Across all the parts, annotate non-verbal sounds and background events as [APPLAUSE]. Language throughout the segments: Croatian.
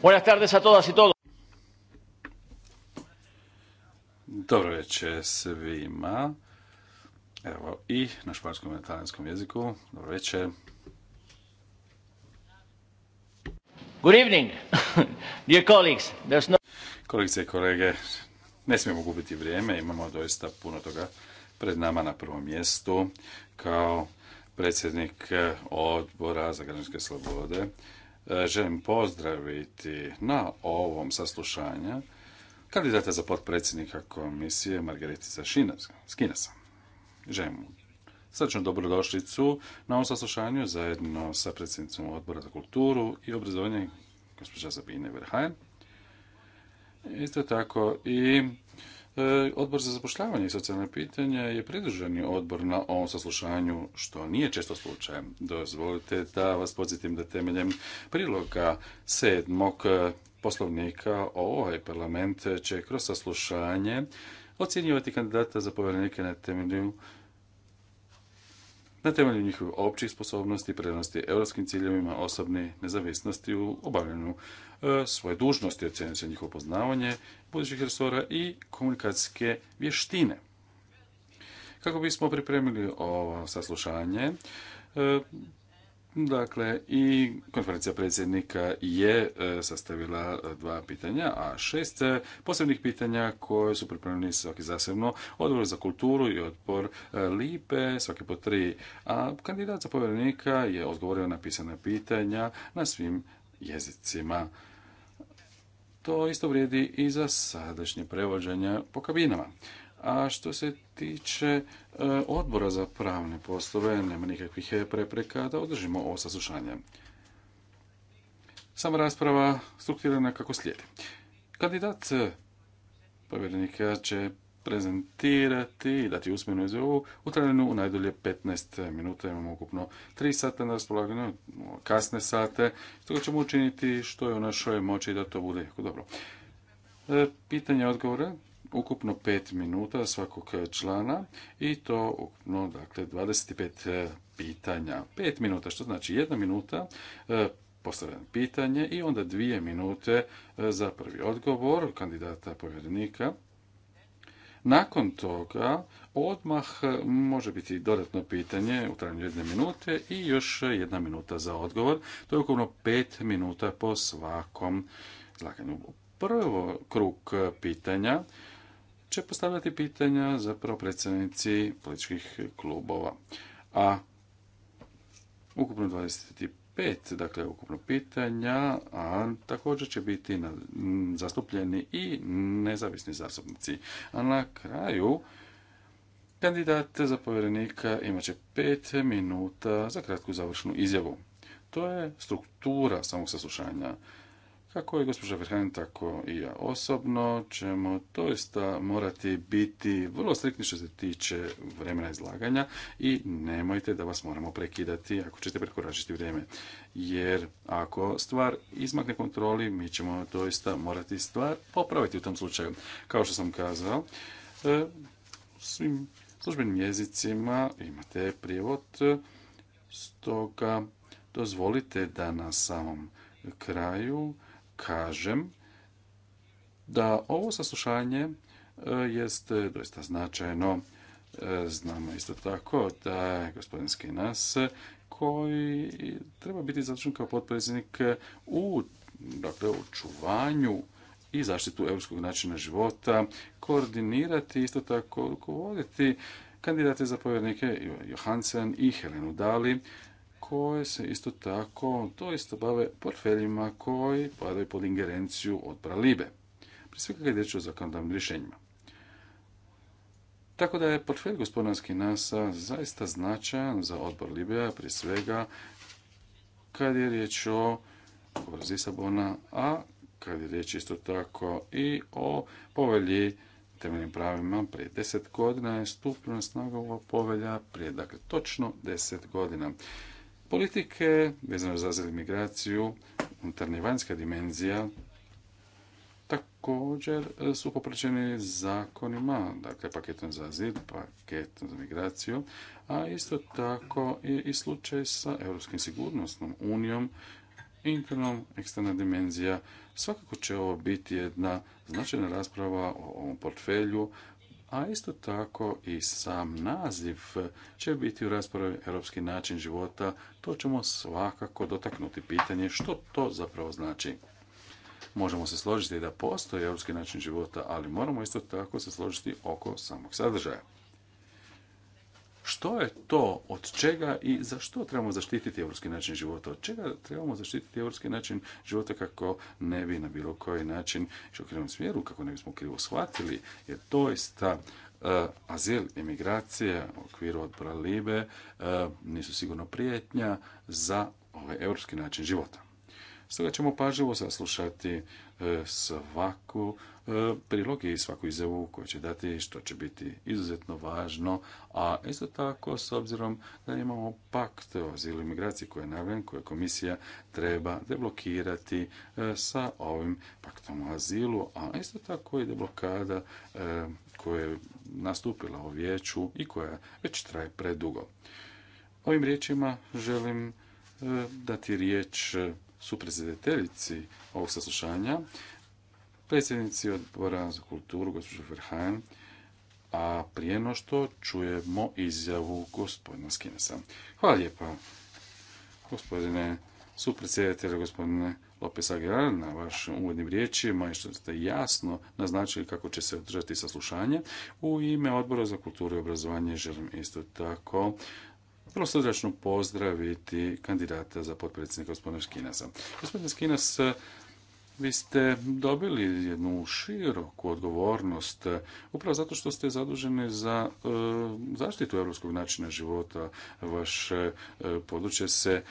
Buenas tardes a todas y todos. Dobro večer svima. Evo i na španskom i talijanskom jeziku. Dobro večer. Good evening, [LAUGHS] dear colleagues. There's no... Kolegice i kolege, ne smijemo gubiti vrijeme, imamo doista puno toga pred nama na prvom mjestu. Kao predsjednik eh, odbora za građanske slobode, E, želim pozdraviti na ovom saslušanju kandidata za potpredsjednika komisije Skina Šinasa. Želim mu dobrodošlicu na ovom saslušanju zajedno sa predsjednicom odbora za kulturu i obrazovanje gospođa Zabine Verhaen. Isto tako i E, odbor za zapošljavanje i socijalne pitanja je pridruženi odbor na ovom saslušanju, što nije često slučaj. Dozvolite da vas podsjetim da temeljem priloga sedmog poslovnika ovaj parlament će kroz saslušanje ocjenjivati kandidata za povjerenike na temelju na temelju njihovih općih sposobnosti, prednosti europskim ciljevima, osobne nezavisnosti u obavljanju e, svoje dužnosti, ocjenjuje se njihovo poznavanje budućih resora i komunikacijske vještine. Kako bismo pripremili ovo saslušanje, e, Dakle, i konferencija predsjednika je e, sastavila e, dva pitanja, a šest e, posebnih pitanja koje su pripremljeni svaki zasebno, odbor za kulturu i odbor Lipe, svaki po tri. A kandidat za povjerenika je odgovorio na pisana pitanja na svim jezicima. To isto vrijedi i za sadašnje prevođenje po kabinama. A što se tiče e, odbora za pravne poslove, nema nikakvih prepreka da održimo ovo saslušanje. Sama rasprava strukturirana kako slijedi. Kandidat e, povjerenika će prezentirati i dati usmenu izjavu u trajanju u najdulje 15 minuta. Imamo ukupno 3 sata na raspolaganju, kasne sate. Stoga ćemo učiniti što je u našoj moći da to bude jako dobro. E, pitanje odgovore ukupno 5 minuta svakog člana i to ukupno dakle 25 e, pitanja. 5 minuta što znači jedna minuta e, postavljam pitanje i onda dvije minute e, za prvi odgovor kandidata povjerenika. Nakon toga odmah može biti dodatno pitanje u trajanju jedne minute i još jedna minuta za odgovor. To je ukupno pet minuta po svakom izlaganju. Prvo krug pitanja će postavljati pitanja zapravo predstavnici političkih klubova. A ukupno 25, dakle ukupno pitanja, a također će biti zastupljeni i nezavisni zastupnici. A na kraju kandidat za povjerenika imat će 5 minuta za kratku završnu izjavu. To je struktura samog saslušanja kako je gospođa Verhen, tako i ja osobno ćemo doista morati biti vrlo strikni što se tiče vremena izlaganja i nemojte da vas moramo prekidati ako ćete prekoračiti vrijeme. Jer ako stvar izmakne kontroli, mi ćemo doista morati stvar popraviti u tom slučaju. Kao što sam kazao, e, svim službenim jezicima imate prijevod, stoga dozvolite da na samom kraju kažem da ovo saslušanje e, jest e, doista značajno. E, znamo isto tako da je gospodin Skinas koji treba biti zadužen kao potpredsjednik u dakle, očuvanju i zaštitu europskog načina života, koordinirati, isto tako rukovoditi kandidate za povjernike Johansen i Helenu Dali, koje se isto tako to isto bave portfeljima koji padaju pod ingerenciju odbora Libe. Prije svega kada je riječ o zakonodavnim rješenjima. Tako da je portfelj gospodarski nasa zaista značajan za odbor Libija, prije svega kad je riječ o obraz Sabona, a kad je riječ isto tako i o povelji temeljnim pravima prije deset godina je stupljena snaga ova povelja prije dakle točno deset godina. Politike vezano za azil migraciju, unutarnja i vanjska dimenzija, također e, su popraćeni zakonima, dakle paketom za azil, paketom za migraciju, a isto tako i, i slučaj sa Europskim sigurnosnom unijom, internom, eksterna dimenzija. Svakako će ovo biti jedna značajna rasprava o ovom portfelju, a isto tako i sam naziv će biti u raspravi europski način života. To ćemo svakako dotaknuti pitanje što to zapravo znači. Možemo se složiti da postoji europski način života, ali moramo isto tako se složiti oko samog sadržaja što je to od čega i za što trebamo zaštititi europski način života, od čega trebamo zaštititi europski način života kako ne bi na bilo koji način išao u krivom smjeru, kako ne bismo krivo shvatili, jer doista ta eh, azil, emigracija u okviru odbora Libe eh, nisu sigurno prijetnja za ovaj europski način života. Stoga ćemo pažljivo saslušati e, svaku e, prilog i svaku izjavu koju će dati, što će biti izuzetno važno, a isto tako s obzirom da imamo pakt o azilu i migraciji koji je najavljen, koje komisija treba deblokirati e, sa ovim paktom o azilu, a isto tako i deblokada koja je nastupila u vijeću i koja već traje predugo. Ovim riječima želim dati riječ supredsjedateljici ovog saslušanja, predsjednici odbora za kulturu, gospođu Verhan, a prije no što čujemo izjavu gospodina Skinesa. Hvala lijepa, gospodine supredsjedatelju, gospodine Lopez Aguilar, na vašim uvodnim riječima i što ste jasno naznačili kako će se održati saslušanje. U ime Odbora za kulturu i obrazovanje želim isto tako vrlo srdačno pozdraviti kandidata za potpredsjednika gospodina Škinasa. Gospodin Skinas vi ste dobili jednu široku odgovornost e, upravo zato što ste zaduženi za e, zaštitu europskog načina života. Vaše e, područje se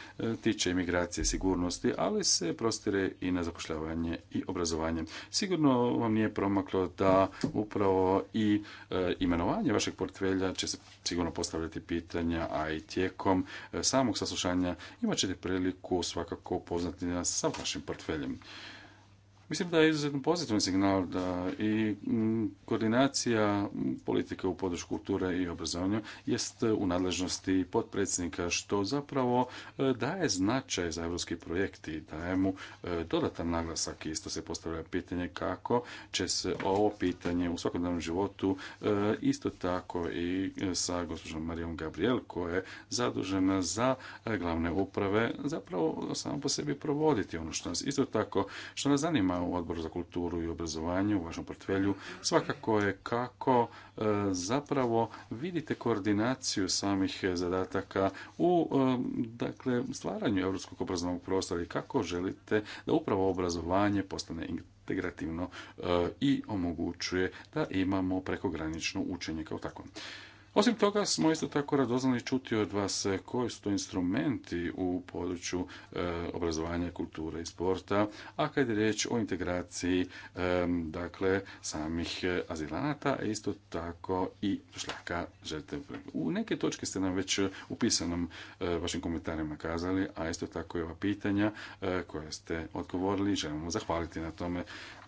tiče imigracije, sigurnosti, ali se prostire i na zapošljavanje i obrazovanje. Sigurno vam nije promaklo da upravo i imenovanje vašeg portfelja će se sigurno postavljati pitanja, a i tijekom samog saslušanja imat ćete priliku svakako upoznati nas sa vašim portfeljem. Mislim da je izuzetno pozitivan signal da i koordinacija politike u podršku kulture i obrazovanja jest u nadležnosti potpredsjednika, što zapravo e, daje značaj za evropski projekt i daje mu e, dodatan naglasak. Isto se postavlja pitanje kako će se ovo pitanje u svakodnevnom životu e, isto tako i sa gospođom Marijom Gabriel, koja je zadužena za glavne uprave, zapravo samo po sebi provoditi ono što nas isto tako, što nas zanima u Odboru za kulturu i obrazovanje u vašem portfelju svakako je kako e, zapravo vidite koordinaciju samih zadataka u e, dakle, stvaranju europskog obrazovnog prostora i kako želite da upravo obrazovanje postane integrativno e, i omogućuje da imamo prekogranično učenje kao tako. Osim toga smo isto tako radoznali čuti od vas eh, koji su to instrumenti u području eh, obrazovanja, kulture i sporta, a kad je riječ o integraciji dakle samih eh, azilanata, isto tako i šlaka želite. U neke točke ste nam već u pisanom vašim komentarima kazali, a isto tako i ova pitanja koja ste odgovorili. Želimo zahvaliti na tome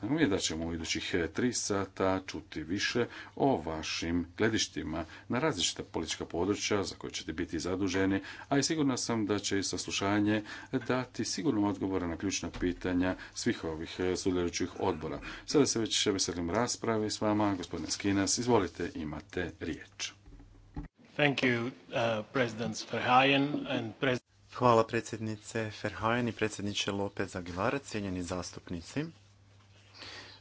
mi je da ćemo u idućih e, tri sata čuti više o vašim gledištima na različita politička područja za koje ćete biti zaduženi, a i sigurno sam da će i saslušanje dati sigurno odgovore na ključna pitanja svih ovih e, sudjelujućih odbora. Sada se već veselim raspravi s vama. Gospodine Skinas, izvolite, imate riječ. Uh, Hvala predsjednice Ferhajen i predsjedniče Lopez Aguilar, cijenjeni zastupnici.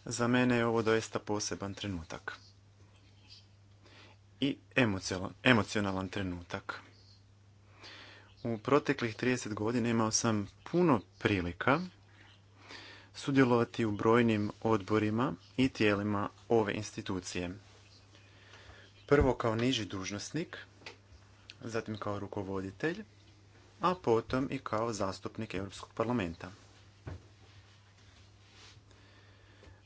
Za mene je ovo doista poseban trenutak. I emocionalan, trenutak. U proteklih 30 godina imao sam puno prilika sudjelovati u brojnim odborima i tijelima ove institucije. Prvo kao niži dužnosnik, zatim kao rukovoditelj, a potom i kao zastupnik Europskog parlamenta.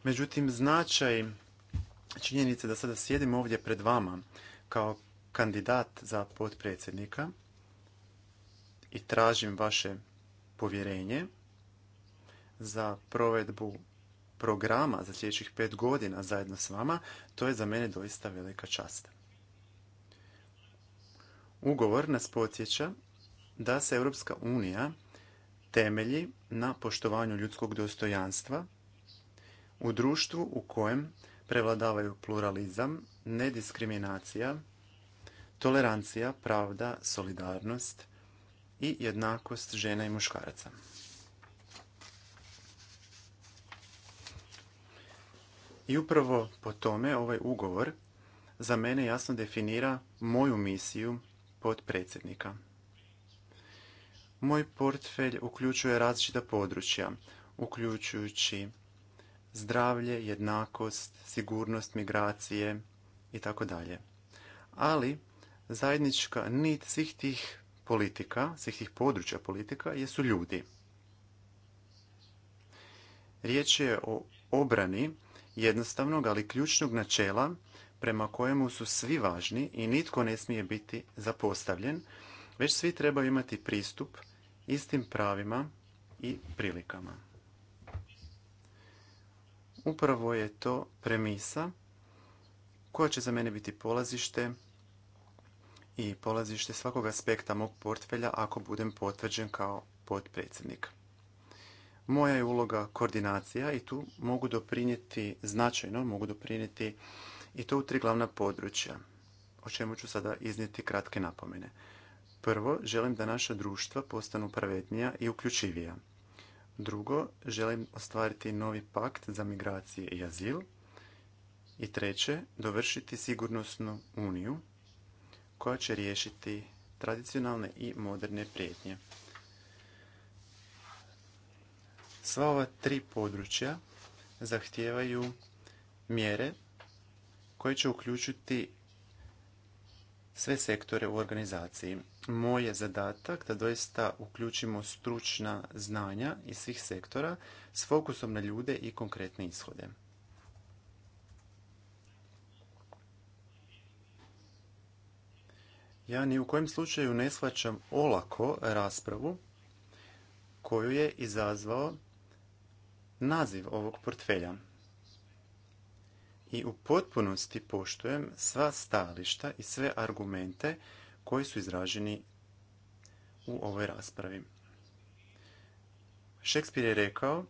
Međutim, značaj činjenice da sada sjedim ovdje pred vama kao kandidat za potpredsjednika i tražim vaše povjerenje za provedbu programa za sljedećih pet godina zajedno s vama, to je za mene doista velika čast. Ugovor nas podsjeća da se Europska unija temelji na poštovanju ljudskog dostojanstva u društvu u kojem prevladavaju pluralizam, nediskriminacija, tolerancija, pravda, solidarnost i jednakost žena i muškaraca. I upravo po tome ovaj ugovor za mene jasno definira moju misiju potpredsjednika. Moj portfelj uključuje različita područja, uključujući zdravlje, jednakost, sigurnost, migracije i tako dalje. Ali zajednička nit svih tih politika, svih tih područja politika jesu ljudi. Riječ je o obrani jednostavnog, ali ključnog načela prema kojemu su svi važni i nitko ne smije biti zapostavljen, već svi trebaju imati pristup istim pravima i prilikama. Upravo je to premisa koja će za mene biti polazište i polazište svakog aspekta mog portfelja ako budem potvrđen kao potpredsjednik. Moja je uloga koordinacija i tu mogu doprinijeti značajno, mogu doprinijeti i to u tri glavna područja, o čemu ću sada iznijeti kratke napomene. Prvo, želim da naša društva postanu pravednija i uključivija. Drugo, želim ostvariti novi pakt za migracije i azil. I treće, dovršiti sigurnosnu uniju koja će riješiti tradicionalne i moderne prijetnje. Sva ova tri područja zahtijevaju mjere koje će uključiti sve sektore u organizaciji. Moj je zadatak da doista uključimo stručna znanja iz svih sektora s fokusom na ljude i konkretne ishode. Ja ni u kojem slučaju ne shvaćam olako raspravu koju je izazvao naziv ovog portfelja i u potpunosti poštujem sva stajališta i sve argumente koji su izraženi u ovoj raspravi. Šekspir je rekao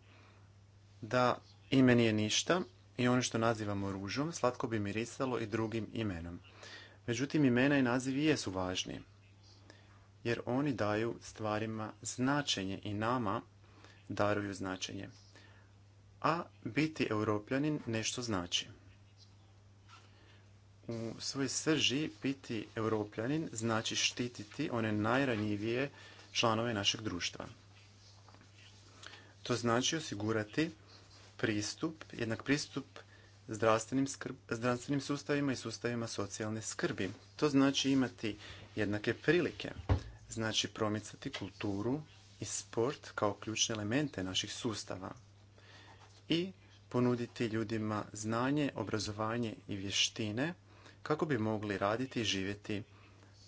da ime nije ništa i ono što nazivamo ružom slatko bi mirisalo i drugim imenom. Međutim, imena i nazivi jesu važni, jer oni daju stvarima značenje i nama daruju značenje. A biti europljanin nešto znači u svoj srži biti europljanin znači štititi one najranjivije članove našeg društva. To znači osigurati pristup, jednak pristup zdravstvenim, zdravstvenim sustavima i sustavima socijalne skrbi. To znači imati jednake prilike, znači promicati kulturu i sport kao ključne elemente naših sustava i ponuditi ljudima znanje, obrazovanje i vještine kako bi mogli raditi i živjeti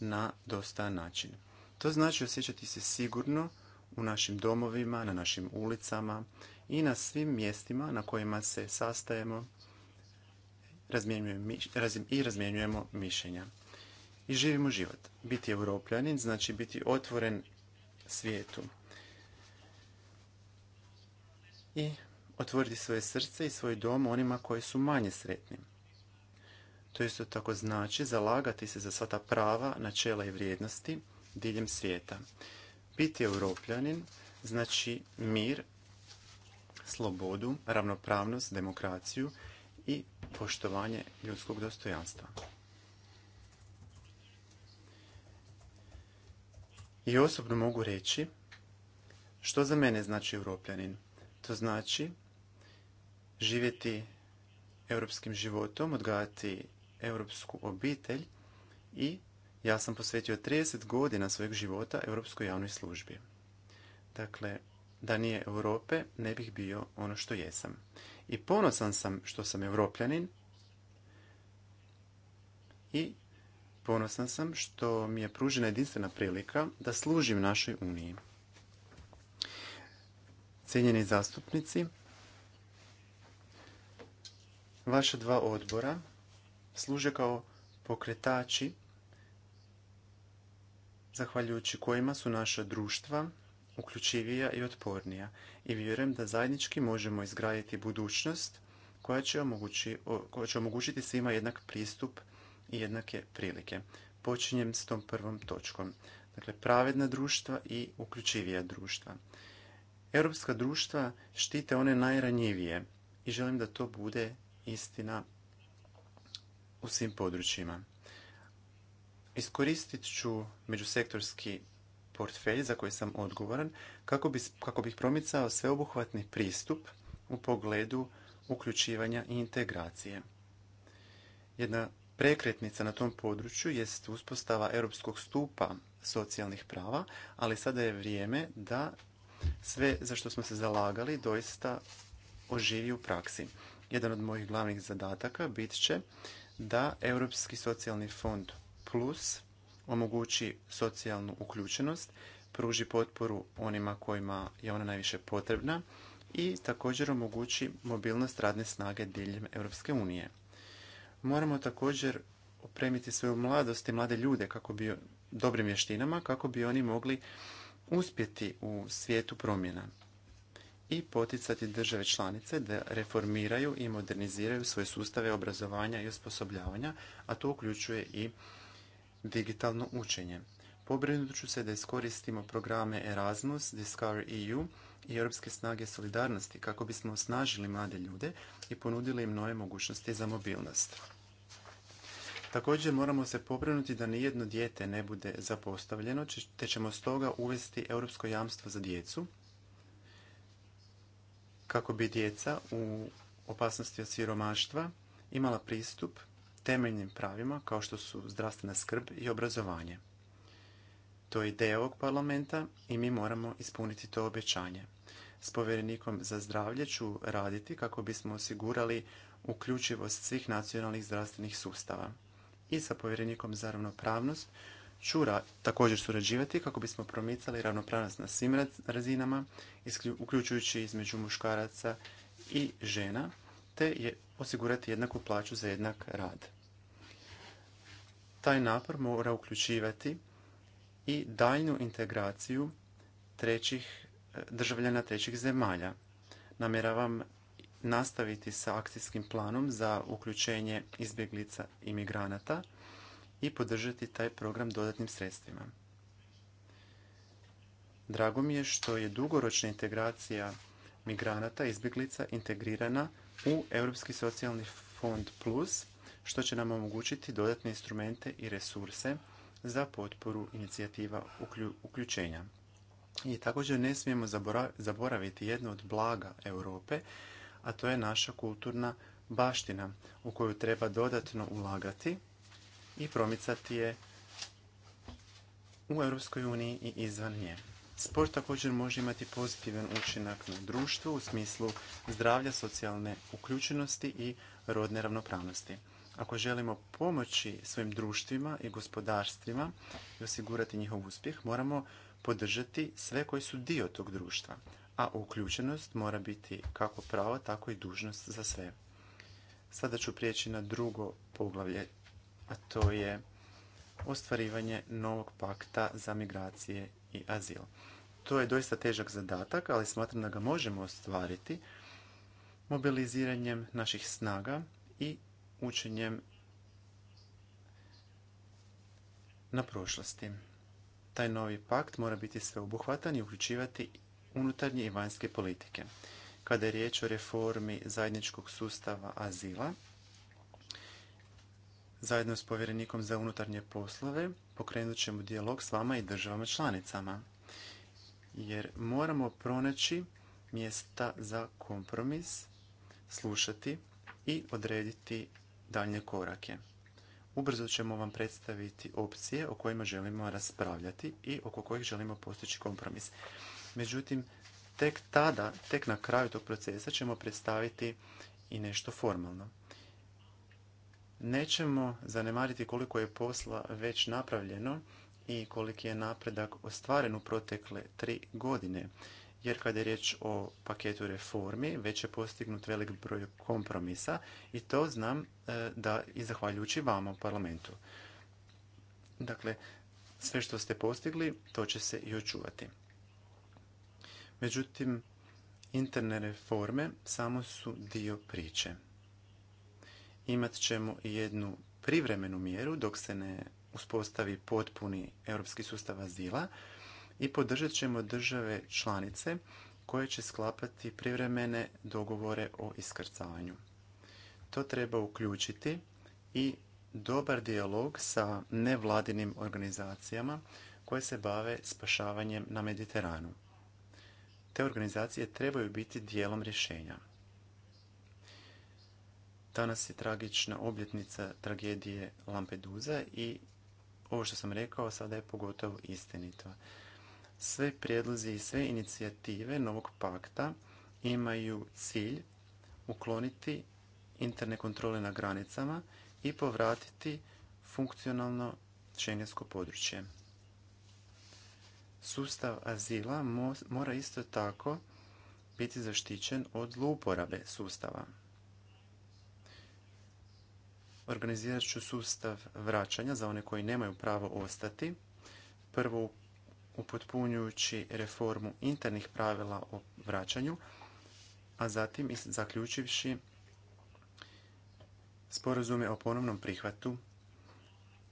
na dosta način. To znači osjećati se sigurno u našim domovima, na našim ulicama i na svim mjestima na kojima se sastajemo i razmjenjujemo mišljenja. I živimo život. Biti europljanin znači biti otvoren svijetu. I otvoriti svoje srce i svoj dom onima koji su manje sretni. To isto tako znači zalagati se za sva ta prava, načela i vrijednosti diljem svijeta. Biti europljanin znači mir, slobodu, ravnopravnost, demokraciju i poštovanje ljudskog dostojanstva. I osobno mogu reći što za mene znači europljanin. To znači živjeti europskim životom, odgajati europsku obitelj i ja sam posvetio 30 godina svojeg života europskoj javnoj službi. Dakle, da nije Europe ne bih bio ono što jesam. I ponosan sam što sam europljanin i ponosan sam što mi je pružena jedinstvena prilika da služim našoj Uniji. Cijenjeni zastupnici, vaša dva odbora služe kao pokretači zahvaljujući kojima su naša društva uključivija i otpornija i vjerujem da zajednički možemo izgraditi budućnost koja će, omogući, koja će omogućiti svima jednak pristup i jednake prilike. Počinjem s tom prvom točkom. Dakle, pravedna društva i uključivija društva. Europska društva štite one najranjivije i želim da to bude istina u svim područjima. Iskoristit ću međusektorski portfelj za koji sam odgovoran kako, bi, kako bih promicao sveobuhvatni pristup u pogledu uključivanja i integracije. Jedna prekretnica na tom području jest uspostava europskog stupa socijalnih prava, ali sada je vrijeme da sve za što smo se zalagali doista oživi u praksi. Jedan od mojih glavnih zadataka bit će da Europski socijalni fond plus omogući socijalnu uključenost, pruži potporu onima kojima je ona najviše potrebna i također omogući mobilnost radne snage diljem Europske unije. Moramo također opremiti svoju mladost i mlade ljude kako bi dobrim vještinama kako bi oni mogli uspjeti u svijetu promjena i poticati države članice da reformiraju i moderniziraju svoje sustave obrazovanja i osposobljavanja, a to uključuje i digitalno učenje. Pobrinut ću se da iskoristimo programe Erasmus, Discover EU i Europske snage solidarnosti kako bismo osnažili mlade ljude i ponudili im nove mogućnosti za mobilnost. Također moramo se pobrinuti da nijedno dijete ne bude zapostavljeno, te ćemo stoga uvesti Europsko jamstvo za djecu kako bi djeca u opasnosti od siromaštva imala pristup temeljnim pravima kao što su zdravstvena skrb i obrazovanje. To je ideja ovog parlamenta i mi moramo ispuniti to obećanje. S povjerenikom za zdravlje ću raditi kako bismo osigurali uključivost svih nacionalnih zdravstvenih sustava. I sa povjerenikom za ravnopravnost ću također surađivati kako bismo promicali ravnopravnost na svim razinama, uključujući između muškaraca i žena, te je osigurati jednaku plaću za jednak rad. Taj napor mora uključivati i daljnu integraciju trećih e, državljana trećih zemalja. Namjeravam nastaviti sa akcijskim planom za uključenje izbjeglica i migranata – i podržati taj program dodatnim sredstvima. Drago mi je što je dugoročna integracija migranata, izbjeglica integrirana u Europski socijalni fond plus, što će nam omogućiti dodatne instrumente i resurse za potporu inicijativa uključenja. I također ne smijemo zaboraviti jednu od blaga Europe, a to je naša kulturna baština u koju treba dodatno ulagati i promicati je u Europskoj uniji i izvan nje. Sport također može imati pozitivan učinak na društvo u smislu zdravlja, socijalne uključenosti i rodne ravnopravnosti. Ako želimo pomoći svojim društvima i gospodarstvima i osigurati njihov uspjeh, moramo podržati sve koji su dio tog društva, a uključenost mora biti kako pravo, tako i dužnost za sve. Sada ću prijeći na drugo poglavlje a to je ostvarivanje novog pakta za migracije i azil. To je doista težak zadatak, ali smatram da ga možemo ostvariti mobiliziranjem naših snaga i učenjem na prošlosti. Taj novi pakt mora biti sveobuhvatan i uključivati unutarnje i vanjske politike. Kada je riječ o reformi zajedničkog sustava azila, Zajedno s povjerenikom za unutarnje poslove pokrenut ćemo dijalog s vama i državama članicama. Jer moramo pronaći mjesta za kompromis, slušati i odrediti daljnje korake. Ubrzo ćemo vam predstaviti opcije o kojima želimo raspravljati i oko kojih želimo postići kompromis. Međutim, tek tada, tek na kraju tog procesa ćemo predstaviti i nešto formalno. Nećemo zanemariti koliko je posla već napravljeno i koliki je napredak ostvaren u protekle tri godine. Jer kada je riječ o paketu reformi, već je postignut velik broj kompromisa i to znam e, da i zahvaljujući vama u parlamentu. Dakle, sve što ste postigli, to će se i očuvati. Međutim, interne reforme samo su dio priče imat ćemo jednu privremenu mjeru dok se ne uspostavi potpuni europski sustav azila i podržat ćemo države članice koje će sklapati privremene dogovore o iskrcavanju. To treba uključiti i dobar dijalog sa nevladinim organizacijama koje se bave spašavanjem na Mediteranu. Te organizacije trebaju biti dijelom rješenja. Danas je tragična obljetnica tragedije Lampeduza i ovo što sam rekao sada je pogotovo istinito. Sve prijedlozi i sve inicijative novog pakta imaju cilj ukloniti interne kontrole na granicama i povratiti funkcionalno šengensko područje. Sustav azila mora isto tako biti zaštićen od zlouporabe sustava. Organizirat ću sustav vraćanja za one koji nemaju pravo ostati. Prvo upotpunjujući reformu internih pravila o vraćanju, a zatim i zaključivši sporazume o ponovnom prihvatu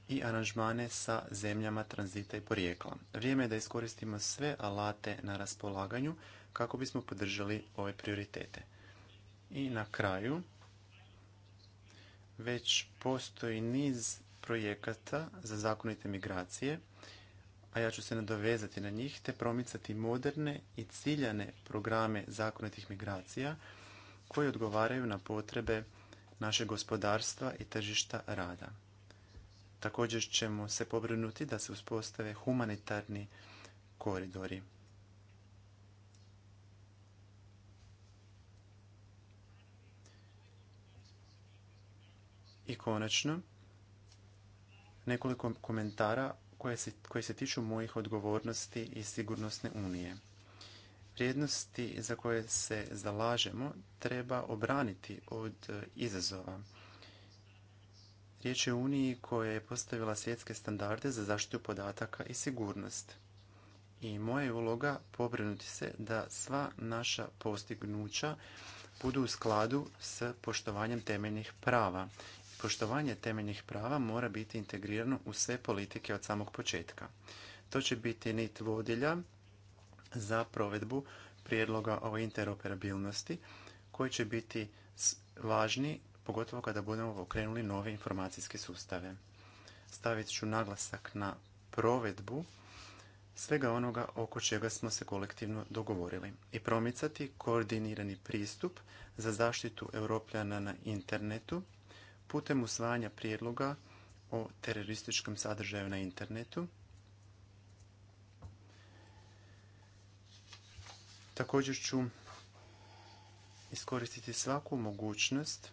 i aranžmane sa zemljama tranzita i porijekla. Vrijeme je da iskoristimo sve alate na raspolaganju kako bismo podržali ove prioritete. I na kraju, već postoji niz projekata za zakonite migracije, a ja ću se nadovezati na njih te promicati moderne i ciljane programe zakonitih migracija koji odgovaraju na potrebe našeg gospodarstva i tržišta rada. Također ćemo se pobrinuti da se uspostave humanitarni koridori I konačno, nekoliko komentara koje se, se tiču mojih odgovornosti i sigurnosne unije. Vrijednosti za koje se zalažemo treba obraniti od e, izazova. Riječ je o Uniji koja je postavila svjetske standarde za zaštitu podataka i sigurnost. I moja je uloga pobrinuti se da sva naša postignuća budu u skladu s poštovanjem temeljnih prava Poštovanje temeljnih prava mora biti integrirano u sve politike od samog početka. To će biti nit vodilja za provedbu prijedloga o interoperabilnosti koji će biti važni pogotovo kada budemo okrenuli nove informacijske sustave. Stavit ću naglasak na provedbu svega onoga oko čega smo se kolektivno dogovorili i promicati koordinirani pristup za zaštitu europljana na internetu putem usvajanja prijedloga o terorističkom sadržaju na internetu. Također ću iskoristiti svaku mogućnost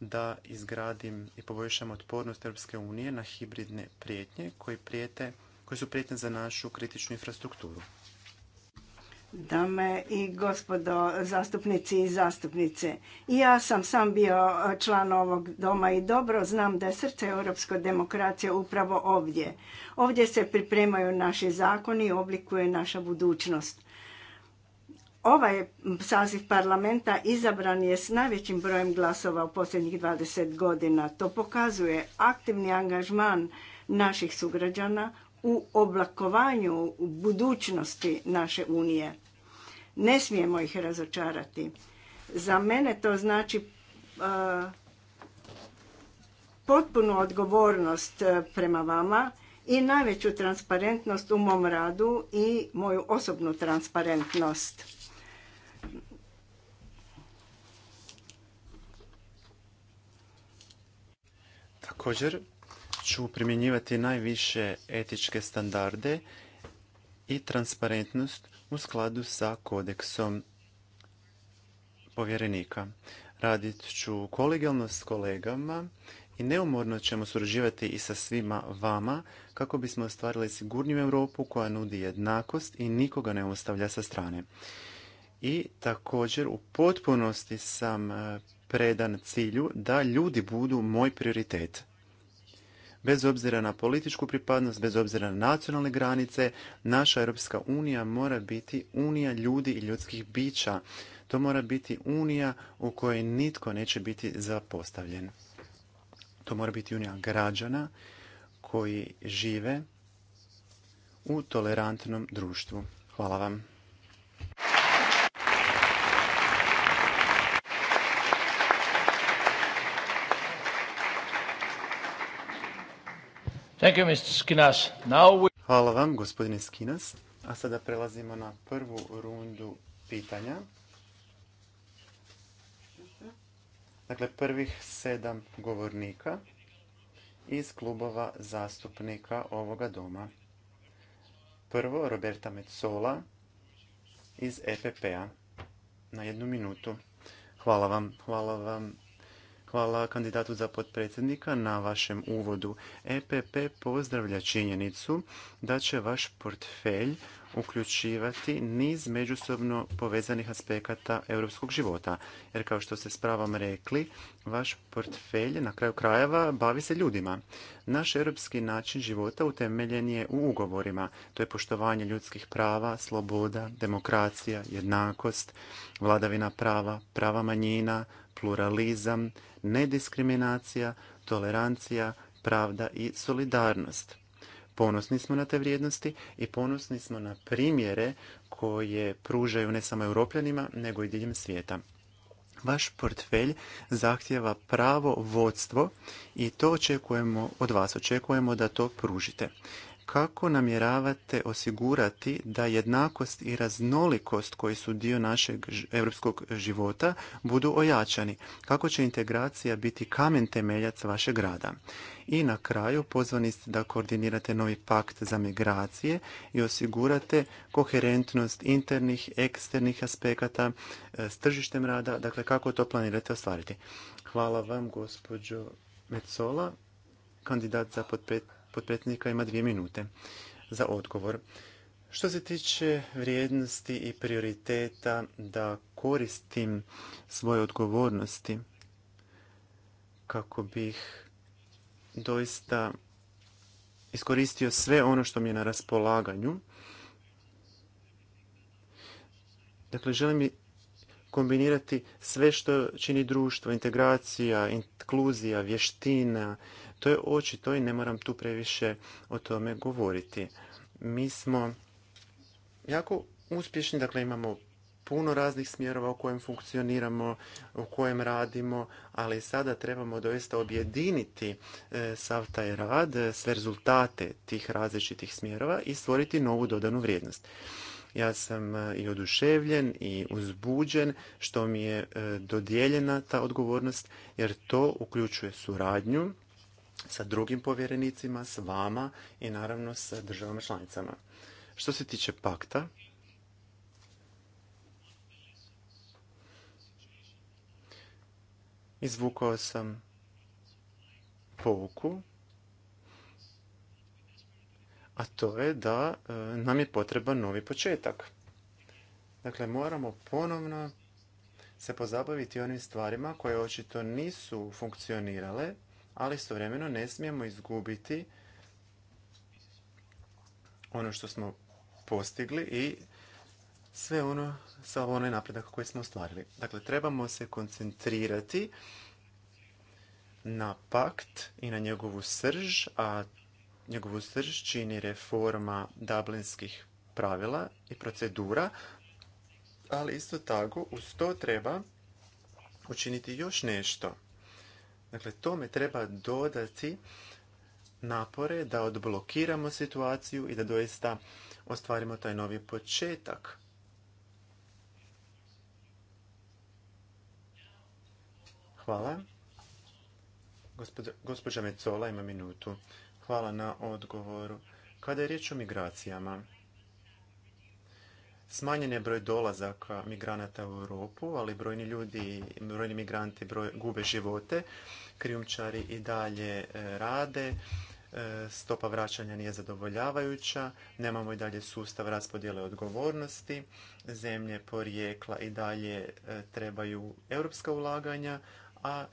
da izgradim i poboljšam otpornost Europske unije na hibridne prijetnje koje, prijete, koje su prijetnje za našu kritičnu infrastrukturu. Dame i gospodo zastupnici i zastupnice, ja sam sam bio član ovog doma i dobro znam da je srce europske demokracije upravo ovdje. Ovdje se pripremaju naši zakoni i oblikuje naša budućnost. Ovaj saziv parlamenta izabran je s najvećim brojem glasova u posljednjih 20 godina. To pokazuje aktivni angažman naših sugrađana u oblakovanju u budućnosti naše unije. Ne smijemo ih razočarati. Za mene to znači e, potpunu odgovornost e, prema vama i najveću transparentnost u mom radu i moju osobnu transparentnost. Također, ću primjenjivati najviše etičke standarde i transparentnost u skladu sa kodeksom povjerenika. Radit ću kolegijalno s kolegama i neumorno ćemo surađivati i sa svima vama kako bismo ostvarili sigurniju Europu koja nudi jednakost i nikoga ne ostavlja sa strane. I također u potpunosti sam eh, predan cilju da ljudi budu moj prioritet bez obzira na političku pripadnost, bez obzira na nacionalne granice, naša Europska unija mora biti unija ljudi i ljudskih bića. To mora biti unija u kojoj nitko neće biti zapostavljen. To mora biti unija građana koji žive u tolerantnom društvu. Hvala vam. Hvala vam, gospodine Skinas. A sada prelazimo na prvu rundu pitanja. Dakle, prvih sedam govornika iz klubova zastupnika ovoga doma. Prvo, Roberta Metzola iz EPP-a. Na jednu minutu. Hvala vam, hvala vam Hvala kandidatu za potpredsjednika na vašem uvodu. EPP pozdravlja činjenicu da će vaš portfelj uključivati niz međusobno povezanih aspekata europskog života. Jer kao što ste s pravom rekli, vaš portfelj na kraju krajeva bavi se ljudima. Naš europski način života utemeljen je u ugovorima. To je poštovanje ljudskih prava, sloboda, demokracija, jednakost, vladavina prava, prava manjina, pluralizam, nediskriminacija, tolerancija, pravda i solidarnost. Ponosni smo na te vrijednosti i ponosni smo na primjere koje pružaju ne samo europljanima, nego i diljem svijeta. Vaš portfelj zahtjeva pravo vodstvo i to očekujemo od vas, očekujemo da to pružite kako namjeravate osigurati da jednakost i raznolikost koji su dio našeg europskog života budu ojačani? Kako će integracija biti kamen temeljac vašeg rada? I na kraju pozvani ste da koordinirate novi pakt za migracije i osigurate koherentnost internih, eksternih aspekata e, s tržištem rada. Dakle, kako to planirate ostvariti? Hvala vam, gospođo Mecola, kandidat za potpred potpredsjednika ima dvije minute za odgovor. Što se tiče vrijednosti i prioriteta da koristim svoje odgovornosti kako bih doista iskoristio sve ono što mi je na raspolaganju. Dakle, želim kombinirati sve što čini društvo, integracija, inkluzija, vještina, to je očito i ne moram tu previše o tome govoriti. Mi smo jako uspješni, dakle imamo puno raznih smjerova u kojem funkcioniramo, u kojem radimo, ali sada trebamo doista objediniti e, sav taj rad, e, sve rezultate tih različitih smjerova i stvoriti novu dodanu vrijednost. Ja sam e, i oduševljen i uzbuđen što mi je dodijeljena ta odgovornost jer to uključuje suradnju sa drugim povjerenicima, s vama i naravno s državama članicama. Što se tiče pakta, izvukao sam pouku, a to je da e, nam je potreban novi početak. Dakle, moramo ponovno se pozabaviti onim stvarima koje očito nisu funkcionirale ali istovremeno ne smijemo izgubiti ono što smo postigli i sve ono sa onaj napredak koji smo ostvarili. Dakle, trebamo se koncentrirati na pakt i na njegovu srž, a njegovu srž čini reforma dublinskih pravila i procedura, ali isto tako uz to treba učiniti još nešto. Dakle, tome treba dodati napore da odblokiramo situaciju i da doista ostvarimo taj novi početak. Hvala. Gospođa Mecola ima minutu. Hvala na odgovoru. Kada je riječ o migracijama, Smanjen je broj dolazaka migranata u Europu, ali brojni ljudi, brojni migranti broj, gube živote. Krijumčari i dalje e, rade, e, stopa vraćanja nije zadovoljavajuća, nemamo i dalje sustav raspodjele odgovornosti, zemlje porijekla i dalje e, trebaju europska ulaganja, a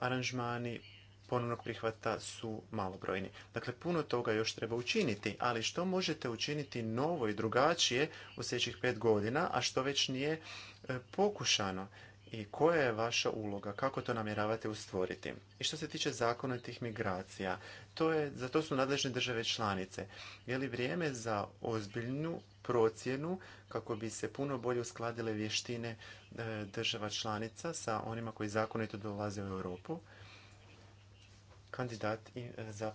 aranžmani ponovnog prihvata su malobrojni. Dakle, puno toga još treba učiniti, ali što možete učiniti novo i drugačije u sljedećih pet godina, a što već nije e, pokušano? I koja je vaša uloga? Kako to namjeravate ustvoriti? I što se tiče zakonitih migracija, to je, za to su nadležne države članice. Je li vrijeme za ozbiljnu procjenu kako bi se puno bolje uskladile vještine e, država članica sa onima koji zakonito dolaze u Europu? kandidat e, za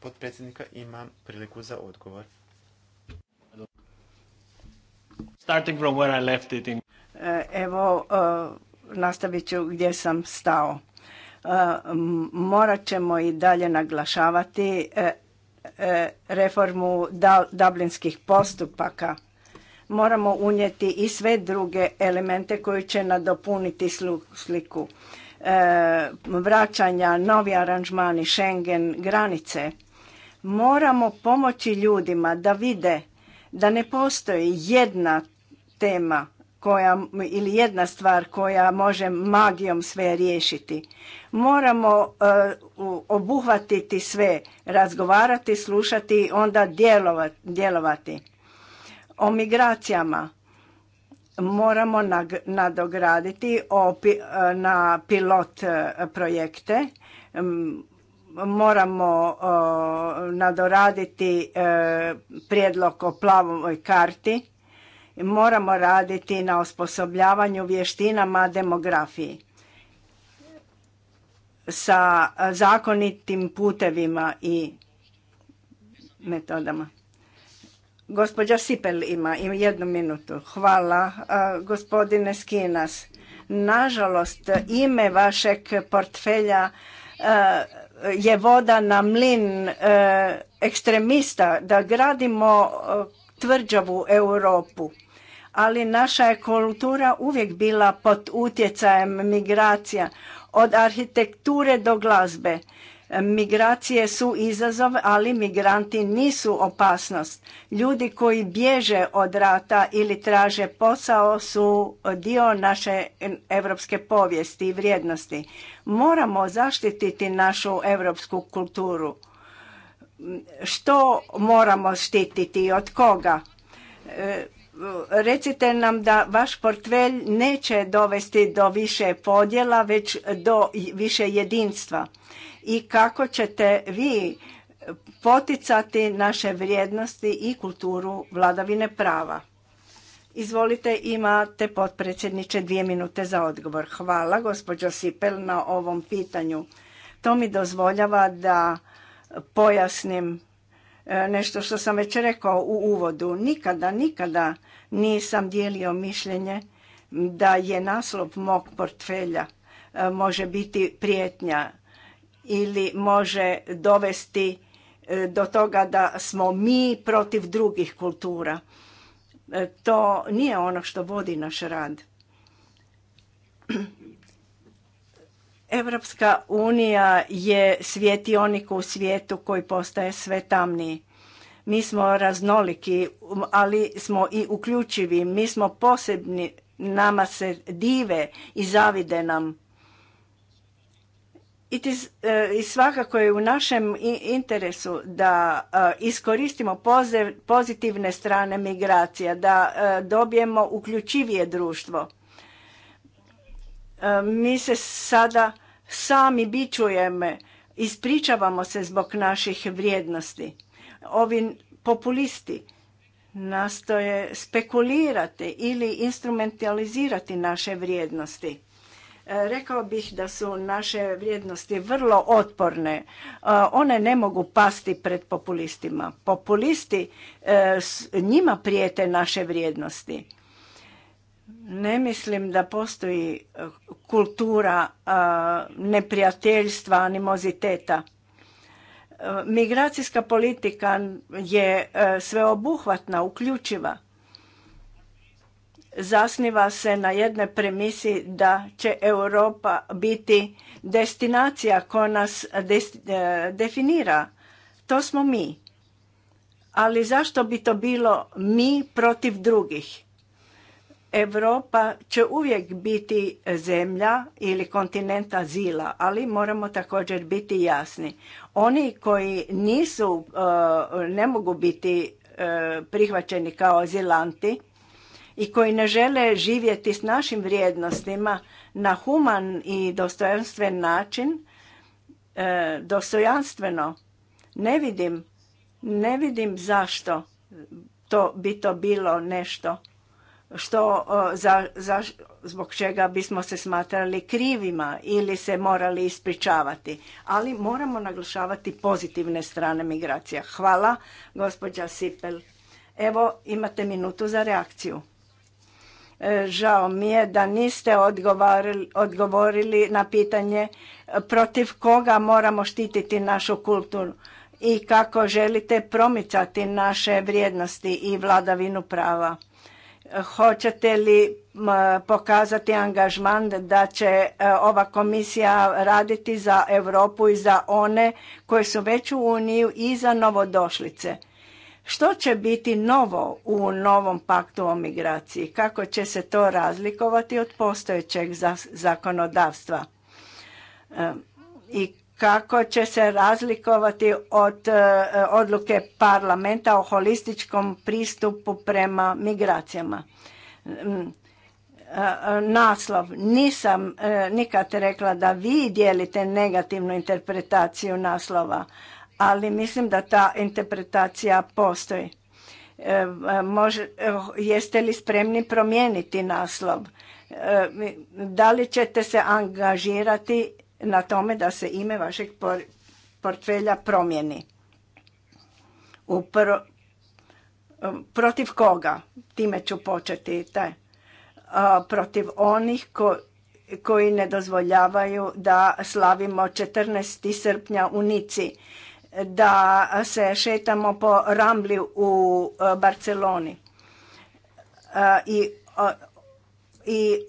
potpredsjednika ima priliku za odgovor. E, evo, e, nastavit ću gdje sam stao. Morat ćemo i dalje naglašavati reformu dublinskih postupaka. Moramo unijeti i sve druge elemente koji će nadopuniti sliku E, vraćanja, novi aranžmani, Schengen, granice. Moramo pomoći ljudima da vide da ne postoji jedna tema koja, ili jedna stvar koja može magijom sve riješiti. Moramo e, obuhvatiti sve, razgovarati, slušati, onda djelovati. O migracijama moramo nadograditi eh, na pilot eh, projekte, mm, moramo nadoraditi eh, prijedlog o plavoj karti, moramo raditi na osposobljavanju vještinama demografiji sa zakonitim putevima i metodama. Gospođa Sipel ima jednu minutu. Hvala, gospodine Skinas. Nažalost, ime vašeg portfelja je voda na mlin e, ekstremista da gradimo e, tvrđavu Europu. Ali naša je kultura uvijek bila pod utjecajem migracija, od arhitekture do glazbe. Migracije su izazov, ali migranti nisu opasnost. Ljudi koji bježe od rata ili traže posao su dio naše europske povijesti i vrijednosti. Moramo zaštititi našu europsku kulturu. Što moramo štititi i od koga? E, recite nam da vaš portfelj neće dovesti do više podjela, već do više jedinstva i kako ćete vi poticati naše vrijednosti i kulturu vladavine prava. Izvolite, imate potpredsjedniče dvije minute za odgovor. Hvala gospođo Sipel na ovom pitanju. To mi dozvoljava da pojasnim e, nešto što sam već rekao u uvodu. Nikada, nikada nisam dijelio mišljenje da je naslov mog portfelja e, može biti prijetnja ili može dovesti e, do toga da smo mi protiv drugih kultura. E, to nije ono što vodi naš rad. [CLEARS THROAT] Evropska unija je svjetionik u svijetu koji postaje sve tamniji. Mi smo raznoliki, ali smo i uključivi. Mi smo posebni, nama se dive i zavide nam E, I svakako je u našem interesu da e, iskoristimo pozitivne strane migracija, da e, dobijemo uključivije društvo. Mi se sada sami bičujeme, ispričavamo se zbog naših vrijednosti. Ovi populisti nastoje spekulirati ili instrumentalizirati naše vrijednosti Rekao bih da su naše vrijednosti vrlo otporne. E, one ne mogu pasti pred populistima. Populisti e, njima prijete naše vrijednosti. Ne mislim da postoji e, kultura neprijateljstva, animoziteta. Migracijska politika je sveobuhvatna, uključiva zasniva se na jednoj premisi da će Europa biti destinacija koja nas e, definira. To smo mi. Ali zašto bi to bilo mi protiv drugih? Europa će uvijek biti zemlja ili kontinent azila, ali moramo također biti jasni. Oni koji nisu, e, ne mogu biti e, prihvaćeni kao azilanti, i koji ne žele živjeti s našim vrijednostima na human i dostojanstven način, e, dostojanstveno, ne vidim, ne vidim zašto to bi to bilo nešto što e, za, za, zbog čega bismo se smatrali krivima ili se morali ispričavati. Ali moramo naglašavati pozitivne strane migracija. Hvala, gospođa Sipel. Evo, imate minutu za reakciju. E, žao mi je da niste odgovorili na pitanje e, protiv koga moramo štititi našu kulturu i kako želite promicati naše vrijednosti i vladavinu prava. E, hoćete li pokazati angažman da će ova komisija raditi za Europu i za one koji su već u Uniju i za novodošlice? Što će biti novo u novom paktu o migraciji? Kako će se to razlikovati od postojećeg zakonodavstva? E, I kako će se razlikovati od e, odluke parlamenta o holističkom pristupu prema migracijama? Mm, e, naslov. Nisam nikad rekla da vi dijelite negativnu interpretaciju naslova ali mislim da ta interpretacija postoji. E, e, može, e, jeste li spremni promijeniti naslov? Da li ćete se angažirati na tome da se ime vašeg portfelja promijeni? U protiv koga? Time ću početi. Protiv onih koji ne dozvoljavaju da slavimo 14. srpnja u Nici da se šetamo po Rambli u e, Barceloni e, i, i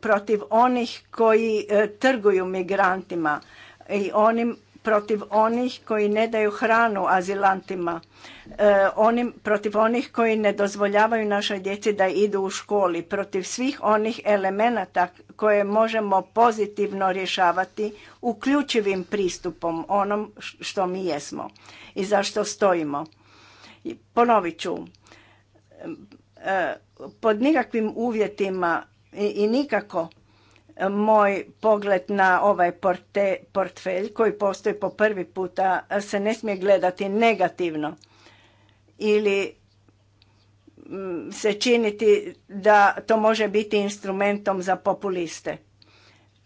protiv onih koji e, trguju migrantima i onim protiv onih koji ne daju hranu azilantima, e, protiv onih koji ne dozvoljavaju našoj djeci da idu u školi, protiv svih onih elemenata koje možemo pozitivno rješavati uključivim pristupom onom što mi jesmo i zašto stojimo. Ponovit ću, e, pod nikakvim uvjetima i nikako moj pogled na ovaj porte, portfelj koji postoji po prvi puta se ne smije gledati negativno ili mm, se činiti da to može biti instrumentom za populiste.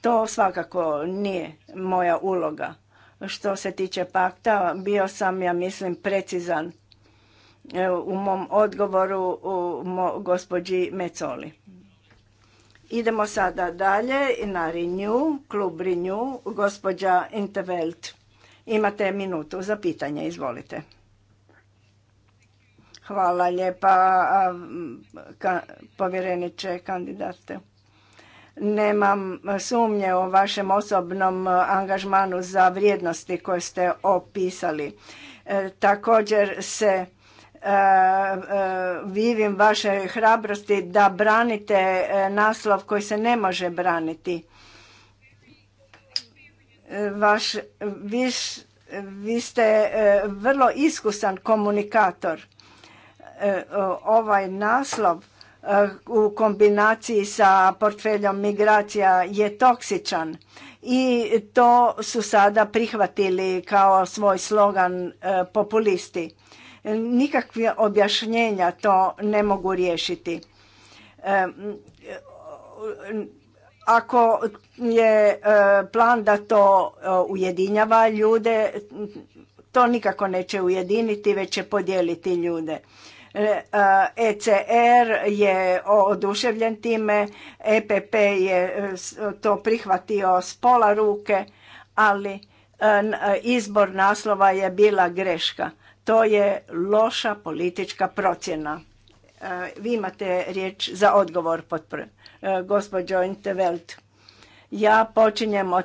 To svakako nije moja uloga. Što se tiče pakta, bio sam, ja mislim, precizan e, u mom odgovoru u gospođi Mecoli. Idemo sada dalje na Renew, klub Renew, gospođa Intervelt. Imate minutu za pitanje, izvolite. Hvala lijepa, povjereniče kandidate. Nemam sumnje o vašem osobnom angažmanu za vrijednosti koje ste opisali. E, također se vivim vaše hrabrosti da branite e, naslov koji se ne može braniti. E, vaš, vi, vi ste e, vrlo iskusan komunikator. Ovaj naslov u kombinaciji sa portfeljom migracija je toksičan i to su sada prihvatili kao svoj slogan populisti Nikakve objašnjenja to ne mogu riješiti. Ako je e, plan da to e, ujedinjava ljude, to nikako neće ujediniti, već će podijeliti ljude. ECR e je oduševljen time, EPP je to prihvatio s pola ruke, ali izbor naslova je bila greška. To je loša politička procjena. E, vi imate riječ za odgovor, e, gospođo Intevelt. Ja počinjem od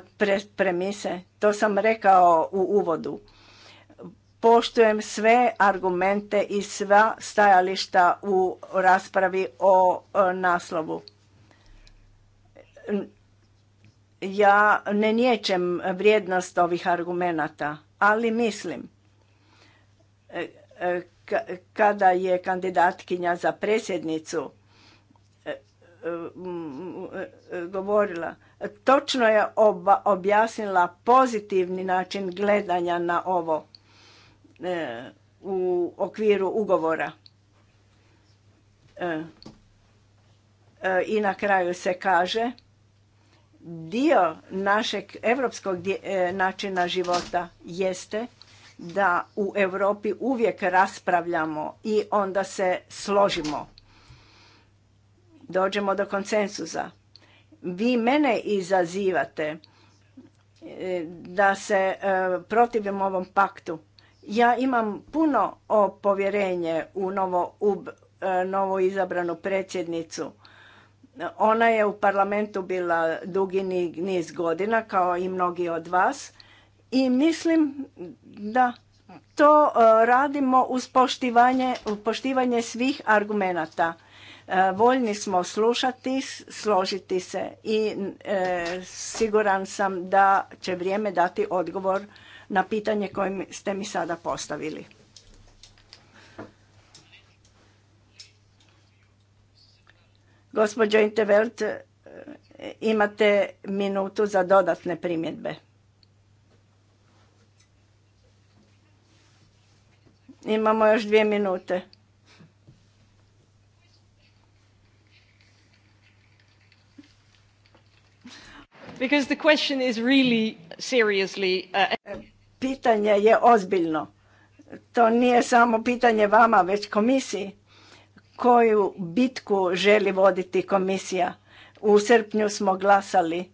premise. To sam rekao u uvodu. Poštujem sve argumente i sva stajališta u raspravi o e, naslovu. Ja ne niječem vrijednost ovih argumenata, ali mislim kada je kandidatkinja za predsjednicu e, e, e, govorila, točno je objasnila pozitivni način gledanja na ovo u okviru ugovora. I na kraju se kaže dio našeg evropskog načina života jeste da u Europi uvijek raspravljamo i onda se složimo. Dođemo do konsenzusa. Vi mene izazivate e, da se e, protivim ovom paktu. Ja imam puno povjerenje u novo, u, e, novo izabranu predsjednicu. Ona je u parlamentu bila dugi niz godina, kao i mnogi od vas. I mislim da to e, radimo uz poštivanje, poštivanje svih argumenata. E, voljni smo slušati, složiti se i e, siguran sam da će vrijeme dati odgovor na pitanje koje ste mi sada postavili. Gospođo Intervelt, imate minutu za dodatne primjedbe. Imamo još dvije minute. Uh, pitanje je ozbiljno. To nije samo pitanje vama, već komisiji. Koju bitku želi voditi komisija? U srpnju smo glasali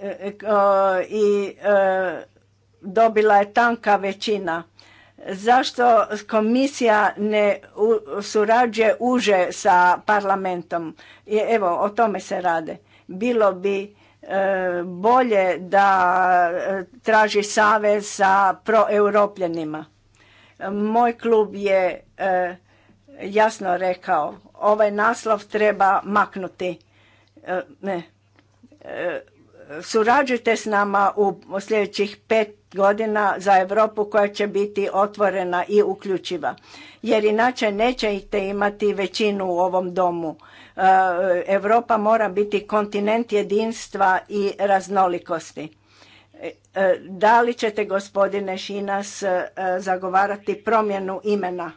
e, e, i e, dobila je tanka većina Zašto komisija ne surađuje uže sa parlamentom? Evo, o tome se rade. Bilo bi e, bolje da e, traži savez sa proeuropljenima. Moj klub je e, jasno rekao, ovaj naslov treba maknuti. Ne. Surađujte s nama u sljedećih pet godina za Europu koja će biti otvorena i uključiva. Jer inače nećete imati većinu u ovom domu. E, Europa mora biti kontinent jedinstva i raznolikosti. E, e, da li ćete gospodine Šinas zagovarati promjenu imena?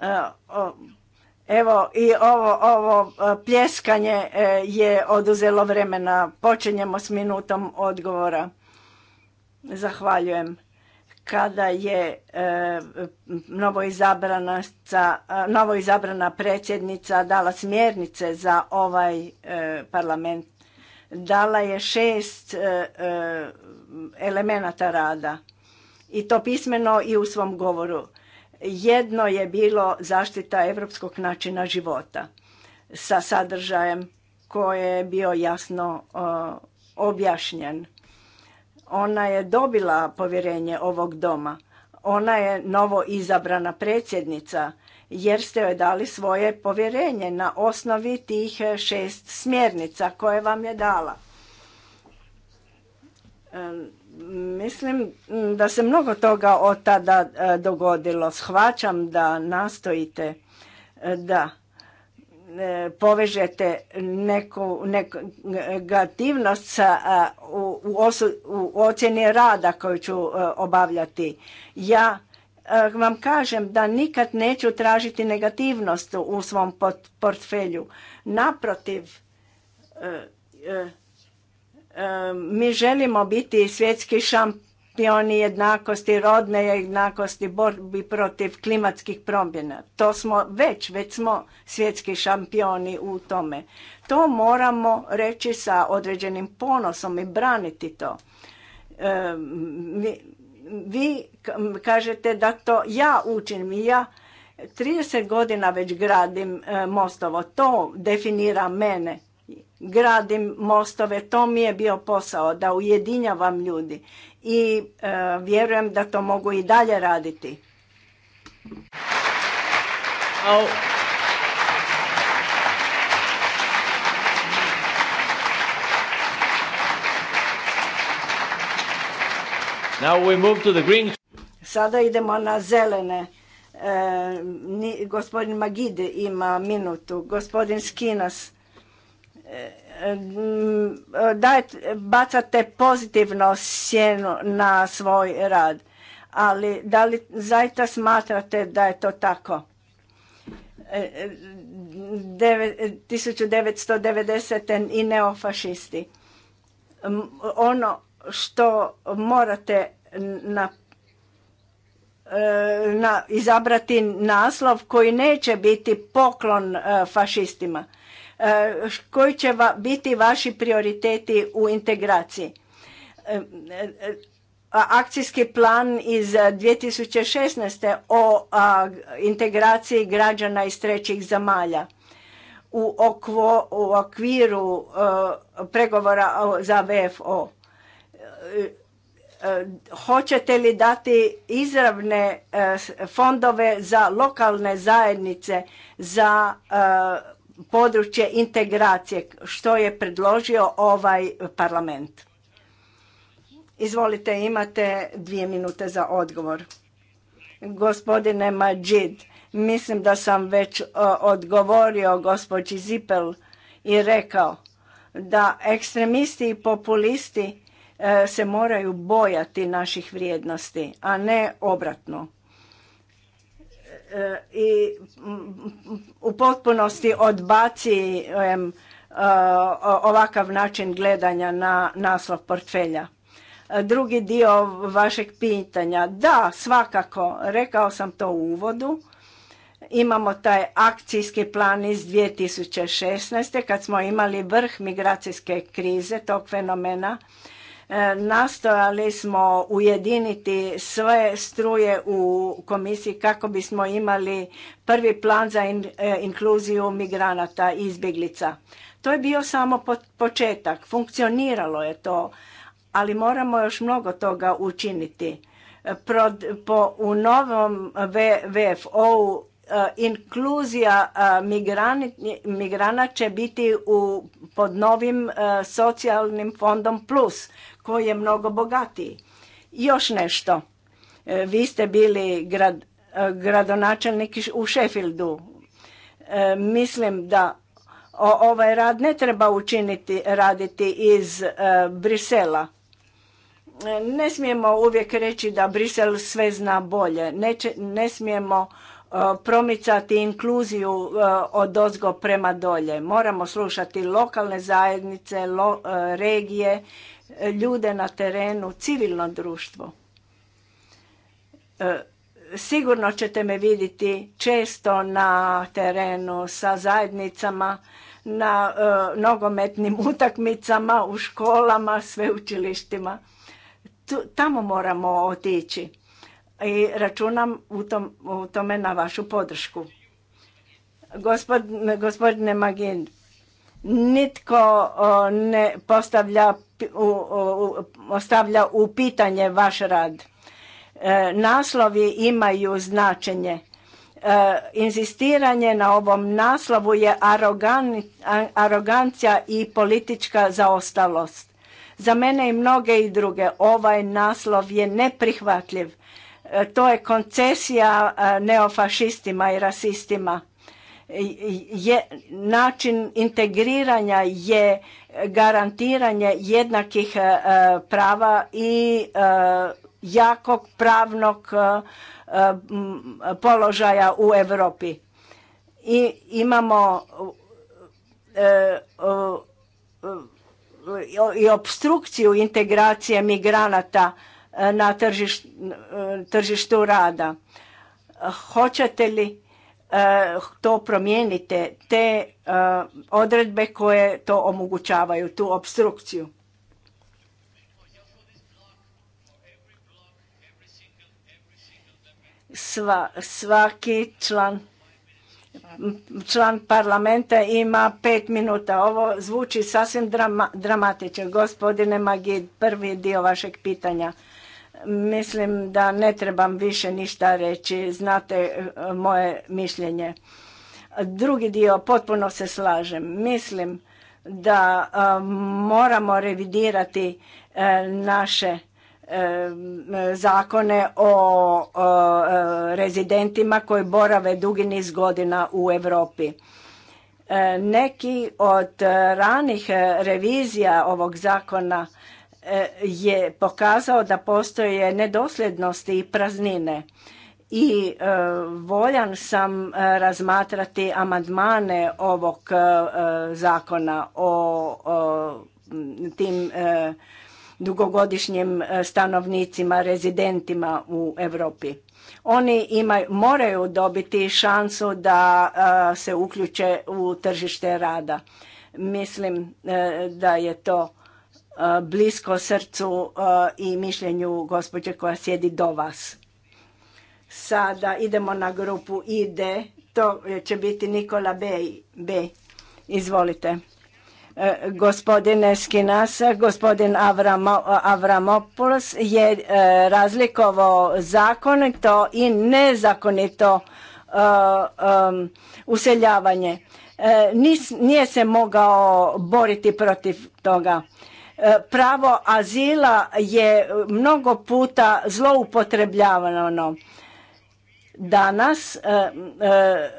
E, evo i ovo, ovo e, pljeskanje e, je oduzelo vremena. Počinjemo s minutom odgovora. Zahvaljujem. Kada je novoizabrana novo, predsjednica dala smjernice za ovaj parlament, dala je šest elemenata rada i to pismeno i u svom govoru. Jedno je bilo zaštita europskog načina života sa sadržajem koji je bio jasno objašnjen. Ona je dobila povjerenje ovog doma. Ona je novo izabrana predsjednica jer ste joj dali svoje povjerenje na osnovi tih šest smjernica koje vam je dala. Mislim da se mnogo toga od tada e, dogodilo. Shvaćam da nastojite e, da e, povežete neku negativnost u, ocjeni rada koju ću obavljati. Ja vam kažem da nikad neću tražiti negativnost u svom portfelju. Naprotiv, mi želimo biti svjetski šampioni jednakosti, rodne jednakosti, borbi protiv klimatskih promjena. To smo već, već smo svjetski šampioni u tome. To moramo reći sa određenim ponosom i braniti to. Vi kažete da to ja učinim i ja 30 godina već gradim e, mostovo. To definira mene gradim mostove, to mi je bio posao, da ujedinjavam ljudi i e, vjerujem da to mogu i dalje raditi. Now we move to the green. Sada idemo na zelene. E, gospodin Magid ima minutu, gospodin Skinas. Da bacate pozitivno sjenu na svoj rad. Ali da li zaista smatrate da je to tako? 1990. E, i neofašisti. Ono što morate na, e, na, izabrati naslov koji neće biti poklon e, fašistima koji će biti vaši prioriteti u integraciji. E, e, akcijski plan iz 2016. E, o integraciji građana iz trećih zemalja u, u okviru pregovora za VFO. Hoćete li dati izravne fondove za lokalne zajednice za područje integracije što je predložio ovaj parlament. Izvolite, imate dvije minute za odgovor. Gospodine Majid, mislim da sam već e, odgovorio gospođi Zipel i rekao da ekstremisti i populisti e, se moraju bojati naših vrijednosti, a ne obratno i u potpunosti odbaci eh, ovakav način gledanja na naslov portfelja. Drugi dio vašeg pitanja, da, svakako, rekao sam to u uvodu, imamo taj akcijski plan iz 2016. kad smo imali vrh migracijske krize tog fenomena E, nastojali smo ujediniti sve struje u komisiji kako bismo imali prvi plan za e, inkluziju migranata i izbjeglica. To je bio samo početak, funkcioniralo je to, ali moramo još mnogo toga učiniti. E, po, u novom VFO-u inkluzija migrana će biti u, pod novim socijalnim fondom plus koji je mnogo bogatiji. još nešto. E, vi ste bili grad, e, gradonačelnik u Sheffieldu. E, mislim da ovaj rad ne treba učiniti, raditi iz Brisela. Ne smijemo uvijek reći da Brisel sve zna bolje. ne smijemo promicati inkluziju od ozgo prema dolje. Moramo slušati lokalne zajednice, regije, ljude na terenu, civilno društvo. E, sigurno ćete me vidjeti često na terenu sa zajednicama, na e, nogometnim [LAUGHS] utakmicama, u školama, sveučilištima. tamo moramo otići i računam u, tome na vašu podršku. gospodine Magin, nitko e, ne postavlja ostavlja u pitanje vaš rad. E, naslovi imaju značenje. E, inzistiranje na ovom naslovu je arogancija i politička zaostalost. Za mene i mnoge i druge ovaj naslov je neprihvatljiv. E, to je koncesija neofašistima i rasistima je način integriranja je garantiranje jednakih e, e, prava i e, jakog pravnog položaja u Europi. I imamo i obstrukciju integracije migranata na tržištu rada. Hoćete li Eh, to promijenite, te eh, odredbe koje to omogućavaju, tu obstrukciju. Sva, svaki član član parlamenta ima pet minuta. Ovo zvuči sasvim dramatično. Gospodine Magid, prvi dio vašeg pitanja. Mislim da ne trebam više ništa reći, znate e, moje mišljenje. Drugi dio, potpuno se slažem. Mislim da e, moramo revidirati e, naše zakone o rezidentima koji borave dugi niz godina u Europi. Neki od ranih revizija ovog zakona E, je pokazao da postoje nedosljednosti i praznine i e, voljan sam e, razmatrati amandmane ovog zakona o, tim dugogodišnjim stanovnicima, rezidentima u Europi. Oni imaju, moraju dobiti šansu da se uključe u tržište rada. Mislim da je to E, blisko srcu e, i mišljenju gospođe koja sjedi do vas. Sada idemo na grupu ID, to će biti Nikola B. B. Izvolite. E, gospodin Skinasa, gospodin Avramopoulos je razlikovao zakonito i nezakonito useljavanje. nije se mogao boriti protiv toga. Pravo azila je mnogo puta zloupotrebljavano. Danas e, e,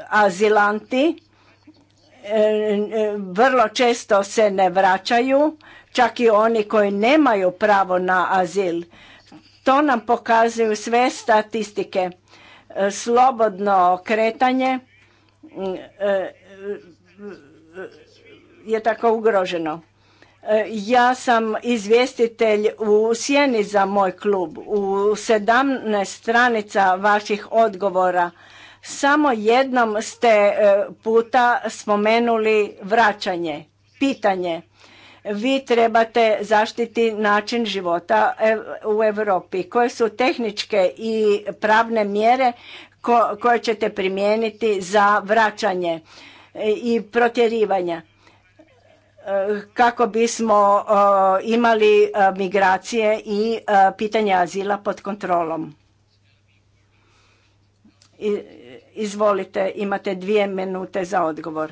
azilanti e, vrlo često se ne vraćaju, čak i oni koji nemaju pravo na azil. To nam pokazuju sve statistike. Slobodno kretanje je tako ugroženo. E, ja sam izvjestitelj u sjeni za moj klub. U 17 stranica vaših odgovora samo jednom ste e, puta spomenuli vraćanje, pitanje. Vi trebate zaštiti način života e, u Europi. Koje su tehničke i pravne mjere koje ćete primijeniti za vraćanje i protjerivanja? kako bismo e, imali e, migracije i e, pitanje azila pod kontrolom. Izvolite, imate dvije minute za odgovor.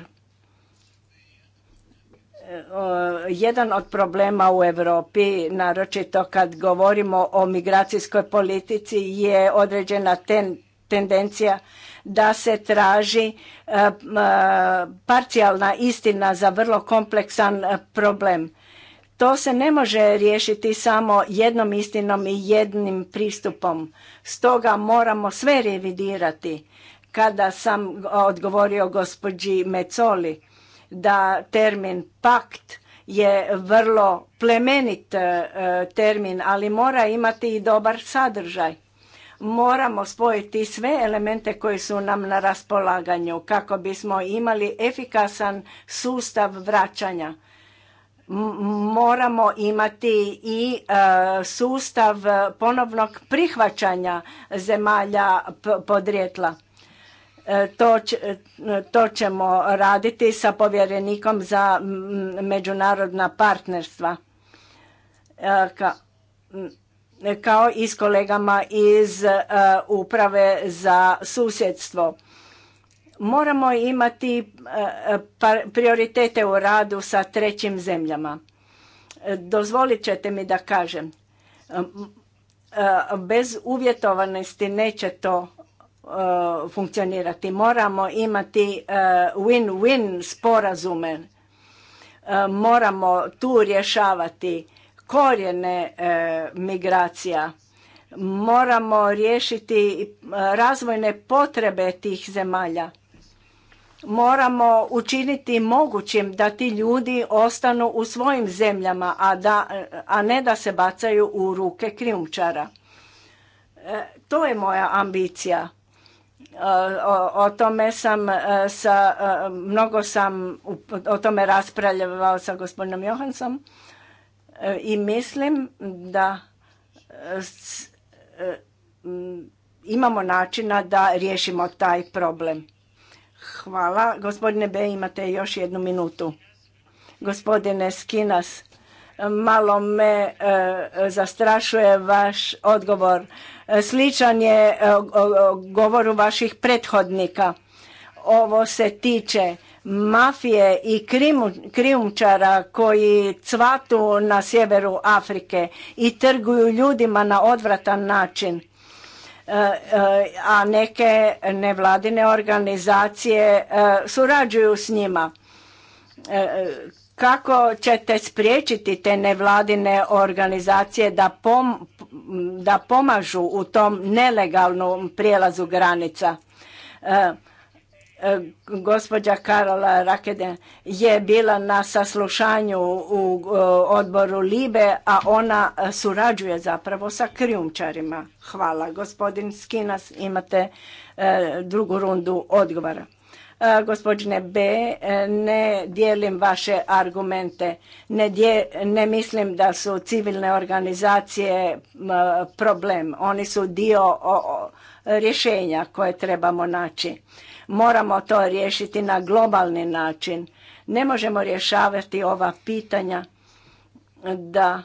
Jedan od problema u Europi, naročito kad govorimo o migracijskoj politici, je određena tendencija da se traži eh, eh, parcijalna istina za vrlo kompleksan eh, problem. To se ne može riješiti samo jednom istinom i jednim pristupom. Stoga moramo sve revidirati. Kada sam odgovorio gospođi Mecoli da termin pakt je vrlo plemenit termin, ali mora imati i dobar sadržaj moramo spojiti sve elemente koji su nam na raspolaganju kako bismo imali efikasan sustav vraćanja moramo imati i e, sustav ponovnog prihvaćanja zemalja podrijetla. E, to, ćemo raditi sa povjerenikom za međunarodna partnerstva. E, kao i s kolegama iz e, uprave za susjedstvo. Moramo imati e, pa, prioritete u radu sa trećim zemljama. Dozvolit ćete mi da kažem, e, bez uvjetovanosti neće to funkcionirati. Moramo imati win-win sporazume. Moramo tu rješavati korijene e, migracija moramo riješiti e, razvojne potrebe tih zemalja moramo učiniti mogućim da ti ljudi ostanu u svojim zemljama a, da, a ne da se bacaju u ruke krijumčara e, to je moja ambicija o, o tome sam sa mnogo sam o tome raspravljala sa gospodinom Johansom i mislim da e, e, imamo načina da riješimo taj problem. Hvala. Gospodine B, imate još jednu minutu. Gospodine Skinas, malo me e, zastrašuje vaš odgovor. Sličan je govoru vaših prethodnika. Ovo se tiče mafije i krimu, krijumčara koji cvatu na sjeveru Afrike i trguju ljudima na odvratan način. E, e, a neke nevladine organizacije e, surađuju s njima. Kako ćete spriječiti te nevladine organizacije da, da pomažu u tom nelegalnom prijelazu granica? gospođa Karola Rakeden je bila na saslušanju u odboru Libe, a ona surađuje zapravo sa krijumčarima. Hvala. Gospodin Skinas, imate e, drugu rundu odgovora. E, gospodine B, e, ne dijelim vaše argumente. Ne, ne mislim da su civilne organizacije problem. Oni su dio rješenja koje trebamo naći Moramo to riješiti na globalni način. Ne možemo rješavati ova pitanja da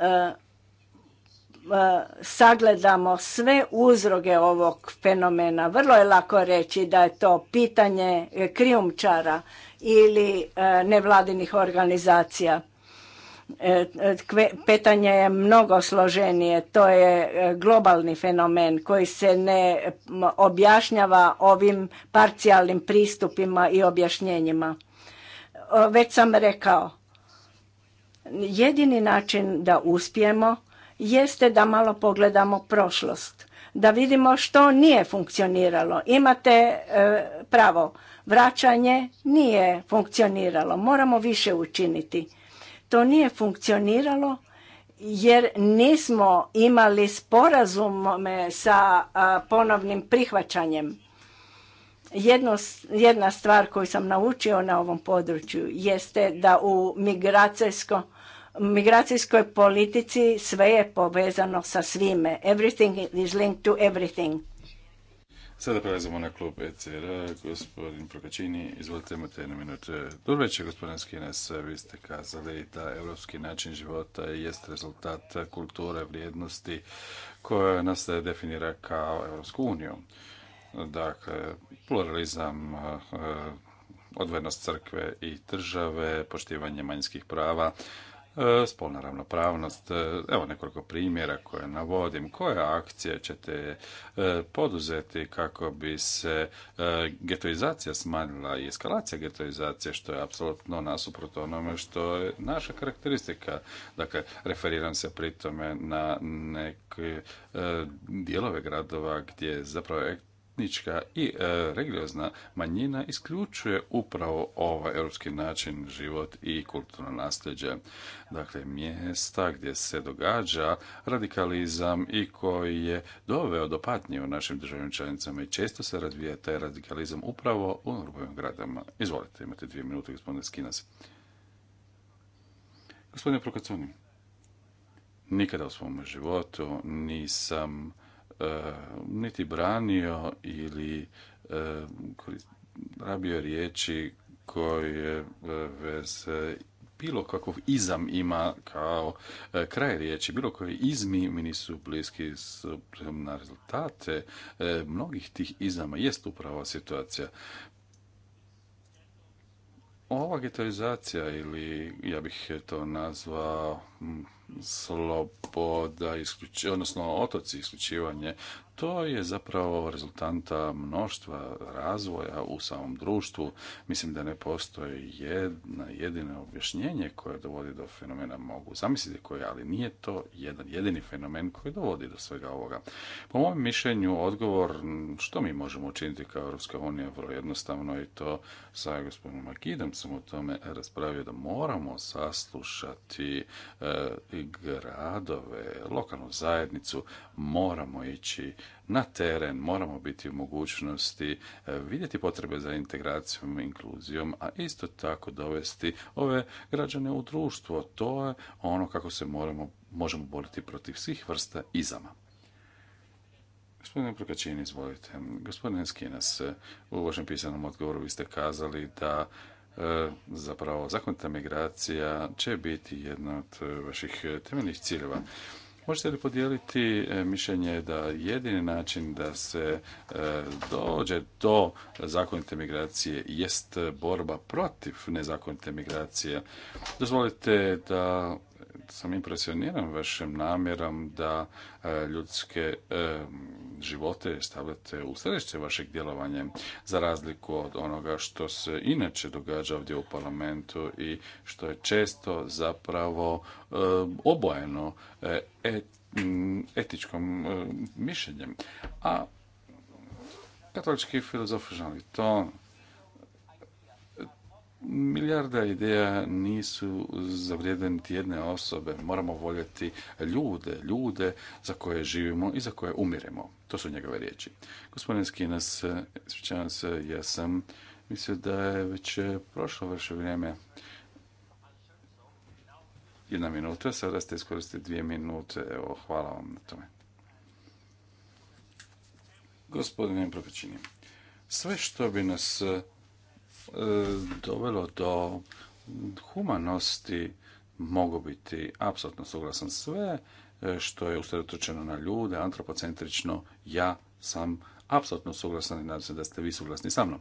e, e, sagledamo sve uzroge ovog fenomena. Vrlo je lako reći da je to pitanje krijumčara ili e, nevladinih organizacija. E, e, petanje je mnogo složenije, to je e, globalni fenomen koji se ne objašnjava ovim parcijalnim pristupima i objašnjenjima. Već sam rekao, jedini način da uspijemo jeste da malo pogledamo prošlost, da vidimo što nije funkcioniralo. Imate pravo, vraćanje nije funkcioniralo, moramo više učiniti to nije funkcioniralo jer nismo imali sporazume sa ponovnim prihvaćanjem. Jedno, jedna stvar koju sam naučio na ovom području jeste da u migracijsko, migracijskoj politici sve je povezano sa svime. Everything is linked to everything. Sada prelazimo na klub ECR, gospodin Prokačini, izvolite imate jednu minutu. Dobro večer, gospodin Skines, vi ste kazali da europski način života jest rezultat kulture, vrijednosti koja nas definira kao Evropsku uniju. Dakle, pluralizam, eh, odvojenost crkve i države, poštivanje manjskih prava, E, spolna ravnopravnost. E, evo nekoliko primjera koje navodim. Koje akcije ćete e, poduzeti kako bi se getoizacija smanjila i eskalacija getoizacije, što je apsolutno nasuprot onome što je naša karakteristika. Dakle, referiram se pri tome na neke dijelove gradova gdje zapravo etnička i e, religiozna manjina isključuje upravo ovaj europski način život i kulturno nasljeđe. Dakle, mjesta gdje se događa radikalizam i koji je doveo do patnje u našim državnim članicama i često se razvija taj radikalizam upravo u urbanim gradama. Izvolite, imate dvije minute, gospodine Skinas. Gospodine Prokacuni, nikada u svom životu nisam E, niti branio ili e, rabio riječi koje e, vez bilo kakav izam ima kao kraj riječi, bilo koji izmi mi nisu bliski s na rezultate mnogih tih izama jest upravo situacija ova getalizacija ili ja bih to nazvao sloboda, isključi, odnosno otoci, isključivanje to je zapravo rezultanta mnoštva razvoja u samom društvu. Mislim da ne postoji jedna jedino objašnjenje koje dovodi do fenomena mogu zamisliti koje, ali nije to jedan jedini fenomen koji dovodi do svega ovoga. Po mom mišljenju, odgovor što mi možemo učiniti kao Europska unija vrlo jednostavno i to sa gospodinom Akidom sam o tome raspravio da moramo saslušati e, gradove, lokalnu zajednicu, moramo ići na teren, moramo biti u mogućnosti e, vidjeti potrebe za integracijom, inkluzijom, a isto tako dovesti ove građane u društvo. To je ono kako se moramo, možemo boriti protiv svih vrsta izama. Gospodine Prokačin, izvolite. Gospodine Skinas, u vašem pisanom odgovoru vi ste kazali da e, zapravo zakonita migracija će biti jedna od e, vaših temeljnih ciljeva. Možete li podijeliti e, mišljenje da jedini način da se e, dođe do zakonite migracije jest borba protiv nezakonite migracije? Dozvolite da sam impresioniran vašim namjerom da e, ljudske e, živote stavljate u središte vašeg djelovanja za razliku od onoga što se inače događa ovdje u parlamentu i što je često zapravo e, obojeno etičkom mišljenjem. A katolički filozofi Jean to... Milijarda ideja nisu zavrijedene niti jedne osobe. Moramo voljeti ljude, ljude za koje živimo i za koje umiremo. To su njegove riječi. Gospodin Skinas, ispričavam se, ja sam mislio da je već prošlo vaše vrijeme. Jedna minuta, sada ste iskoristili dvije minute. Evo, hvala vam na tome. Gospodine Prokačini, sve što bi nas E, dovelo do humanosti mogu biti apsolutno suglasan sve e, što je usredotočeno na ljude, antropocentrično, ja sam apsolutno suglasan i nadam se da ste vi suglasni sa mnom.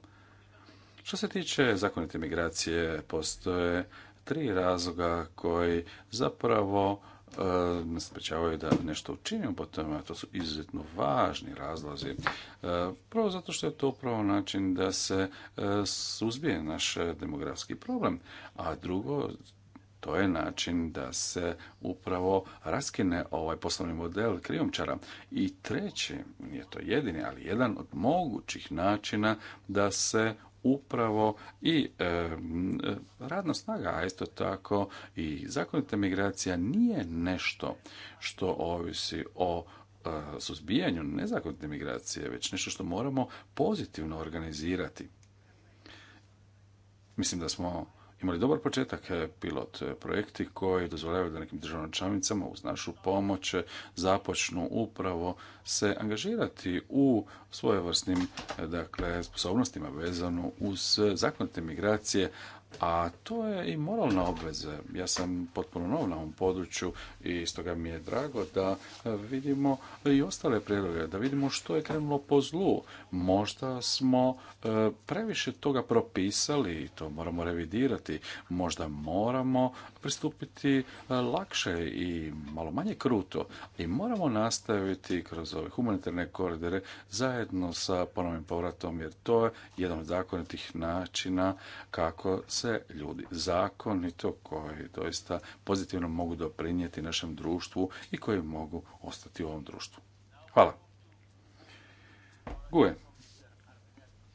Što se tiče zakonite migracije, postoje tri razloga koji zapravo E, nas sprečavaju da nešto učinimo po tome, a to su izuzetno važni razlozi. E, prvo zato što je to upravo način da se e, suzbije naš demografski problem, a drugo to je način da se upravo raskine ovaj poslovni model krijomčara. I treći, nije to jedini, ali jedan od mogućih načina da se upravo i radna snaga, a isto tako i zakonita migracija nije nešto što ovisi o e, suzbijanju nezakonite migracije, već nešto što moramo pozitivno organizirati. Mislim da smo imali dobar početak eh, pilot eh, projekti koji dozvoljavaju da nekim državnim članicama uz našu pomoć eh, započnu upravo se angažirati u svojevrsnim dakle, sposobnostima vezano uz zakonite migracije, a to je i moralna obveza. Ja sam potpuno nov na ovom području i stoga mi je drago da e, vidimo i ostale prijedloge, da vidimo što je krenulo po zlu. Možda smo e, previše toga propisali i to moramo revidirati. Možda moramo pristupiti e, lakše i malo manje kruto. I moramo nastaviti kroz ove humanitarne koridore zajedno sa ponovnim povratom, jer to je jedan od zakonitih načina kako se ljudi zakonito koji doista pozitivno mogu doprinijeti našem društvu i koji mogu ostati u ovom društvu. Hvala. Guje.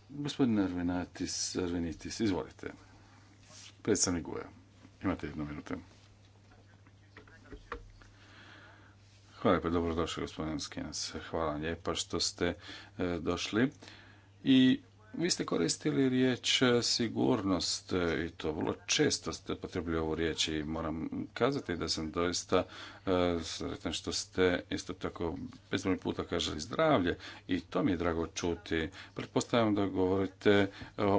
Gospodin Arvinatis, Arvinitis, izvolite. Predstavnik Guja. Imate jednu minutu. Hvala lijepo, dobrodošli gospodin Skins. Hvala lijepa što ste e, došli. I vi ste koristili riječ e, sigurnost e, i to vrlo često ste potrebili ovu riječ i moram kazati da sam doista e, sretan što ste isto tako bezbroj puta kaželi zdravlje i to mi je drago čuti. Pretpostavljam da govorite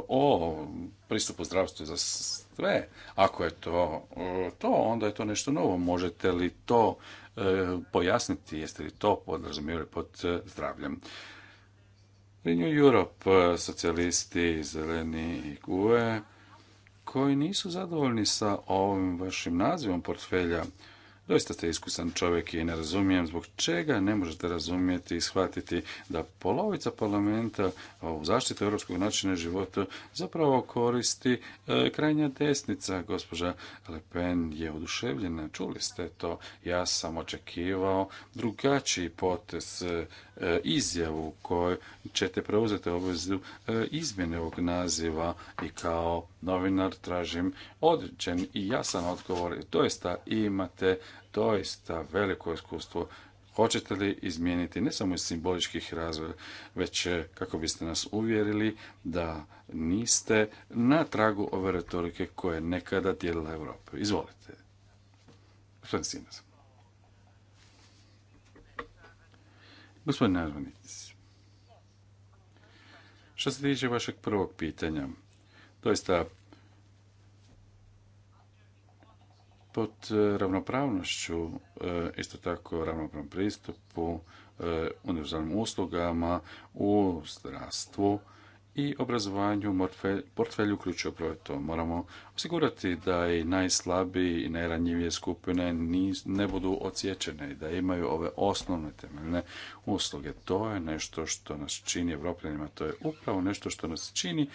o pristupu zdravstvu za sve. Ako je to to, onda je to nešto novo. Možete li to pojasniti? Jeste li to podrazumijeli pod zdravljem? Renew Europe, e, socijalisti, zeleni i guve koji nisu zadovoljni sa ovim vašim nazivom portfelja, Doista ste iskusan čovjek i ne razumijem zbog čega ne možete razumjeti i shvatiti da polovica parlamenta u zaštitu europskog načina života zapravo koristi e, krajnja desnica. Gospođa Le Pen je oduševljena, čuli ste to. Ja sam očekivao drugačiji potez e, e, izjavu koju ćete preuzeti obvezu izmjene ovog naziva i kao novinar, tražim određen i jasan odgovor. Doista imate doista veliko iskustvo Hoćete li izmijeniti ne samo iz simboličkih razvoja, već eh, kako biste nas uvjerili da niste na tragu ove retorike koja je nekada dijelila Evropa. Izvolite. Gospodin Sinas. Gospodin Što se tiče vašeg prvog pitanja, doista pod e, ravnopravnošću, e, isto tako ravnopravnom pristupu, e, univerzalnim uslugama u zdravstvu i obrazovanju portfelju uključuje upravo to. Moramo osigurati da i najslabiji i najranjivije skupine ne budu ociječene i da imaju ove osnovne temeljne usluge. To je nešto što nas čini Evropljanima, to je upravo nešto što nas čini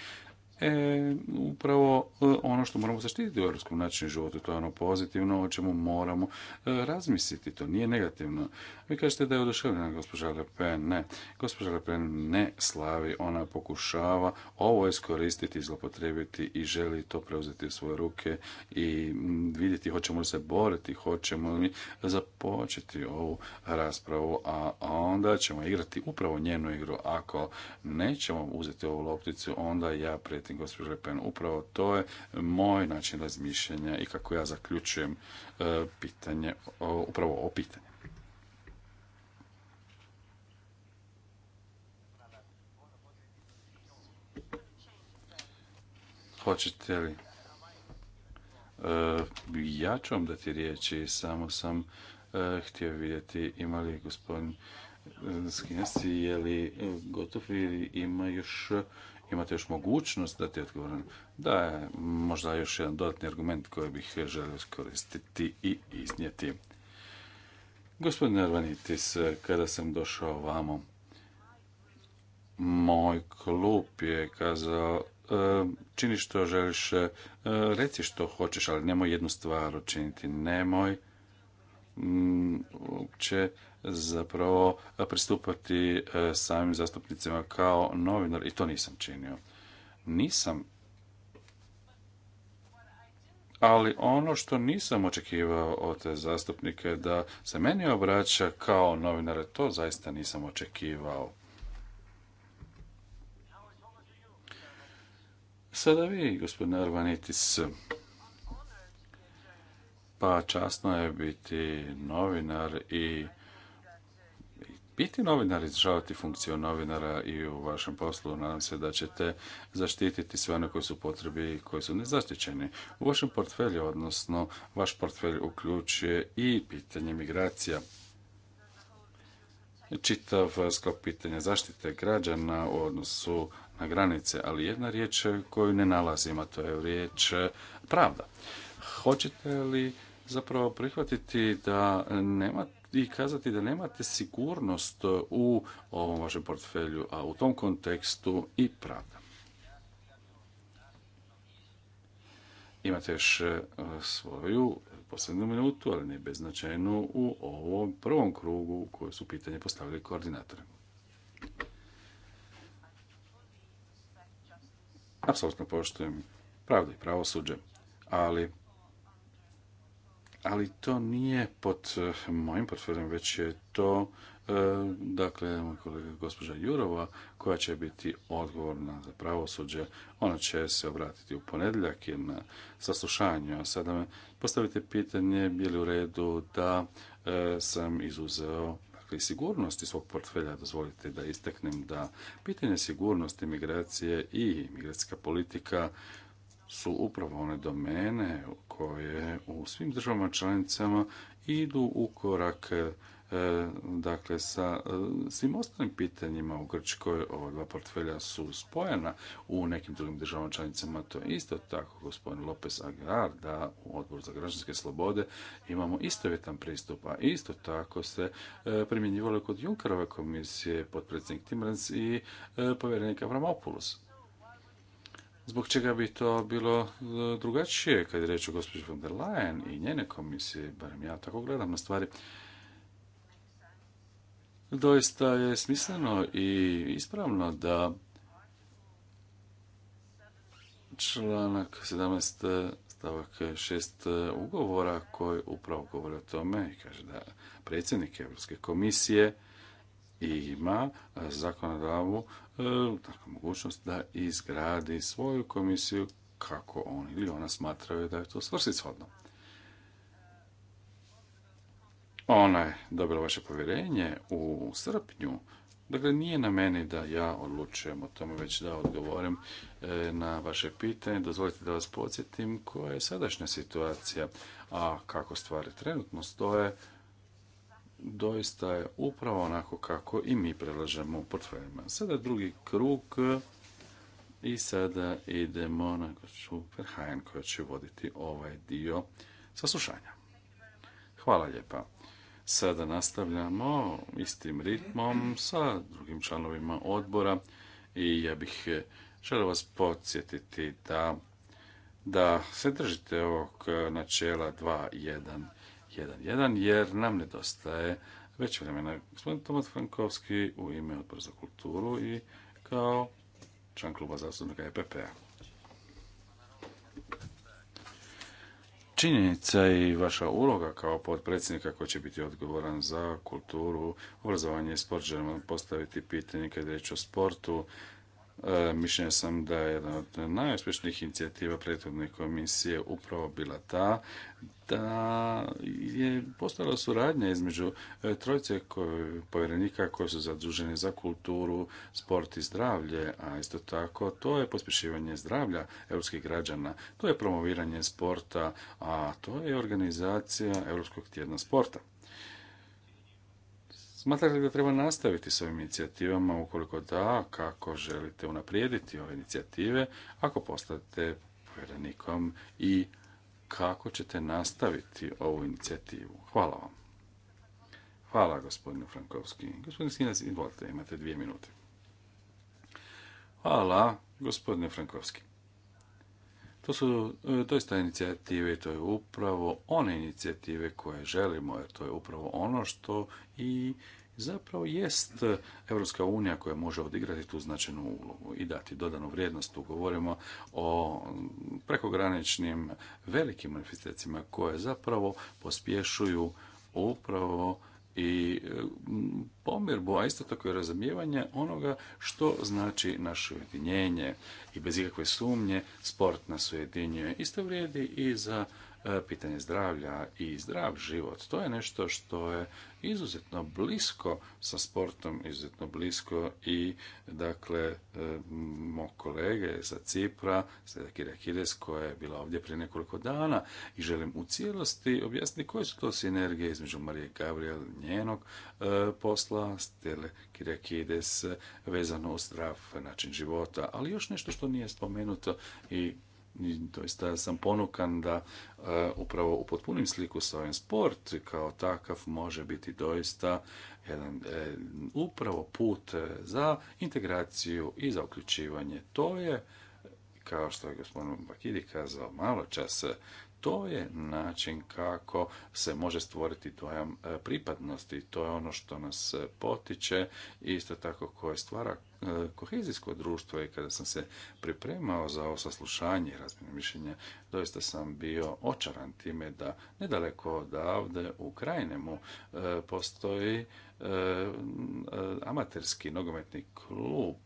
e, upravo e, ono što moramo zaštiti u europskom načinu života. To je ono pozitivno o čemu moramo e, razmisliti. To nije negativno. Vi kažete da je oduševljena gospođa Le Pen. Ne. Gospođa Le Pen ne slavi. Ona pokušava ovo iskoristiti, zlopotrebiti i želi to preuzeti u svoje ruke i vidjeti hoćemo li se boriti, hoćemo li započeti ovu raspravu, a onda ćemo igrati upravo njenu igru. Ako nećemo uzeti ovu lopticu, onda ja pretim pitati gospođu Upravo to je moj način razmišljanja i kako ja zaključujem e, pitanje, upravo o pitanje. Hoćete li? E, ja ću vam dati riječi, samo sam e, htio vidjeti ima li gospodin Skinasi, je li gotov ili ima još imate još mogućnost da ti odgovorim. Da je možda još jedan dodatni argument koji bih želio koristiti i iznijeti. Gospodine Arvanitis, kada sam došao vamo, moj klub je kazao e, čini što želiš, e, reci što hoćeš, ali nemoj jednu stvar učiniti, nemoj će zapravo pristupati e, samim zastupnicima kao novinar i to nisam činio. Nisam ali ono što nisam očekivao od zastupnike da se meni obraća kao novinare, to zaista nisam očekivao. Sada vi, gospodine Arvanitis, pa časno je biti novinar i biti novinar, izražavati funkciju novinara i u vašem poslu. Nadam se da ćete zaštititi sve one koji su potrebi i koji su nezaštićeni. U vašem portfelju, odnosno vaš portfelj uključuje i pitanje migracija. Čitav sklop pitanja zaštite građana u odnosu na granice, ali jedna riječ koju ne nalazim, a to je riječ pravda. Hoćete li zapravo prihvatiti da nema i kazati da nemate sigurnost u ovom vašem portfelju, a u tom kontekstu i pravda. Imate još e, svoju posljednu minutu, ali ne beznačajnu u ovom prvom krugu u kojoj su pitanje postavili koordinatori. Apsolutno poštujem pravdu i pravosuđe, ali ali to nije pod eh, mojim portfeljem, već je to eh, dakle moj kolega gospođa Jurova koja će biti odgovorna za pravosuđe. Ona će se obratiti u ponedjeljak i na saslušanju. A sada me postavite pitanje bi li u redu da eh, sam izuzeo dakle, sigurnosti svog portfelja. Dozvolite da isteknem da pitanje sigurnosti migracije i migracijska politika su upravo one domene koje u svim državama članicama idu u korak e, dakle sa e, svim ostalim pitanjima u Grčkoj ova dva portfelja su spojena u nekim drugim državama članicama to je isto tako gospodin Lopez Aguilar da u odboru za građanske slobode imamo istovjetan pristup a isto tako se e, primjenjivalo kod Junkerove komisije potpredsjednik Timrens i povjerenik Avramopoulos zbog čega bi to bilo e, drugačije kad je reč o gospođi von der Leyen i njene komisije, barem ja tako gledam na stvari. Doista je smisleno i ispravno da članak 17 e, stavak 6 e, ugovora koji upravo govori o tome i kaže da predsjednik Europske komisije ima e, zakonodavu e, takvu mogućnost da izgradi svoju komisiju kako on ili ona smatraju da je to svrsishodno. Ona je dobila vaše povjerenje u srpnju. Dakle, nije na meni da ja odlučujem o tome, već da odgovorim e, na vaše pitanje. Dozvolite da vas podsjetim koja je sadašnja situacija, a kako stvari trenutno stoje, doista je upravo onako kako i mi prelažemo u portfeljima. Sada drugi krug i sada idemo na gospođu koja će voditi ovaj dio saslušanja. Hvala lijepa. Sada nastavljamo istim ritmom sa drugim članovima odbora i ja bih eh, želio vas podsjetiti da, da se držite ovog eh, načela 2.1 1.1 jer nam nedostaje već vremena. Gospodin Tomat Frankovski u ime odbor za kulturu i kao član kluba zastupnika EPP-a. Činjenica i vaša uloga kao potpredsjednika koji će biti odgovoran za kulturu, obrazovanje i sport, želimo postaviti pitanje kada je reč o sportu. E, mišljenja sam da je jedna od najuspješnijih inicijativa prethodne komisije upravo bila ta da je postala suradnja između e, trojice povjerenika koji su zaduženi za kulturu, sport i zdravlje, a isto tako to je pospješivanje zdravlja europskih građana, to je promoviranje sporta, a to je organizacija Europskog tjedna sporta. Smatrate li da treba nastaviti s ovim inicijativama, ukoliko da, kako želite unaprijediti ove inicijative, ako postate povjerenikom i kako ćete nastaviti ovu inicijativu? Hvala vam. Hvala, gospodinu Frankovski. Gospodin Sinac, izvolite, imate dvije minute. Hvala, gospodine Frankovski. To su doista e, inicijative i to je upravo one inicijative koje želimo, jer to je upravo ono što i zapravo jest Europska unija koja može odigrati tu značajnu ulogu i dati dodanu vrijednost. Tu govorimo o prekograničnim velikim manifestacijama koje zapravo pospješuju upravo i e, pomirbu, a isto tako i razumijevanje onoga što znači naše ujedinjenje i bez ikakve sumnje sport nas ujedinjuje. Isto vrijedi i za E, pitanje zdravlja i zdrav život. To je nešto što je izuzetno blisko sa sportom, izuzetno blisko i dakle e, mog kolege sa Cipra, Sedakira Kirakides, koja je bila ovdje prije nekoliko dana i želim u cijelosti objasniti koje su to sinergije između Marije Gabriel, njenog e, posla, Stele Kirakides vezano uz zdrav način života, ali još nešto što nije spomenuto i doista sam ponukan da e, upravo u potpunim sliku sa ovim sport kao takav može biti doista jedan e, upravo put e, za integraciju i za uključivanje. To je kao što je gospodin Bakidi kazao malo čas, to je način kako se može stvoriti dojam e, pripadnosti. To je ono što nas e, potiče i isto tako koje stvara e, kohezijsko društvo i kada sam se pripremao za ovo saslušanje i mišljenja, doista sam bio očaran time da nedaleko odavde u Krajnemu postoji amaterski nogometni klub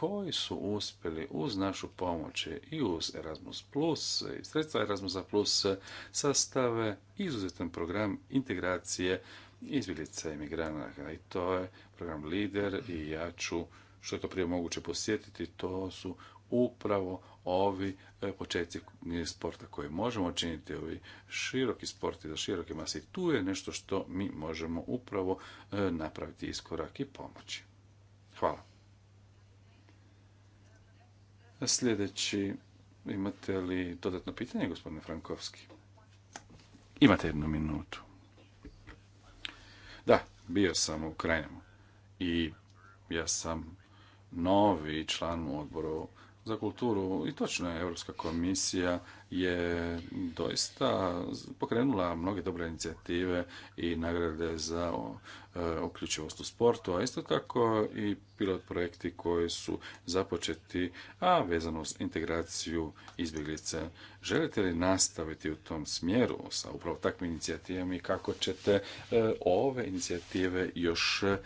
koji su uspjeli uz našu pomoć i uz Erasmus Plus i sredstva Erasmus Plus sastave izuzetan program integracije izbjeglica i i to je program Lider i ja ću što je to prije moguće posjetiti, to su upravo ovi e, početci sporta koje možemo činiti, ovi široki sporti za široke mase. I tu je nešto što mi možemo upravo e, napraviti iskorak i pomoći. Hvala. Sljedeći, imate li dodatno pitanje, gospodine Frankovski? Imate jednu minutu. Da, bio sam u Krajnjemu i ja sam novi član u odboru za kulturu i točno je, Europska komisija je doista pokrenula mnoge dobre inicijative i nagrade za e, uključivost u sportu, a isto tako i pilot projekti koji su započeti, a vezano s integraciju izbjeglice. Želite li nastaviti u tom smjeru sa upravo takvim inicijativama i kako ćete e, ove inicijative još e,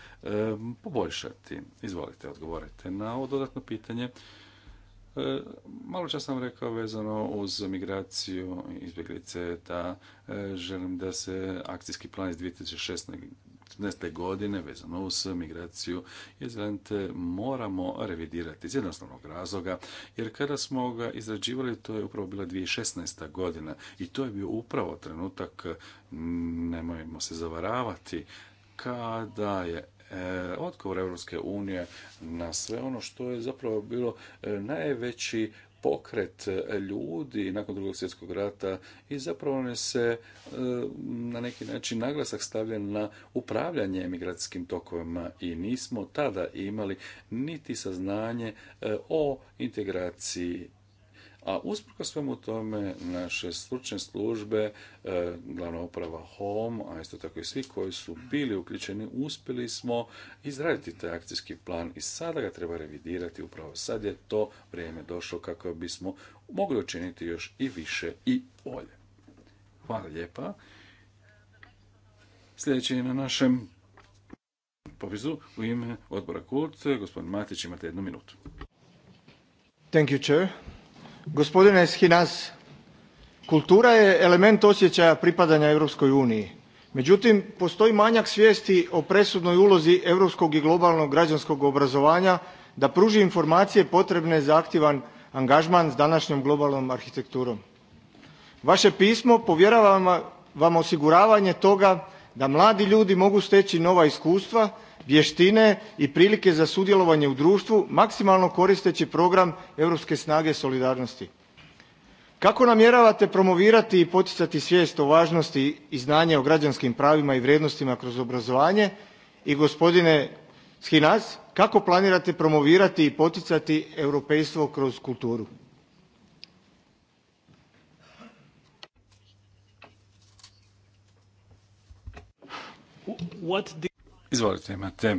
poboljšati? Izvolite, odgovorite na ovo dodatno pitanje. E, malo čas sam rekao vezano uz migraciju izbjeglice da e, želim da se akcijski plan iz 2016. godine vezano uz migraciju i moramo revidirati iz jednostavnog razloga jer kada smo ga izrađivali to je upravo bila 2016. godina i to je bio upravo trenutak nemojmo se zavaravati kada je E, odgovor Europske unije na sve ono što je zapravo bilo e, najveći pokret e, ljudi nakon drugog svjetskog rata i zapravo ne se na neki način naglasak stavljen na upravljanje emigracijskim tokovima i nismo tada imali niti saznanje o integraciji a usprko svemu tome, naše stručne službe, e, glavna uprava HOME, a isto tako i svi koji su bili uključeni, uspjeli smo izraditi taj akcijski plan i sada ga treba revidirati. Upravo sad je to vrijeme došlo kako bismo mogli učiniti još i više i bolje. Hvala lijepa. Sljedeći je na našem popisu u ime odbora KULT, gospodin Matić, imate jednu minutu. Thank you, gospodine schinas kultura je element osjećaja pripadanja europskoj uniji međutim postoji manjak svijesti o presudnoj ulozi europskog i globalnog građanskog obrazovanja da pruži informacije potrebne za aktivan angažman s današnjom globalnom arhitekturom. vaše pismo povjerava vam osiguravanje toga da mladi ljudi mogu steći nova iskustva vještine i prilike za sudjelovanje u društvu maksimalno koristeći program europske snage solidarnosti. Kako namjeravate promovirati i poticati svijest o važnosti i znanje o građanskim pravima i vrijednostima kroz obrazovanje i gospodine Schinas, kako planirate promovirati i poticati europejstvo kroz kulturu? Izvolite, imate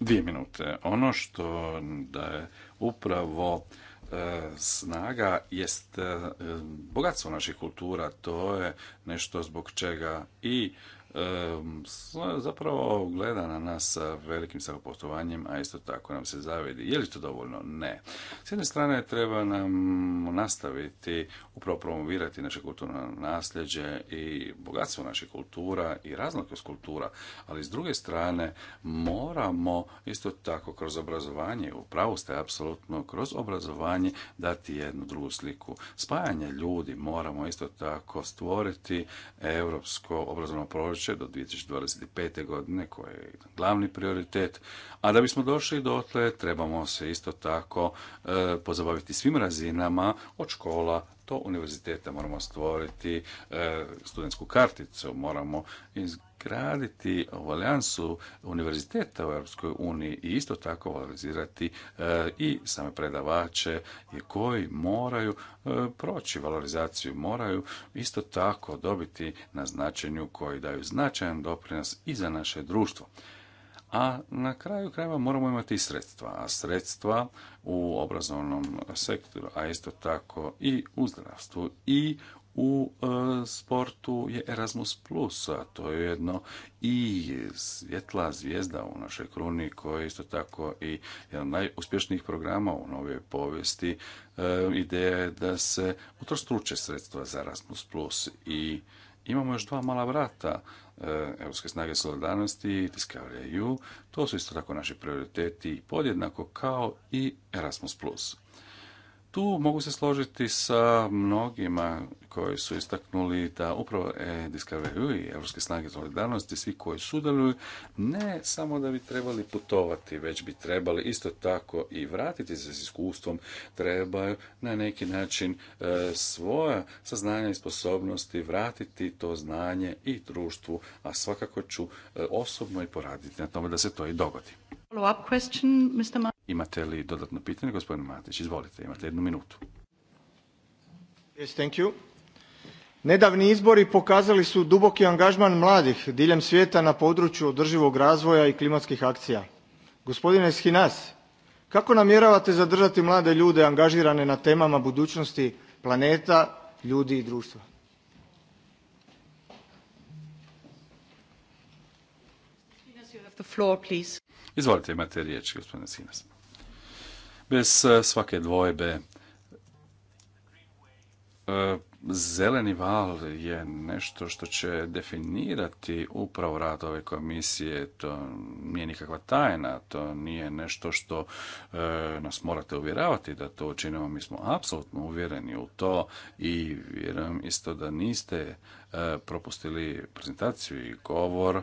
dvije minute. Ono što da je upravo e, snaga jest e, bogatstvo naših kultura. To je nešto zbog čega i zapravo gleda na nas sa velikim samopoštovanjem, a isto tako nam se zavidi. Je li to dovoljno? Ne. S jedne strane treba nam nastaviti upravo promovirati naše kulturno nasljeđe i bogatstvo naših kultura i raznolikost kultura, ali s druge strane moramo isto tako kroz obrazovanje, u pravu ste apsolutno, kroz obrazovanje dati jednu drugu sliku. Spajanje ljudi moramo isto tako stvoriti europsko obrazovno prođe do 2025. godine, koji je glavni prioritet, a da bismo došli dotle, trebamo se isto tako e, pozabaviti svim razinama, od škola do univerziteta. Moramo stvoriti e, studentsku karticu, moramo izgraditi valjansu univerziteta u Europskoj uniji i isto tako valorizirati e, i same predavače koji moraju proći valorizaciju, moraju isto tako dobiti na značenju koji daju značajan doprinos i za naše društvo a na kraju krajeva moramo imati i sredstva, a sredstva u obrazovnom sektoru, a isto tako i u zdravstvu i u e, sportu je Erasmus+, Plus, a to je jedno i svjetla zvijezda u našoj kruni, koja je isto tako i jedan od najuspješnijih programa u novijoj povijesti. E, ideja je da se utrostruče sredstva za Erasmus+, Plus i imamo još dva mala vrata Eh, Europske snage solidarnosti i Discovery To su isto tako naši prioriteti podjednako kao i Erasmus+. Tu mogu se složiti sa mnogima koji su istaknuli da upravo e, Discovery i Evropske snage solidarnosti, svi koji sudjeluju, ne samo da bi trebali putovati, već bi trebali isto tako i vratiti se s iskustvom, trebaju na neki način e, svoja saznanja i sposobnosti vratiti to znanje i društvu, a svakako ću e, osobno i poraditi na tome da se to i dogodi. Follow-up question, Mr. Imate li dodatno pitanje, gospodin Matić? Izvolite, imate jednu minutu. thank you. Nedavni izbori pokazali su duboki angažman mladih diljem svijeta na području održivog razvoja i klimatskih akcija. Gospodine Schinas, kako namjeravate zadržati mlade ljude angažirane na temama budućnosti planeta, ljudi i društva? Izvolite, imate riječ, gospodine Sinas. Bez e, svake dvojbe, e, zeleni val je nešto što će definirati upravo rad ove komisije. To nije nikakva tajna, to nije nešto što e, nas morate uvjeravati da to učinimo. Mi smo apsolutno uvjereni u to i vjerujem isto da niste propustili prezentaciju i govor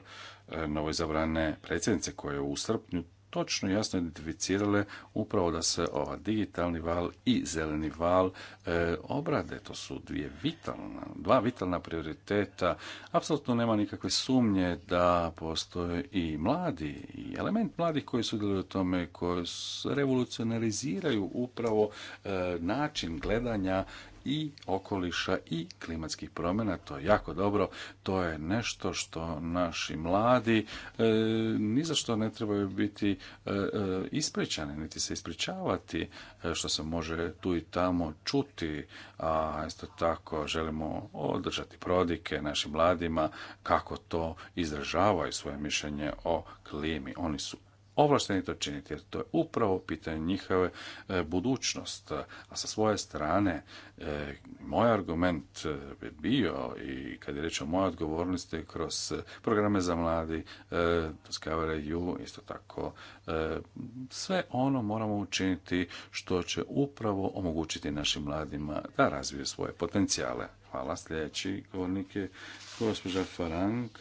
novoizabrane predsjednice koja je u srpnju točno jasno identificirale upravo da se ova digitalni val i zeleni val e, obrade. To su dvije vitalna, dva vitalna prioriteta. Apsolutno nema nikakve sumnje da postoje i mladi i element mladih koji sudjeluju su u tome, koji revolucionariziraju upravo e, način gledanja i okoliša i klimatskih promjena. To je jako dobro. To je nešto što naši mladi e, ni za što ne trebaju biti e, e ispričani, niti se ispričavati e, što se može tu i tamo čuti. A isto tako želimo održati prodike našim mladima kako to izražavaju svoje mišljenje o klimi. Oni su ovlašteni to činiti, jer to je upravo pitanje njihove e, budućnost. A sa svoje strane, e, moj argument bi e, bio, i kad je reč o mojoj odgovornosti, kroz programe za mladi, Discovery isto tako, sve ono moramo učiniti što će upravo omogućiti našim mladima da razviju svoje potencijale. Hvala. Sljedeći govornik je gospođa Farank,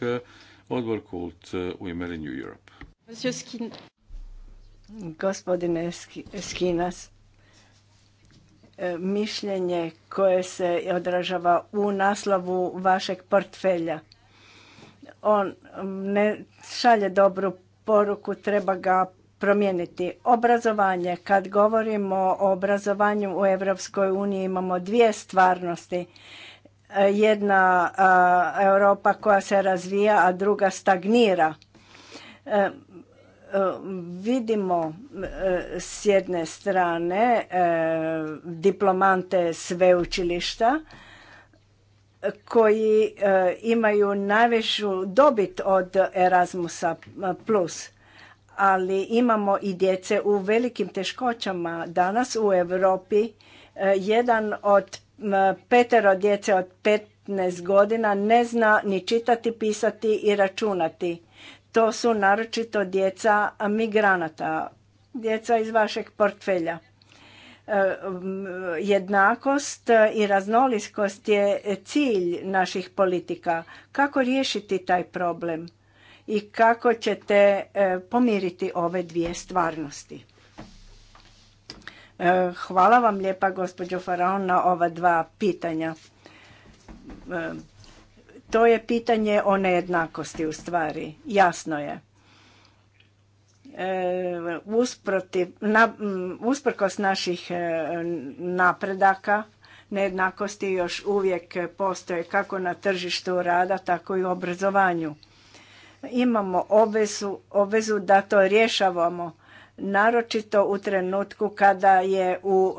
odbor Kult u ime New Europe. Gospodine Skinas, e, mišljenje koje se odražava u naslovu vašeg portfelja. On ne šalje dobru poruku, treba ga promijeniti. Obrazovanje, kad govorimo o obrazovanju u Europskoj uniji imamo dvije stvarnosti. E, jedna Europa koja se razvija, a druga stagnira. E, vidimo e, s jedne strane e, diplomante sveučilišta koji e, imaju najveću dobit od Erasmusa plus ali imamo i djece u velikim teškoćama danas u Europi jedan od petero djece od 15 godina ne zna ni čitati, pisati i računati to su naročito djeca migranata, djeca iz vašeg portfelja. E, jednakost i raznolikost je cilj naših politika. Kako riješiti taj problem i kako ćete e, pomiriti ove dvije stvarnosti? E, hvala vam lijepa gospođo Faraon na ova dva pitanja to je pitanje o nejednakosti u stvari, jasno je. E, usprotiv, mm, usprkos naših e, napredaka, nejednakosti još uvijek postoje kako na tržištu rada, tako i u obrazovanju. Imamo obvezu, obvezu da to rješavamo, naročito u trenutku kada je u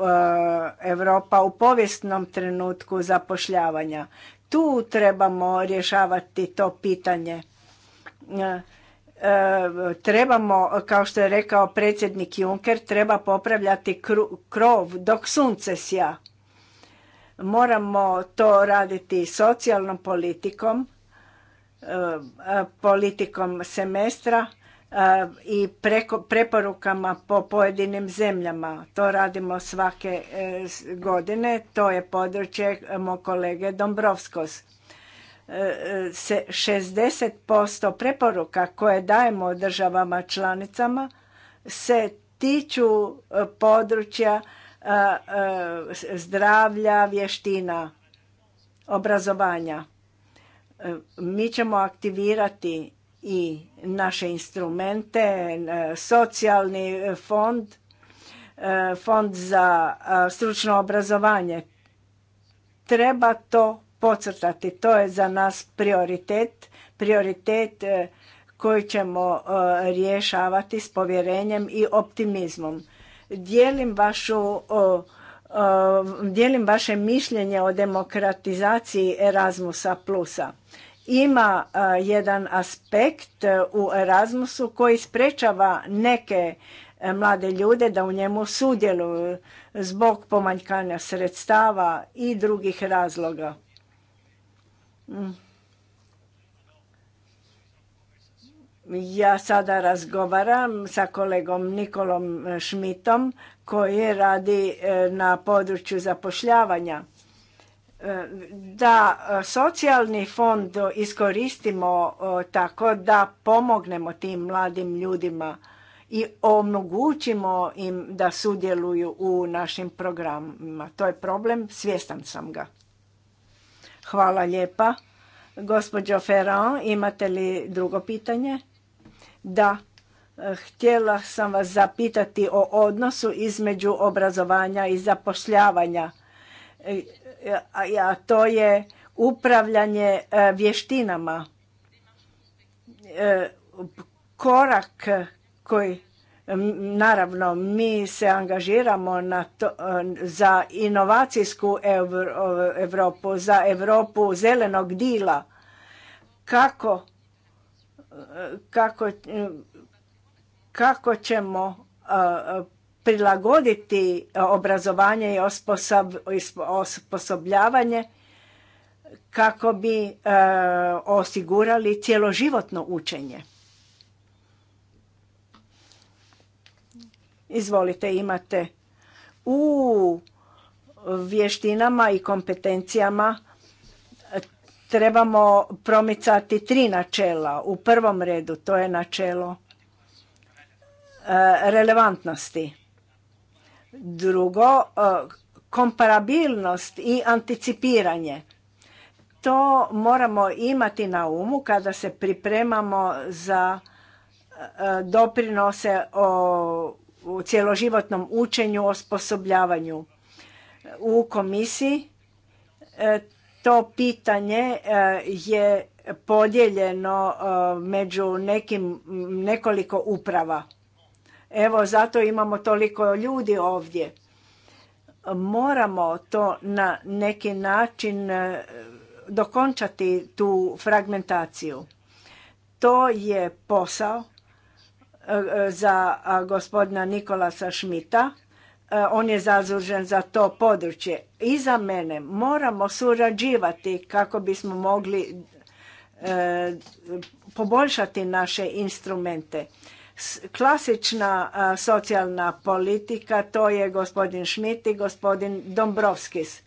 e, Europa u povijesnom trenutku zapošljavanja. Tu trebamo rješavati to pitanje. E, e, trebamo, kao što je rekao predsjednik Juncker, treba popravljati krov dok sunce sja. Moramo to raditi socijalnom politikom, e, politikom semestra, E, i preporukama po pojedinim zemljama. To radimo svake e, godine, to je područje e, mog kolege Dombrovskos. Se 60% preporuka koje dajemo državama članicama se tiču područja zdravlja, vještina, obrazovanja. Mi ćemo aktivirati i naše instrumente, socijalni fond, e, fond za e, stručno obrazovanje. Treba to pocrtati, to je za nas prioritet, prioritet e, koji ćemo rješavati s povjerenjem i optimizmom. Dijelim vašu dijelim vaše mišljenje o demokratizaciji Erasmusa plusa ima e, jedan aspekt e, u Erasmusu koji sprečava neke e, mlade ljude da u njemu sudjeluju zbog pomanjkanja sredstava i drugih razloga. Mm. Ja sada razgovaram sa kolegom Nikolom Šmitom koji radi na području zapošljavanja da socijalni fond iskoristimo tako da pomognemo tim mladim ljudima i omogućimo im da sudjeluju u našim programima. To je problem, svjestan sam ga. Hvala lijepa. Gospođo Ferran, imate li drugo pitanje? Da. Htjela sam vas zapitati o odnosu između obrazovanja i zapošljavanja E, a to je upravljanje e, vještinama. E, korak koji naravno mi se angažiramo na to, za inovacijsku Europu, za Europu zelenog dila. Kako kako kako ćemo prilagoditi e, obrazovanje i osposobljavanje kako bi e, osigurali cjeloživotno učenje. Izvolite, imate u vještinama i kompetencijama e, trebamo promicati tri načela. U prvom redu to je načelo relevantnosti. Drugo, e, komparabilnost i anticipiranje. To moramo imati na umu kada se pripremamo za e, doprinose u cjeloživotnom učenju, osposobljavanju. U komisiji e, to pitanje je podijeljeno među nekim, nekoliko uprava Evo, zato imamo toliko ljudi ovdje. Moramo to na neki način e, dokončati tu fragmentaciju. To je posao e, e, za gospodina Nikolasa Šmita. On je zazužen za to područje. I za mene moramo surađivati kako bismo mogli poboljšati naše instrumente klasična socijalna politika, to je gospodin Šmit i gospodin Dombrovskis.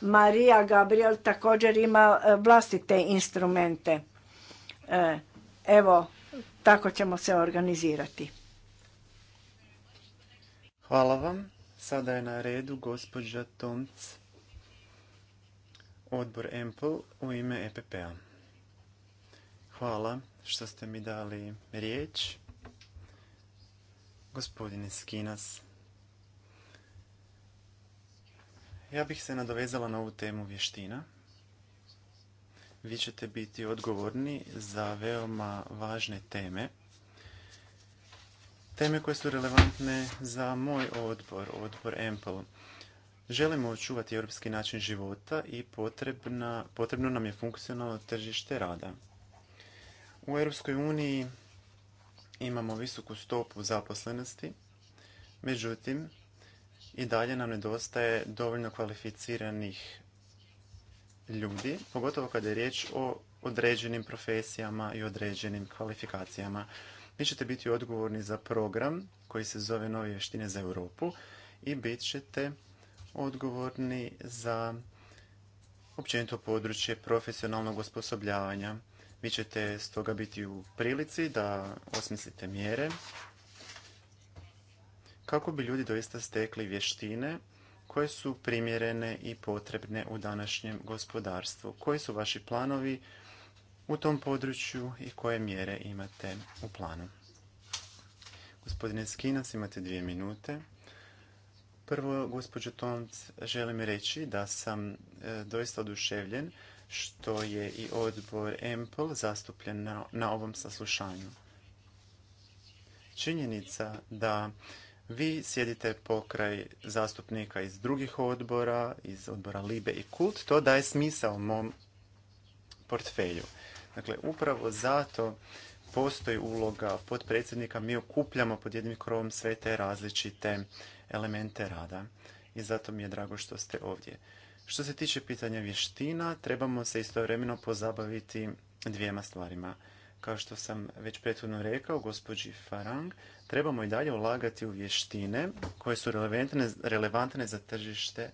Marija Gabriel također ima e, vlastite instrumente. E, evo, tako ćemo se organizirati. Hvala vam. Sada je na redu gospođa Tomc, odbor EMPL u ime EPP-a. Hvala što ste mi dali riječ. Gospodine Skinas, ja bih se nadovezala na ovu temu vještina. Vi ćete biti odgovorni za veoma važne teme. Teme koje su relevantne za moj odbor, odbor EMPL. Želimo očuvati europski način života i potrebna, potrebno nam je funkcionalno tržište rada. U Europskoj uniji imamo visoku stopu zaposlenosti, međutim i dalje nam nedostaje dovoljno kvalificiranih ljudi, pogotovo kada je riječ o određenim profesijama i određenim kvalifikacijama. Vi ćete biti odgovorni za program koji se zove Novi vještine za Europu i bit ćete odgovorni za općenito područje profesionalnog osposobljavanja. Vi ćete stoga biti u prilici da osmislite mjere kako bi ljudi doista stekli vještine koje su primjerene i potrebne u današnjem gospodarstvu. Koji su vaši planovi u tom području i koje mjere imate u planu? Gospodine Skinas, imate dvije minute. Prvo, gospođo Tomc, želim reći da sam e, doista oduševljen što je i odbor EMPL zastupljen na, na ovom saslušanju. Činjenica da vi sjedite pokraj zastupnika iz drugih odbora, iz odbora Libe i Kult, to daje smisao mom portfelju. Dakle, upravo zato postoji uloga potpredsjednika, mi okupljamo pod jednim krovom sve te različite elemente rada i zato mi je drago što ste ovdje. Što se tiče pitanja vještina, trebamo se istovremeno pozabaviti dvijema stvarima. Kao što sam već prethodno rekao, gospođi Farang, trebamo i dalje ulagati u vještine koje su relevantne, relevantne za tržište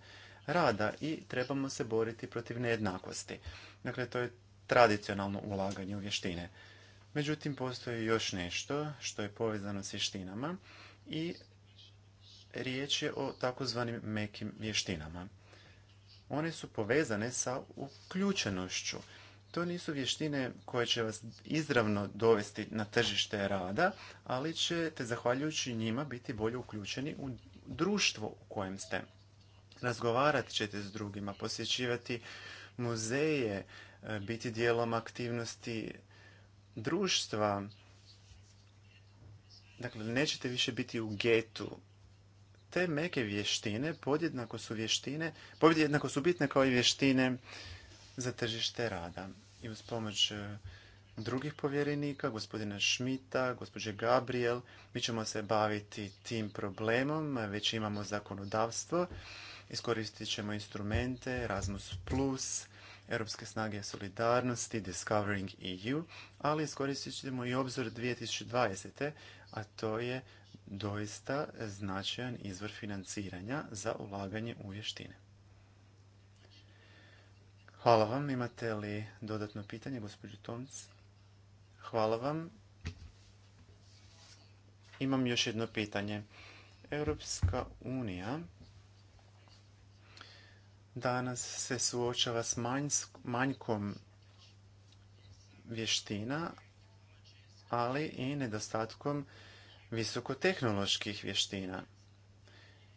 rada i trebamo se boriti protiv nejednakosti. Dakle, to je tradicionalno ulaganje u vještine. Međutim, postoji još nešto što je povezano s vještinama i riječ je o takozvanim mekim vještinama one su povezane sa uključenošću. To nisu vještine koje će vas izravno dovesti na tržište rada, ali ćete zahvaljujući njima biti bolje uključeni u društvo u kojem ste. Razgovarat ćete s drugima, posjećivati muzeje, e, biti dijelom aktivnosti društva. Dakle, nećete više biti u getu te meke vještine podjednako su vještine, podjednako su bitne kao i vještine za tržište rada. I uz pomoć e, drugih povjerenika, gospodina Šmita, gospođe Gabriel, mi ćemo se baviti tim problemom, već imamo zakonodavstvo, iskoristit ćemo instrumente Erasmus+, Europske snage solidarnosti, Discovering EU, ali iskoristit ćemo i obzor 2020. a to je doista značajan izvor financiranja za ulaganje u vještine. Hvala vam. Imate li dodatno pitanje, gospođo Tomc? Hvala vam. Imam još jedno pitanje. Europska unija danas se suočava s manjkom vještina, ali i nedostatkom visokotehnoloških vještina.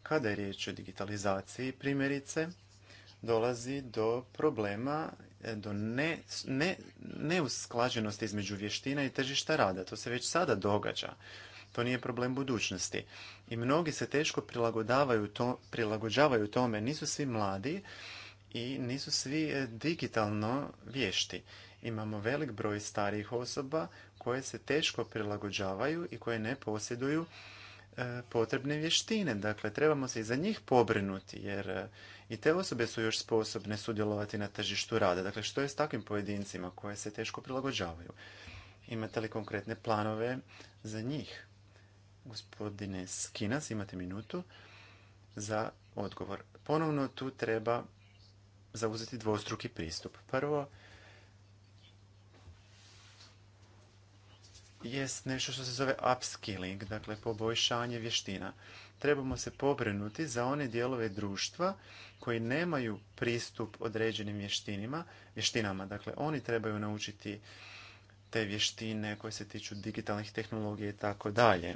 Kada je riječ o digitalizaciji, primjerice, dolazi do problema, e, do ne, ne, neusklađenosti između vještina i tržišta rada. To se već sada događa. To nije problem budućnosti. I mnogi se teško prilagodavaju to, prilagođavaju tome. Nisu svi mladi i nisu svi e, digitalno vješti. Imamo velik broj starijih osoba koje se teško prilagođavaju i koje ne posjeduju e, potrebne vještine. Dakle, trebamo se i za njih pobrinuti, jer e, i te osobe su još sposobne sudjelovati na tržištu rada. Dakle, što je s takvim pojedincima koje se teško prilagođavaju? Imate li konkretne planove za njih? Gospodine Skinas, imate minutu za odgovor. Ponovno tu treba zauzeti dvostruki pristup. Prvo, jest nešto što se zove upskilling, dakle poboljšanje vještina. Trebamo se pobrinuti za one dijelove društva koji nemaju pristup određenim vještinima, vještinama. Dakle, oni trebaju naučiti te vještine koje se tiču digitalnih tehnologija i tako dalje.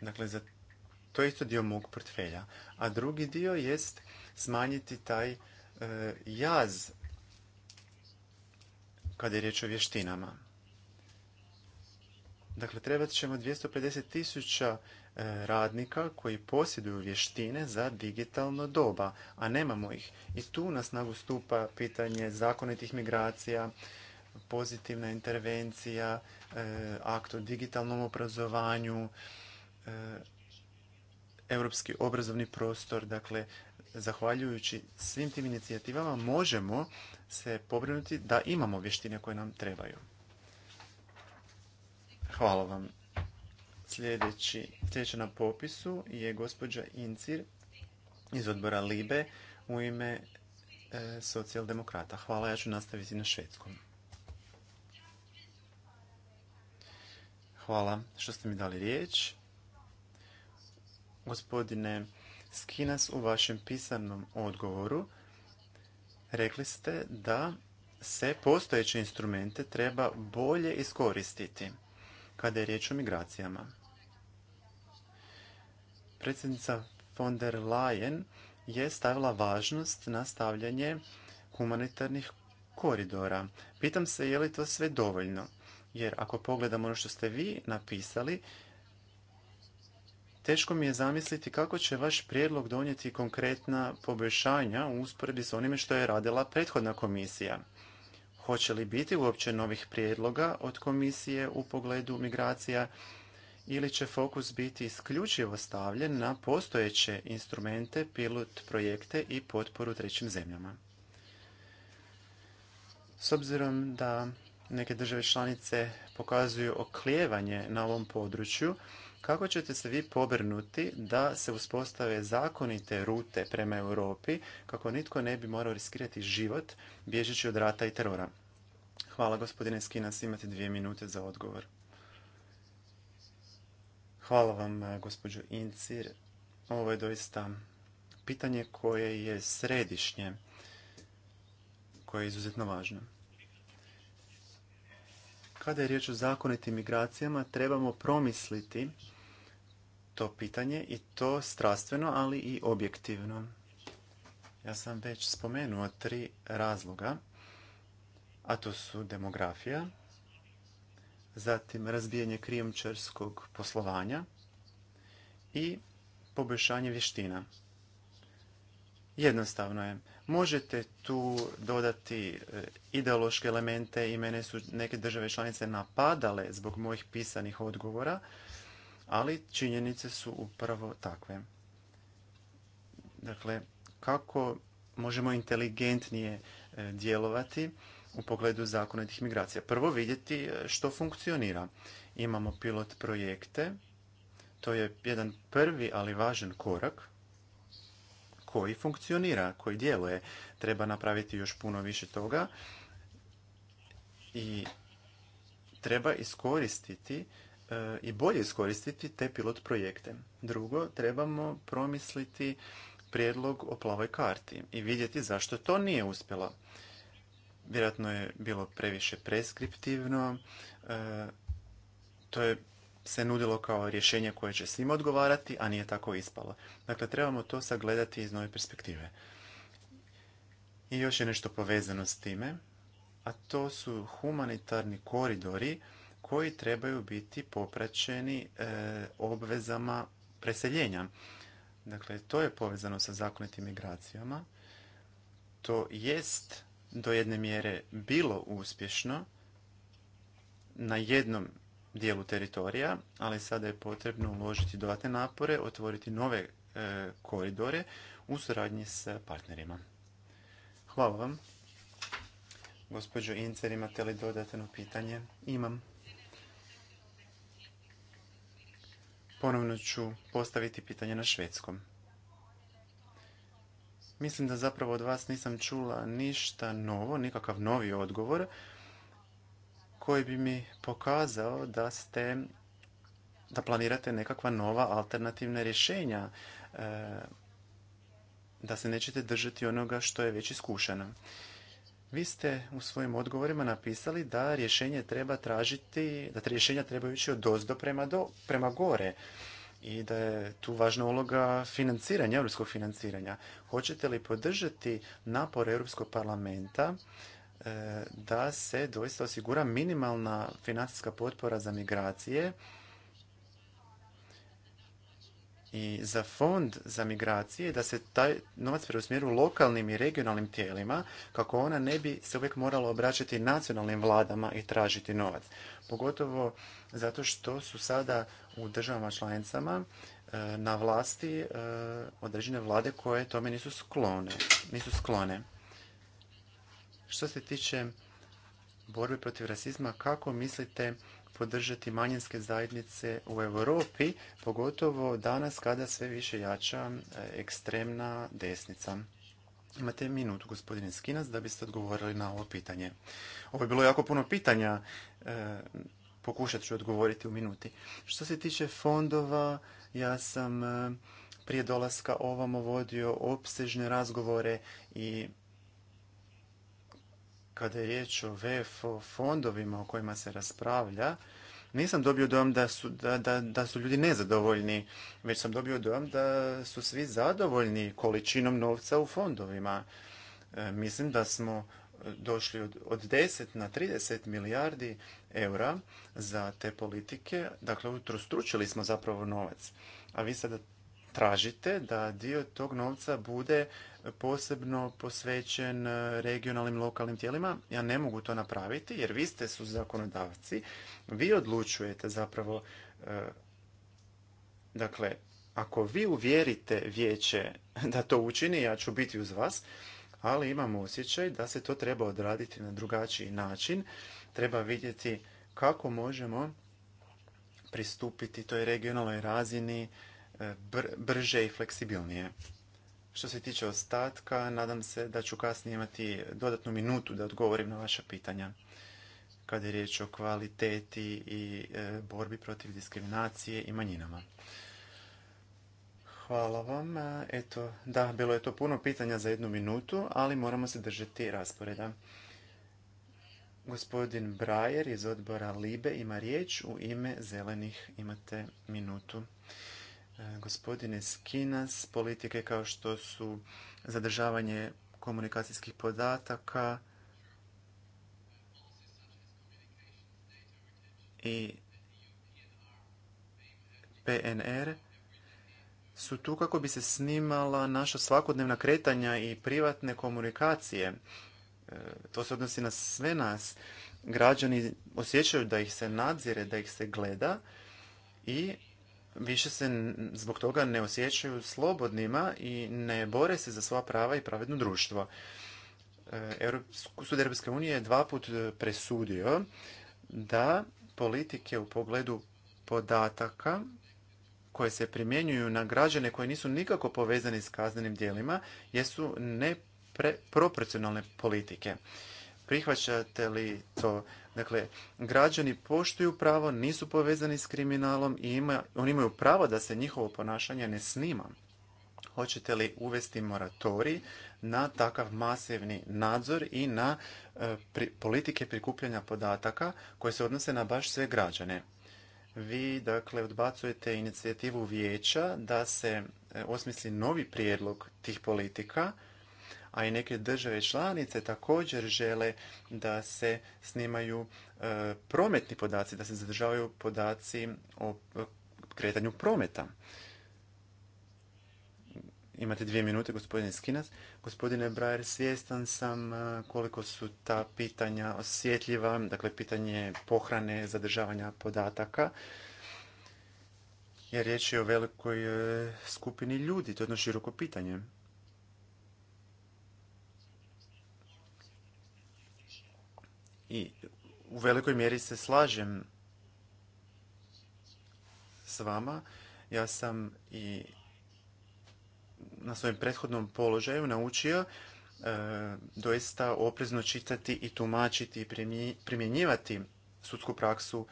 Dakle, za to je isto dio mog portfelja. A drugi dio jest smanjiti taj e, jaz kada je riječ o vještinama. Dakle, trebat ćemo 250 tisuća e, radnika koji posjeduju vještine za digitalno doba, a nemamo ih. I tu na snagu stupa pitanje zakonitih migracija, pozitivna intervencija, e, akt o digitalnom obrazovanju, e, europski obrazovni prostor. Dakle, zahvaljujući svim tim inicijativama možemo se pobrinuti da imamo vještine koje nam trebaju. Hvala vam. Sljedeći, sljedeća na popisu je gospođa Incir iz odbora Libe u ime e, socijaldemokrata. Hvala, ja ću nastaviti na švedskom. Hvala što ste mi dali riječ. Gospodine Skinas, u vašem pisanom odgovoru rekli ste da se postojeće instrumente treba bolje iskoristiti kada je riječ o migracijama. Predsjednica von der Leyen je stavila važnost na stavljanje humanitarnih koridora. Pitam se je li to sve dovoljno, jer ako pogledamo ono što ste vi napisali, Teško mi je zamisliti kako će vaš prijedlog donijeti konkretna poboljšanja u usporedbi s onime što je radila prethodna komisija. Hoće li biti uopće novih prijedloga od komisije u pogledu migracija ili će fokus biti isključivo stavljen na postojeće instrumente, pilot projekte i potporu trećim zemljama? S obzirom da neke države članice pokazuju oklijevanje na ovom području, kako ćete se vi pobrnuti da se uspostave zakonite rute prema Europi kako nitko ne bi morao riskirati život bježeći od rata i terora? Hvala gospodine Skinas, imate dvije minute za odgovor. Hvala vam eh, gospođo Incir. Ovo je doista pitanje koje je središnje, koje je izuzetno važno. Kada je riječ o zakonitim migracijama, trebamo promisliti to pitanje i to strastveno, ali i objektivno. Ja sam već spomenuo tri razloga, a to su demografija, zatim razbijanje krijumčarskog poslovanja i poboljšanje vještina. Jednostavno je. Možete tu dodati e, ideološke elemente i mene su neke države članice napadale zbog mojih pisanih odgovora, ali činjenice su upravo takve. Dakle, kako možemo inteligentnije e, djelovati u pogledu zakonitih migracija? Prvo vidjeti e, što funkcionira. Imamo pilot projekte, to je jedan prvi ali važan korak koji funkcionira, koji djeluje. Treba napraviti još puno više toga i treba iskoristiti i bolje iskoristiti te pilot projekte. Drugo, trebamo promisliti prijedlog o plavoj karti i vidjeti zašto to nije uspjelo. Vjerojatno je bilo previše preskriptivno, e, to je se nudilo kao rješenje koje će svima odgovarati, a nije tako ispalo. Dakle, trebamo to sagledati iz nove perspektive. I još je nešto povezano s time, a to su humanitarni koridori koji trebaju biti popraćeni e, obvezama preseljenja. Dakle, to je povezano sa zakonitim migracijama. To jest do jedne mjere bilo uspješno na jednom dijelu teritorija, ali sada je potrebno uložiti dodatne napore, otvoriti nove e, koridore u suradnji s partnerima. Hvala vam. Gospođo Incer, imate li dodatno pitanje? Imam. Ponovno ću postaviti pitanje na švedskom. Mislim da zapravo od vas nisam čula ništa novo, nikakav novi odgovor koji bi mi pokazao da ste da planirate nekakva nova alternativna rješenja e, da se nećete držati onoga što je već iskušeno. Vi ste u svojim odgovorima napisali da rješenje treba tražiti, da rješenja trebaju ići od dozdo prema, do, prema gore i da je tu važna uloga financiranja, europskog financiranja. Hoćete li podržati napor Europskog parlamenta e, da se doista osigura minimalna financijska potpora za migracije i za fond za migracije da se taj novac preusmjeri u lokalnim i regionalnim tijelima kako ona ne bi se uvijek morala obraćati nacionalnim vladama i tražiti novac. Pogotovo zato što su sada u državama članicama e, na vlasti e, određene vlade koje tome nisu sklone. Nisu sklone. Što se tiče borbe protiv rasizma, kako mislite podržati manjinske zajednice u Europi, pogotovo danas kada sve više jača e, ekstremna desnica. Imate minutu, gospodine Skinas, da biste odgovorili na ovo pitanje. Ovo je bilo jako puno pitanja, e, pokušat ću odgovoriti u minuti. Što se tiče fondova, ja sam e, prije dolaska ovamo vodio opsežne razgovore i kada je riječ o VFO fondovima o kojima se raspravlja, nisam dobio dojam da su, da, da, da su ljudi nezadovoljni, već sam dobio dojam da su svi zadovoljni količinom novca u fondovima. E, mislim da smo došli od, od 10 na 30 milijardi eura za te politike, dakle utrostručili smo zapravo novac. A vi sada tražite da dio tog novca bude posebno posvećen e, regionalnim lokalnim tijelima. Ja ne mogu to napraviti jer vi ste su zakonodavci, vi odlučujete zapravo, e, dakle, ako vi uvjerite vijeće da to učini, ja ću biti uz vas, ali imam osjećaj da se to treba odraditi na drugačiji način. Treba vidjeti kako možemo pristupiti toj regionalnoj razini e, brže i fleksibilnije. Što se tiče ostatka, nadam se da ću kasnije imati dodatnu minutu da odgovorim na vaša pitanja kada je riječ o kvaliteti i e, borbi protiv diskriminacije i manjinama. Hvala vam. E, eto, da, bilo je to puno pitanja za jednu minutu, ali moramo se držati rasporeda. Gospodin Brajer iz odbora Libe ima riječ u ime zelenih. Imate minutu. E, gospodine Skinas, politike kao što su zadržavanje komunikacijskih podataka i PNR su tu kako bi se snimala naša svakodnevna kretanja i privatne komunikacije. E, to se odnosi na sve nas. Građani osjećaju da ih se nadzire, da ih se gleda i više se zbog toga ne osjećaju slobodnima i ne bore se za svoja prava i pravedno društvo. E, Sud Europske unije je dva put e, presudio da politike u pogledu podataka koje se primjenjuju na građane koji nisu nikako povezani s kaznenim djelima jesu neproporcionalne politike. Prihvaćate li to Dakle, građani poštuju pravo, nisu povezani s kriminalom i ima, oni imaju pravo da se njihovo ponašanje ne snima. Hoćete li uvesti moratorij na takav masivni nadzor i na e, politike prikupljanja podataka koje se odnose na baš sve građane? Vi, dakle, odbacujete inicijativu vijeća da se e, osmisli novi prijedlog tih politika – a i neke države članice također žele da se snimaju e, prometni podaci, da se zadržavaju podaci o e, kretanju prometa. Imate dvije minute, gospodine Skinas. Gospodine Brajer, svjestan sam e, koliko su ta pitanja osjetljiva, dakle pitanje pohrane, zadržavanja podataka. Jer riječ je o velikoj skupini ljudi, to je jedno široko pitanje. I u velikoj mjeri se slažem s vama. Ja sam i na svojem prethodnom položaju naučio e, doista oprezno čitati i tumačiti i primjenjivati sudsku praksu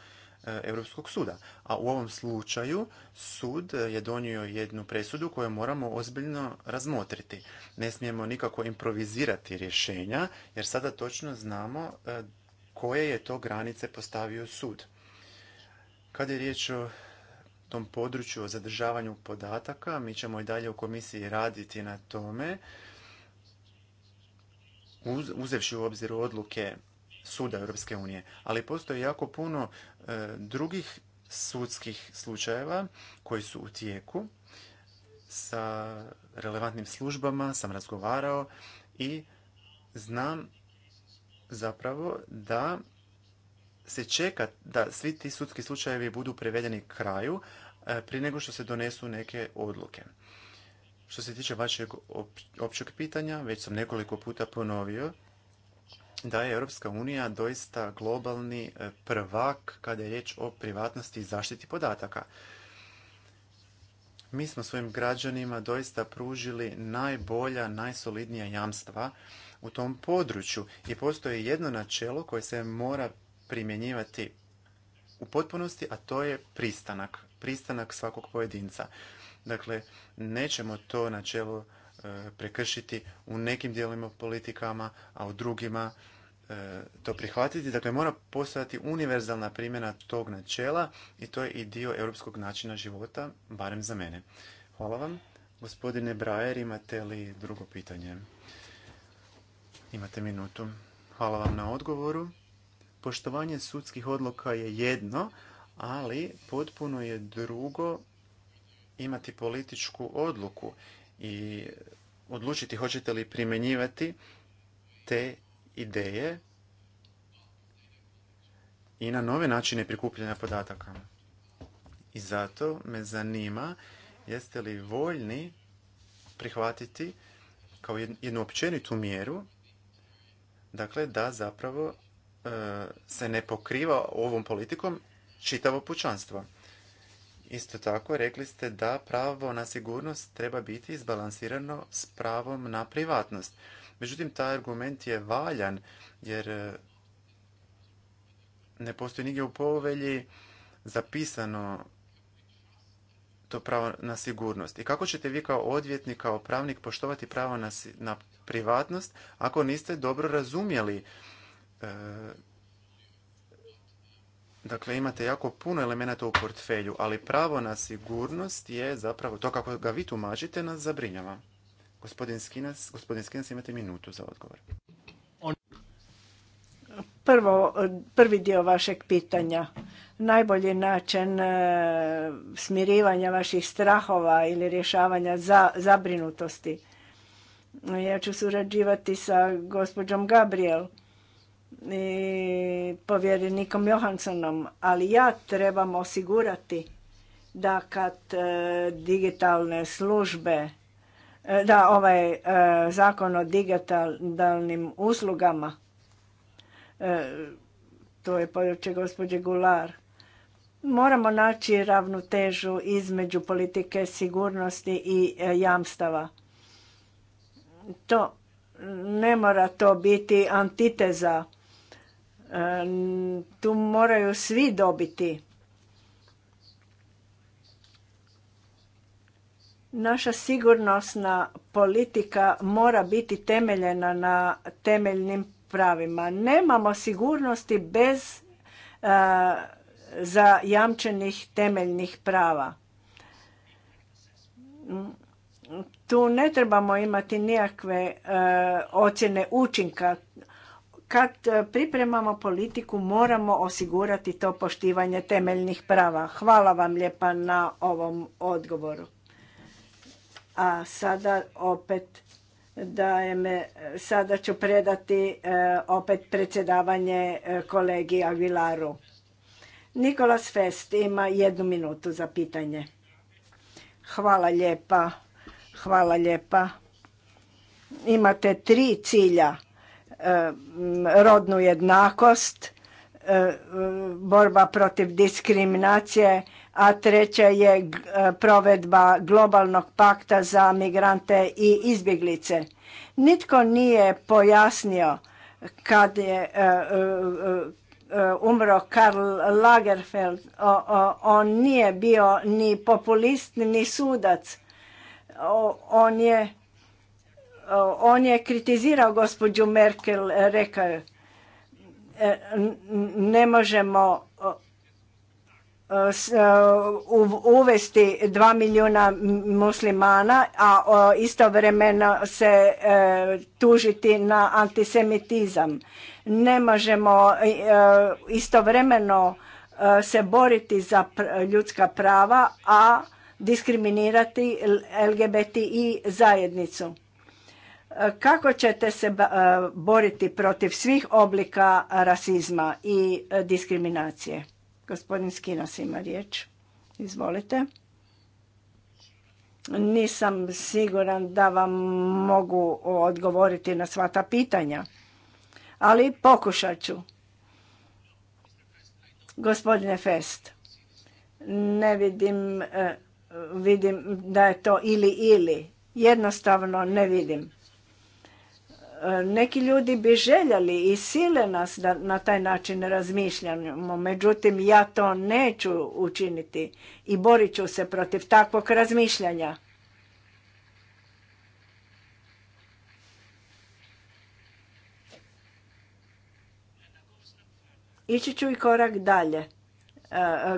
e, Europskog suda. A u ovom slučaju sud je donio jednu presudu koju moramo ozbiljno razmotriti. Ne smijemo nikako improvizirati rješenja jer sada točno znamo e, koje je to granice postavio sud. Kada je riječ o tom području o zadržavanju podataka, mi ćemo i dalje u komisiji raditi na tome, uzevši u obzir odluke suda Europske unije. Ali postoji jako puno e, drugih sudskih slučajeva koji su u tijeku. Sa relevantnim službama sam razgovarao i znam zapravo da se čeka da svi ti sudski slučajevi budu prevedeni kraju e, prije nego što se donesu neke odluke. Što se tiče vašeg općeg pitanja, već sam nekoliko puta ponovio da je Europska unija doista globalni e, prvak kada je riječ o privatnosti i zaštiti podataka. Mi smo svojim građanima doista pružili najbolja, najsolidnija jamstva u tom području i postoji jedno načelo koje se mora primjenjivati u potpunosti, a to je pristanak, pristanak svakog pojedinca. Dakle, nećemo to načelo e, prekršiti u nekim dijelima politikama, a u drugima e, to prihvatiti. Dakle, mora postojati univerzalna primjena tog načela i to je i dio europskog načina života, barem za mene. Hvala vam. Gospodine Brajer, imate li drugo pitanje? Imate minutu. Hvala vam na odgovoru. Poštovanje sudskih odluka je jedno, ali potpuno je drugo imati političku odluku i odlučiti hoćete li primjenjivati te ideje i na nove načine prikupljanja podataka. I zato me zanima jeste li voljni prihvatiti kao jednu općenitu mjeru Dakle, da zapravo e, se ne pokriva ovom politikom čitavo pučanstvo. Isto tako, rekli ste da pravo na sigurnost treba biti izbalansirano s pravom na privatnost. Međutim, taj argument je valjan jer e, ne postoji nigdje u povelji zapisano to pravo na sigurnost. I kako ćete vi kao odvjetnik, kao pravnik poštovati pravo na, na privatnost ako niste dobro razumjeli e, Dakle, imate jako puno elemenata u portfelju, ali pravo na sigurnost je zapravo to kako ga vi tumačite nas zabrinjava. Gospodin Skinas, gospodin Skinas imate minutu za odgovor. Prvo, prvi dio vašeg pitanja. Najbolji način e, smirivanja vaših strahova ili rješavanja za, zabrinutosti. Ja ću surađivati sa gospođom Gabriel i povjerenikom Johansonom, ali ja trebam osigurati da kad e, digitalne službe, e, da ovaj zakon o digitalnim uslugama E, to je područje gospođe Gular. Moramo naći ravnotežu između politike sigurnosti i e, jamstava. To ne mora to biti antiteza. E, tu moraju svi dobiti. Naša sigurnosna politika mora biti temeljena na temeljnim pravima. Nemamo sigurnosti bez zajamčenih temeljnih prava. Tu ne trebamo imati nijakve ocjene učinka. Kad pripremamo politiku moramo osigurati to poštivanje temeljnih prava. Hvala vam lijepa na ovom odgovoru. A sada opet Dajem, sada ću predati e, opet predsjedavanje e, kolegi Aguilaru. Nikolas Fest ima jednu minutu za pitanje. Hvala lijepa. Hvala lijepa. Imate tri cilja. E, rodnu jednakost, borba protiv diskriminacije a treća je e, provedba globalnog pakta za migrante i izbjeglice. Nitko nije pojasnio kad je e, e, umro Karl Lagerfeld. On nije bio ni populist ni sudac. On je, on je kritizirao gospođu Merkel, rekao ne možemo E, uvesti dva milijuna muslimana, a istovremeno se e, tužiti na antisemitizam. Ne možemo e, istovremeno se boriti za ljudska prava, a diskriminirati LGBTI zajednicu. Kako ćete se boriti protiv svih oblika rasizma i diskriminacije? Gospodin Skinas ima riječ. Izvolite. Nisam siguran da vam mogu odgovoriti na sva ta pitanja, ali pokušat ću. Gospodine Fest, ne vidim, eh, vidim da je to ili ili. Jednostavno ne vidim. Neki ljudi bi željeli i sile nas da na taj način razmišljamo, međutim ja to neću učiniti i borit ću se protiv takvog razmišljanja. Ići ću i korak dalje. E,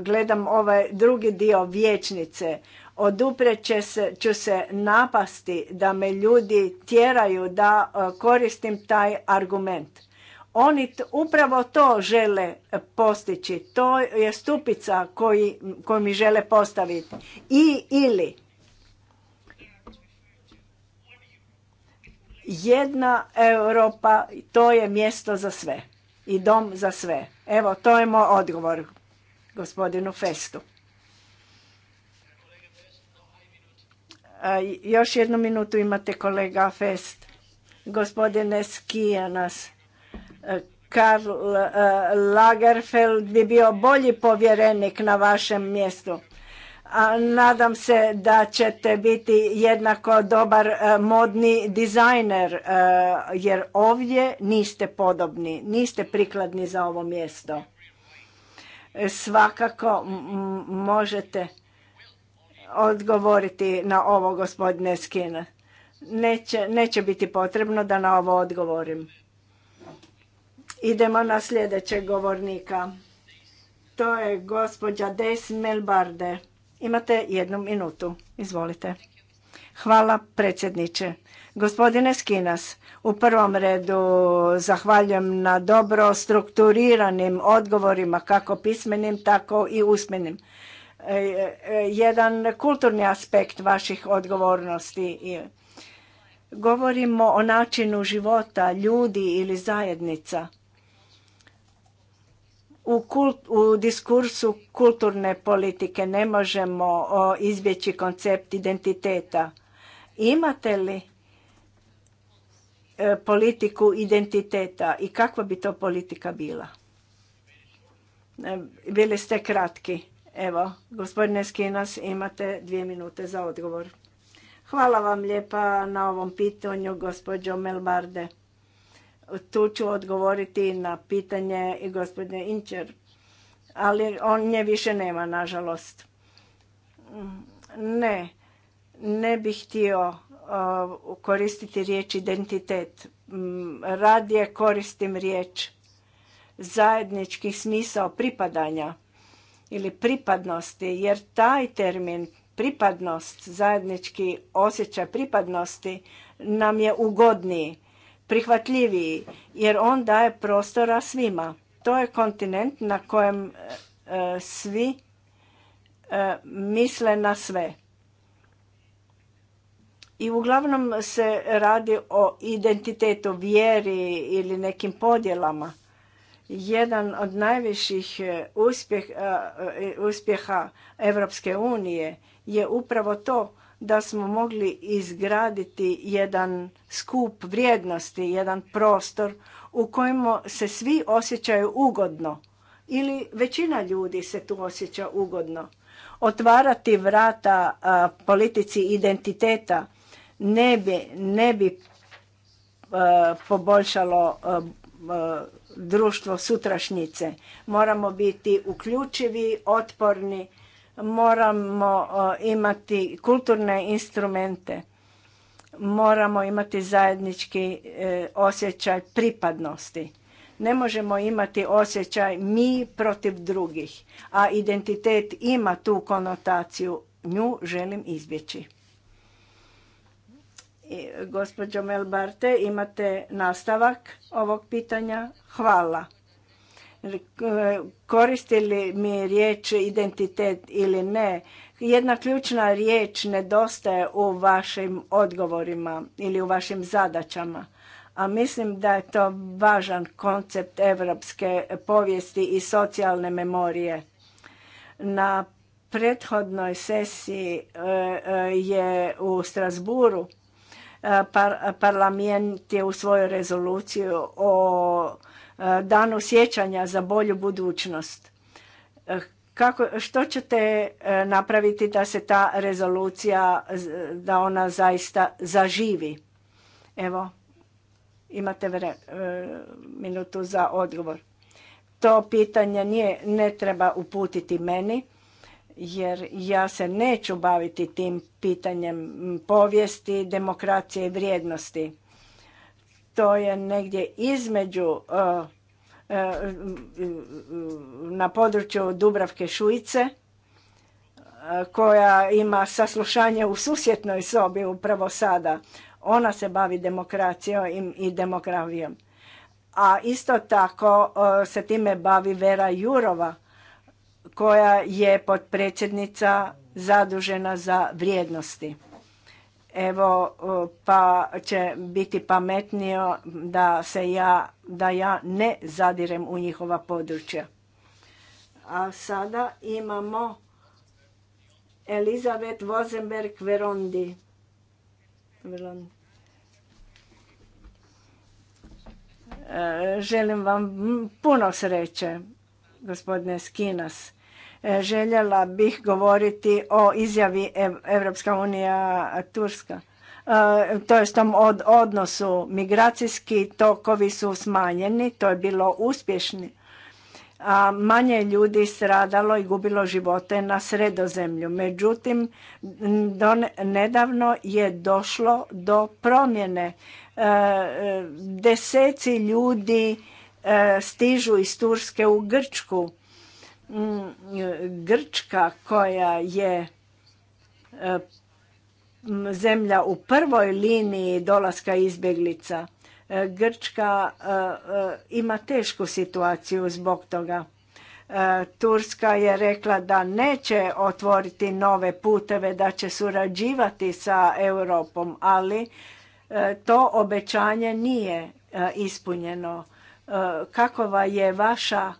gledam ovaj drugi dio vječnice odupreće se, ću se napasti da me ljudi tjeraju da e, koristim taj argument. Oni upravo to žele e, postići. To je stupica koji, koju mi žele postaviti. I ili. Jedna Europa, to je mjesto za sve. I dom za sve. Evo, to je moj odgovor gospodinu Festu. Još jednu minutu imate kolega Fest. Gospodine Skijanas, e, Karl e, Lagerfeld bi bio bolji povjerenik na vašem mjestu. A nadam se da ćete biti jednako dobar e, modni dizajner, jer ovdje niste podobni, niste prikladni za ovo mjesto. Svakako možete odgovoriti na ovo gospodine Skin. Neće, neće biti potrebno da na ovo odgovorim. Idemo na sljedećeg govornika. To je gospođa Des Melbarde. Imate jednu minutu. Izvolite. Hvala predsjedniče. Gospodine Skinas, u prvom redu zahvaljujem na dobro strukturiranim odgovorima, kako pismenim, tako i usmenim. E, e, jedan kulturni aspekt vaših odgovornosti. Govorimo o načinu života ljudi ili zajednica. U, u diskursu kulturne politike ne možemo izbjeći koncept identiteta. Imate li e, politiku identiteta i kakva bi to politika bila? Bili ste kratki. Evo, gospodine Skinas, imate dvije minute za odgovor. Hvala vam lijepa na ovom pitanju, gospođo Melbarde. Tu ću odgovoriti na pitanje i gospodine Inčer, ali on nje više nema, nažalost. Ne, ne bih htio koristiti riječ identitet. Mm, radije koristim riječ zajednički smisao pripadanja ili pripadnosti jer taj termin pripadnost, zajednički osjećaj pripadnosti nam je ugodniji, prihvatljiviji jer on daje prostora svima. To je kontinent na kojem e, e, svi e, misle na sve. I uglavnom se radi o identitetu, vjeri ili nekim podjelama jedan od najviših e, e, e, uspjeha Europske unije je upravo to da smo mogli izgraditi jedan skup vrijednosti, jedan prostor u kojem se svi osjećaju ugodno ili većina ljudi se tu osjeća ugodno. Otvarati vrata politici identiteta ne bi, ne bi poboljšalo društvo sutrašnjice. Moramo biti uključivi, otporni, moramo e, imati kulturne instrumente, moramo imati zajednički e, osjećaj pripadnosti. Ne možemo imati osjećaj mi protiv drugih, a identitet ima tu konotaciju. Nju želim izbjeći. Gospođo Melbarte, imate nastavak ovog pitanja? Hvala. E, li mi riječ identitet ili ne? Jedna ključna riječ nedostaje u vašim odgovorima ili u vašim zadaćama. A mislim da je to važan koncept evropske povijesti i socijalne memorije. Na prethodnoj sesiji e, e, je u Strasburu Par, parlament je u svoju rezoluciju o e, danu sjećanja za bolju budućnost. E, kako, što ćete e, napraviti da se ta rezolucija, da ona zaista zaživi? Evo, imate minutu za odgovor. To pitanje nije, ne treba uputiti meni jer ja se neću baviti tim pitanjem povijesti, demokracije i vrijednosti. To je negdje između uh, uh, na području Dubravke Šuice uh, koja ima saslušanje u susjetnoj sobi upravo sada. Ona se bavi demokracijom i demografijom. A isto tako se time bavi Vera Jurova koja je potpredsjednica zadužena za vrijednosti. Evo, pa će biti pametnije da se ja, da ja ne zadirem u njihova područja. A sada imamo Elizabeth Vozenberg Verondi. E, želim vam puno sreće, gospodine Skinas Željela bih govoriti o izjavi Evropska unija Turska. E, to je tom od odnosu migracijski tokovi su smanjeni, to je bilo uspješni. A manje ljudi stradalo i gubilo živote na sredozemlju. Međutim, nedavno je došlo do promjene. E, deseci ljudi e, stižu iz Turske u Grčku Mm, Grčka koja je e, zemlja u prvoj liniji dolaska izbjeglica. E, Grčka e, ima tešku situaciju zbog toga. Turska je rekla da neće otvoriti nove puteve, da će surađivati sa Europom, ali to obećanje nije ispunjeno. Kakova je vaša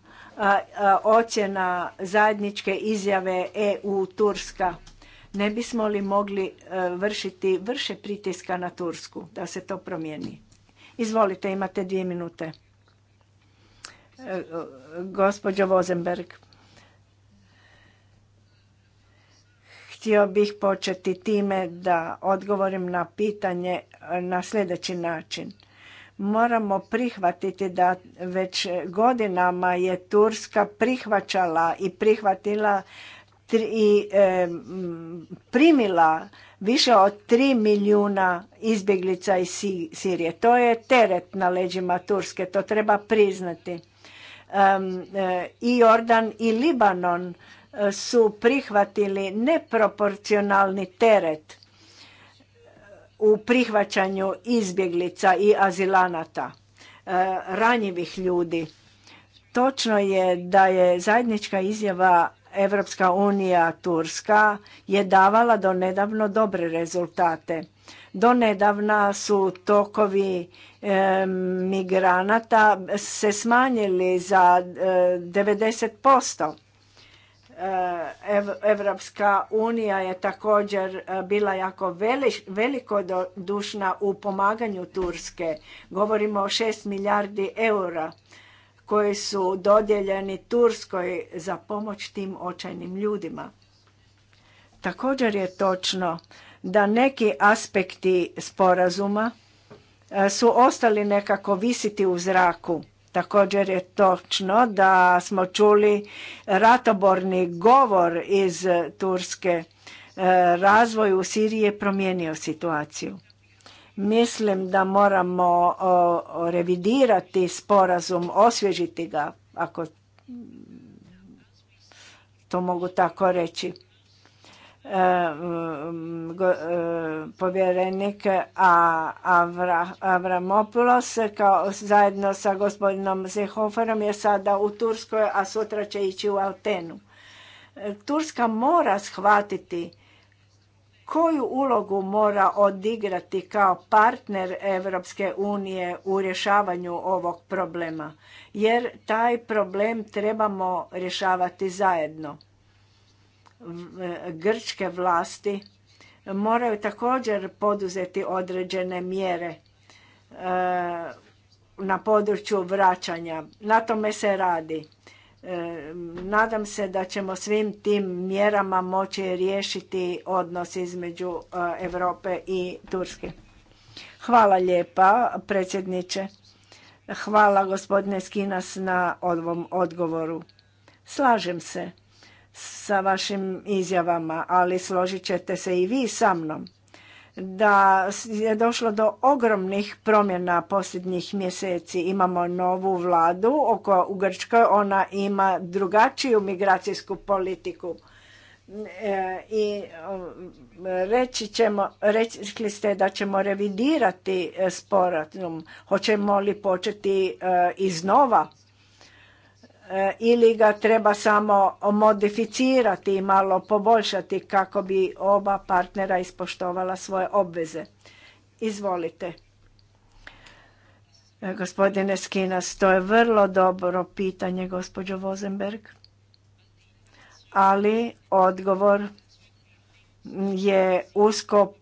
ocjena zajedničke izjave EU-Turska. Ne bismo li mogli e, vršiti vrše pritiska na Tursku da se to promijeni? Izvolite, imate dvije minute. E, gospođo Vozenberg. Htio bih početi time da odgovorim na pitanje na sljedeći način. Moramo prihvatiti da već godinama je Turska prihvaćala i prihvatila i primila više od 3 milijuna izbjeglica iz Sirije. To je teret na leđima Turske, to treba priznati. E, I Jordan i Libanon e, su prihvatili neproporcionalni teret u prihvaćanju izbjeglica i azilanata, e, ranjivih ljudi. Točno je da je zajednička izjava Evropska unija Turska je davala do nedavno dobre rezultate. Do nedavna su tokovi e, migranata se smanjili za e, 90%. Eh, Evropska unija je također eh, bila jako veliko velikodušna u pomaganju Turske. Govorimo o šest milijardi eura koji su dodjeljeni Turskoj za pomoć tim očajnim ljudima. Također je točno da neki aspekti sporazuma eh, su ostali nekako visiti u zraku Također je točno da smo čuli ratoborni govor iz Turske. E, razvoj u Siriji je promijenio situaciju. Mislim da moramo revidirati sporazum, osvježiti ga, ako to mogu tako reći. Eh, mm, eh, povjerenik Avramopulos kao zajedno sa gospodinom Zehoferom je sada u Turskoj, a sutra će ići u Altenu. Eh, Turska mora shvatiti koju ulogu mora odigrati kao partner Europske unije u rješavanju ovog problema, jer taj problem trebamo rješavati zajedno grčke vlasti moraju također poduzeti određene mjere e, na području vraćanja. Na tome se radi. E, nadam se da ćemo svim tim mjerama moći riješiti odnos između e, Europe i Turske. Hvala lijepa predsjedniče. Hvala gospodine Skinas na ovom odgovoru. Slažem se sa vašim izjavama, ali složit ćete se i vi sa mnom da je došlo do ogromnih promjena posljednjih mjeseci. Imamo novu vladu, oko u Grčkoj ona ima drugačiju migracijsku politiku. E, I reći ćemo, rekli ste da ćemo revidirati sporazum. Hoćemo li početi e, iznova? E, ili ga treba samo modificirati i malo poboljšati kako bi oba partnera ispoštovala svoje obveze. Izvolite. E, gospodine Skinas, to je vrlo dobro pitanje, gospođo Vozenberg. Ali odgovor je usko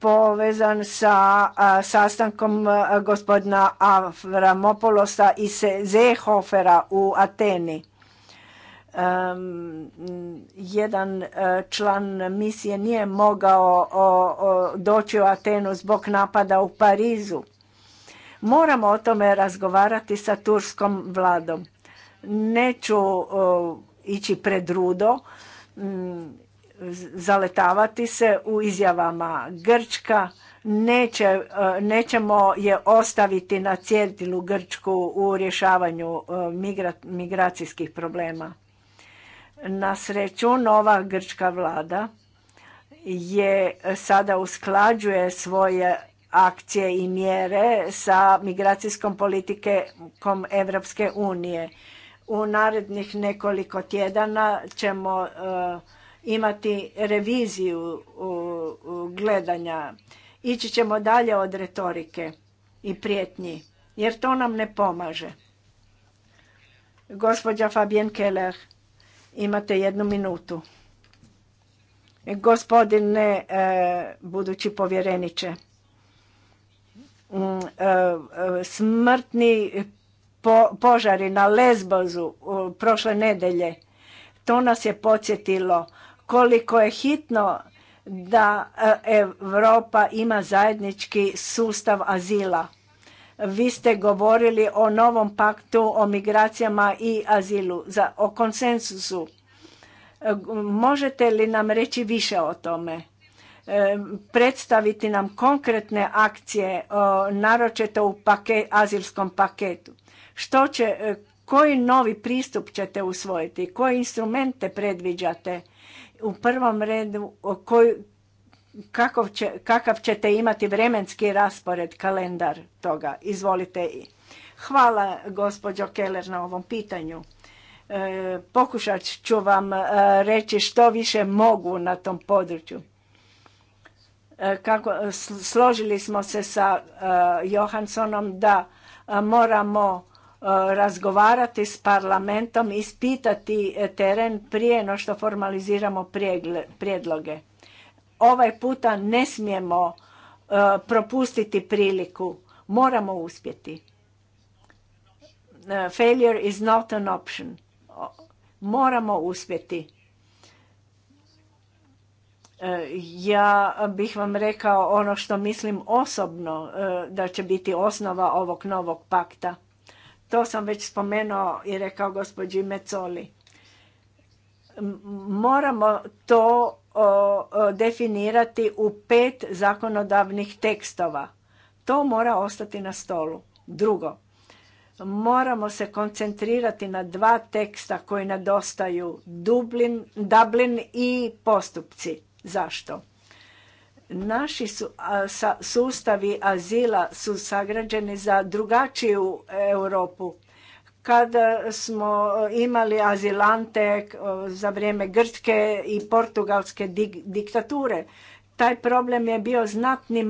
povezan sa sastankom gospodina Avramopolosa i Zehofera u Ateni. jedan e, član misije nije mogao doći u Atenu zbog napada u Parizu. Moramo o tome razgovarati sa turskom vladom. Neću ići pred rudo zaletavati se u izjavama Grčka, neće, e, nećemo je ostaviti na cjedilu Grčku u rješavanju e, migracijskih problema. Na sreću nova grčka vlada je sada usklađuje svoje akcije i mjere sa migracijskom politikom Evropske unije. U narednih nekoliko tjedana ćemo e, imati reviziju gledanja. Ići ćemo dalje od retorike i prijetnji, jer to nam ne pomaže. Gospođa Fabien Keller, imate jednu minutu. Gospodine e, budući povjereniče, e, smrtni požari na Lesbozu prošle nedelje, to nas je podsjetilo koliko je hitno da e, Europa ima zajednički sustav azila. Vi ste govorili o novom paktu o migracijama i azilu, za, o konsensusu. E, možete li nam reći više o tome? E, predstaviti nam konkretne akcije, naročito u azilskom paketu. Što će, koji novi pristup ćete usvojiti? Koje instrumente predviđate? u prvom redu koji kakav, će, kakav ćete imati vremenski raspored, kalendar toga. Izvolite. i. Hvala gospođo Keller na ovom pitanju. E, pokušat ću vam e, reći što više mogu na tom području. E, kako, složili smo se sa e, Johansonom da moramo razgovarati s parlamentom, ispitati e, teren prije no što formaliziramo prijedloge. Ovaj puta ne smijemo e, propustiti priliku. Moramo uspjeti. E, failure is not an option. Moramo uspjeti. Ja bih vam rekao ono što mislim osobno da će biti osnova ovog novog pakta. To sam već spomenuo i rekao gospođi Mecoli. Moramo to definirati u pet zakonodavnih tekstova. To mora ostati na stolu. Drugo, moramo se koncentrirati na dva teksta koji nadostaju Dublin, Dublin i postupci. Zašto? Naši su, sustavi azila su sagrađeni za drugačiju Europu. Kada e, smo imali azilante e, za vrijeme Grčke i portugalske diktature, taj problem je bio znatni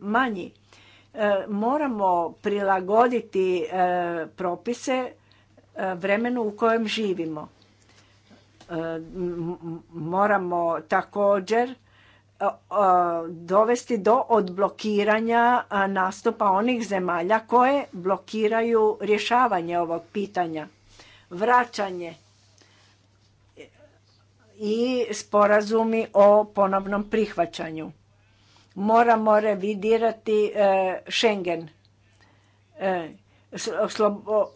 manji. E, moramo prilagoditi propise vremenu u kojem živimo. Moramo također dovesti do odblokiranja nastupa onih zemalja koje blokiraju rješavanje ovog pitanja. Vraćanje i sporazumi o ponovnom prihvaćanju. Moramo revidirati e, Schengen. E,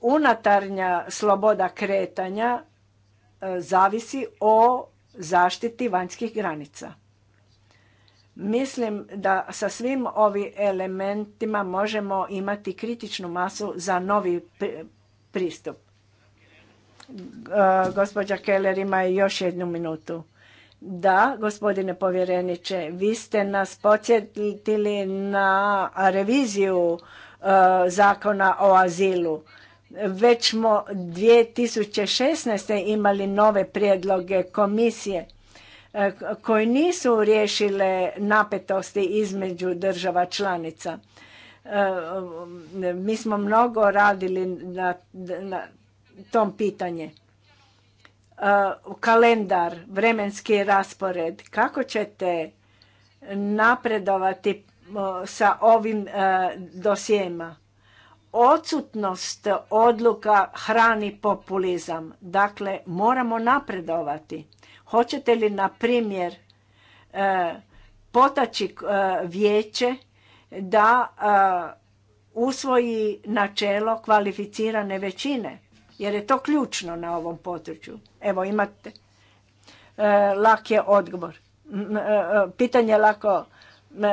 Unatarnja sloboda kretanja e, zavisi o zaštiti vanjskih granica. Mislim da sa svim ovim elementima možemo imati kritičnu masu za novi pristup. E, gospođa Keller ima još jednu minutu. Da, gospodine povjereniče, vi ste nas podsjetili na reviziju e, zakona o azilu. Već smo 2016. imali nove prijedloge komisije koji nisu riješile napetosti između država članica. E, mi smo mnogo radili na, na tom pitanje. Kalendar, vremenski raspored, kako ćete napredovati e, sa ovim e, dosijema? Odsutnost odluka hrani populizam. Dakle, moramo napredovati Hoćete li, na primjer, e, potaći e, vijeće da e, usvoji načelo kvalificirane većine, jer je to ključno na ovom području. Evo, imate lak je odgovor. Pitanje lako,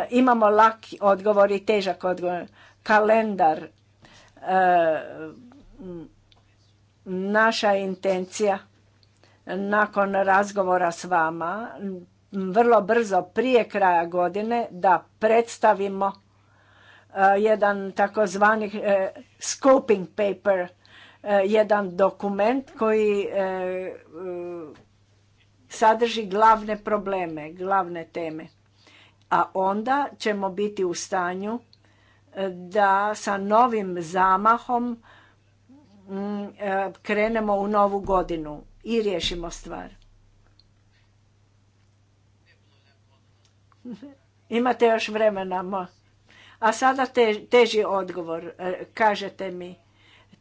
imamo laki odgovor i težak odgovor. Kalendar, naša intencija nakon razgovora s vama vrlo brzo prije kraja godine da predstavimo e, jedan takozvani e, scoping paper, e, jedan dokument koji sadrži glavne probleme, glavne teme. A onda ćemo biti u stanju da sa novim zamahom krenemo u novu godinu i riješimo stvar. [LAUGHS] Imate još vremena. A sada teži odgovor. E, kažete mi,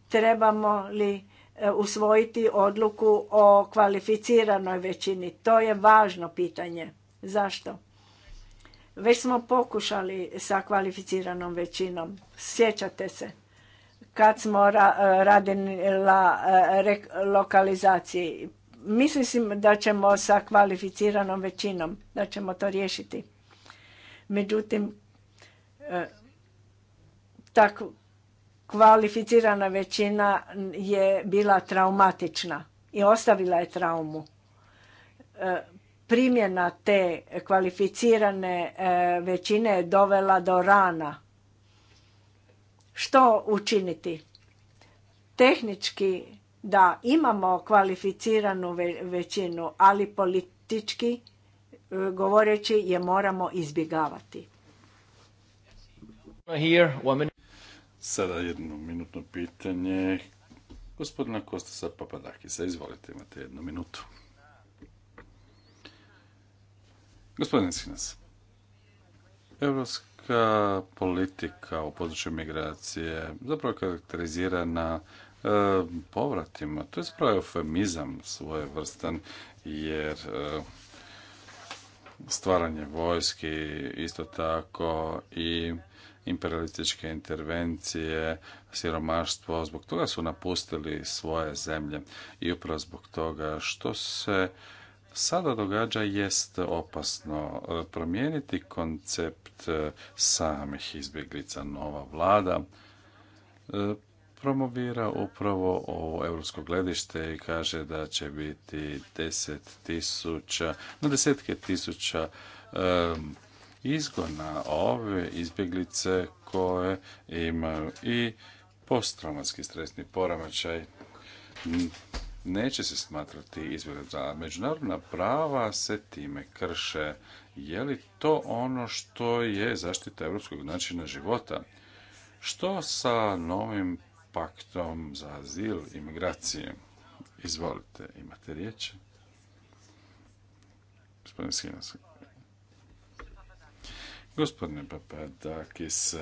trebamo li e, usvojiti odluku o kvalificiranoj većini? To je važno pitanje. Zašto? Već smo pokušali sa kvalificiranom većinom. Sjećate se kad smo ra e, radili e, re, lokalizaciji. Mislim da ćemo sa kvalificiranom većinom, da ćemo to riješiti. Međutim, e, ta kvalificirana većina je bila traumatična i ostavila je traumu. Primjena te kvalificirane većine je dovela do rana što učiniti? Tehnički da imamo kvalificiranu većinu, ali politički e, govoreći je moramo izbjegavati. Sada jedno minutno pitanje gospodina Kostasa Papadakisa. Izvolite, imate jednu minutu. Gospodin Sinas, Evropska politika u području migracije zapravo karakterizirana e, povratima. To je zapravo eufemizam svojevrstan jer e, stvaranje vojski isto tako i imperialističke intervencije, siromaštvo, zbog toga su napustili svoje zemlje i upravo zbog toga što se sada događa jest opasno. E, promijeniti koncept e, samih izbjeglica nova vlada e, promovira upravo ovo europsko gledište i kaže da će biti deset tisuća, na desetke tisuća izgona ove izbjeglice koje imaju i posttraumatski stresni poremećaj neće se smatrati izvjerom za međunarodna prava se time krše. Je li to ono što je zaštita europskog načina života? Što sa novim paktom za azil i migracije? Izvolite, imate riječ. Gospodine Papadakis,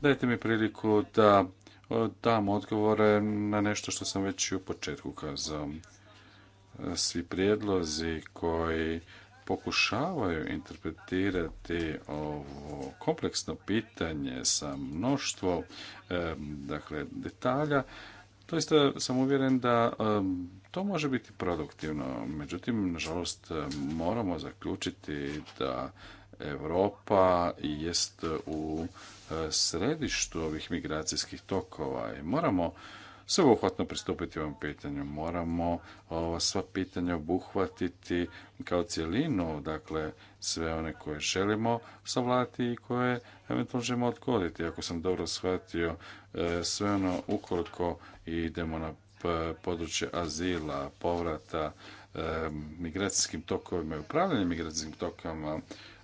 dajte mi priliku da E, dam odgovore na nešto što sam već i u početku kazao. E, svi prijedlozi koji pokušavaju interpretirati ovo kompleksno pitanje sa mnoštvo e, dakle, detalja, Doista sam uvjeren da to može biti produktivno. Međutim, nažalost, moramo zaključiti da Europa jest u središtu ovih migracijskih tokova i moramo sveobuhvatno pristupiti ovom pitanju. Moramo sva pitanja obuhvatiti kao cjelinu, dakle sve one koje želimo savladati i koje eventualno želimo odgoditi. Ako sam dobro shvatio, e, sve ono ukoliko idemo na područje azila, povrata, e, migracijskim tokovima i upravljanje migracijskim tokovima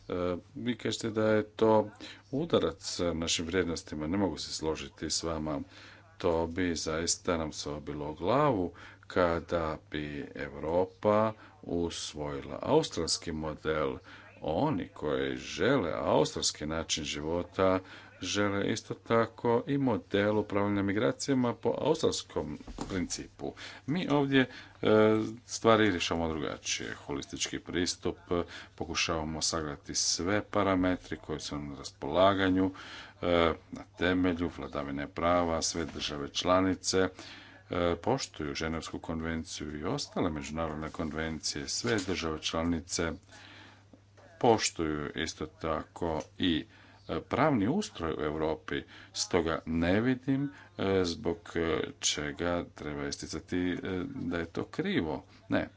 E, vi kažete da je to udarac našim vrijednostima. Ne mogu se složiti s vama. To bi zaista nam se obilo glavu kada bi Europa usvojila australski model. Oni koji žele australski način života žele isto tako i model upravljanja migracijama po australskom principu. Mi ovdje e, stvari rješavamo drugačije. Holistički pristup, pokušavamo sagledati sve parametri koji su na raspolaganju e, na temelju vladavine prava, sve države članice, e, poštuju Ženevsku konvenciju i ostale međunarodne konvencije, sve države članice poštuju isto tako i pravni ustroj u Europi, stoga ne vidim e, zbog e, čega treba isticati e, da je to krivo. Ne,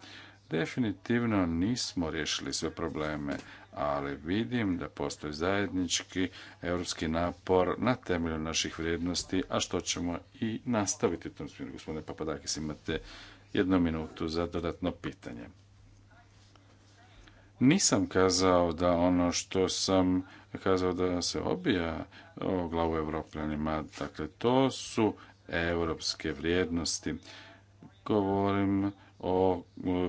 definitivno nismo riješili sve probleme, ali vidim da postoji zajednički europski napor na temelju naših vrijednosti, a što ćemo i nastaviti u tom smjeru. Gospodine Papadakis, imate jednu minutu za dodatno pitanje. Nisam kazao da ono što sam kazao da se obija o glavu evropljanima, dakle to su europske vrijednosti. Govorim o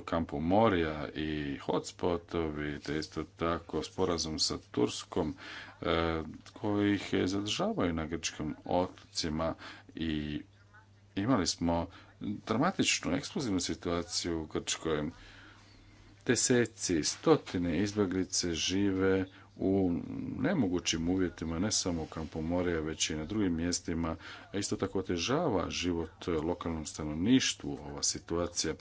kampu Morija i hotspotovi, te isto tako sporazum sa Turskom, e, ih zadržavaju na grčkim otocima i imali smo dramatičnu, eksplozivnu situaciju u Grčkoj deseci, stotine izbjeglice žive u nemogućim uvjetima, ne samo u kampu već i na drugim mjestima, a isto tako otežava život lokalnom stanovništvu ova situacija.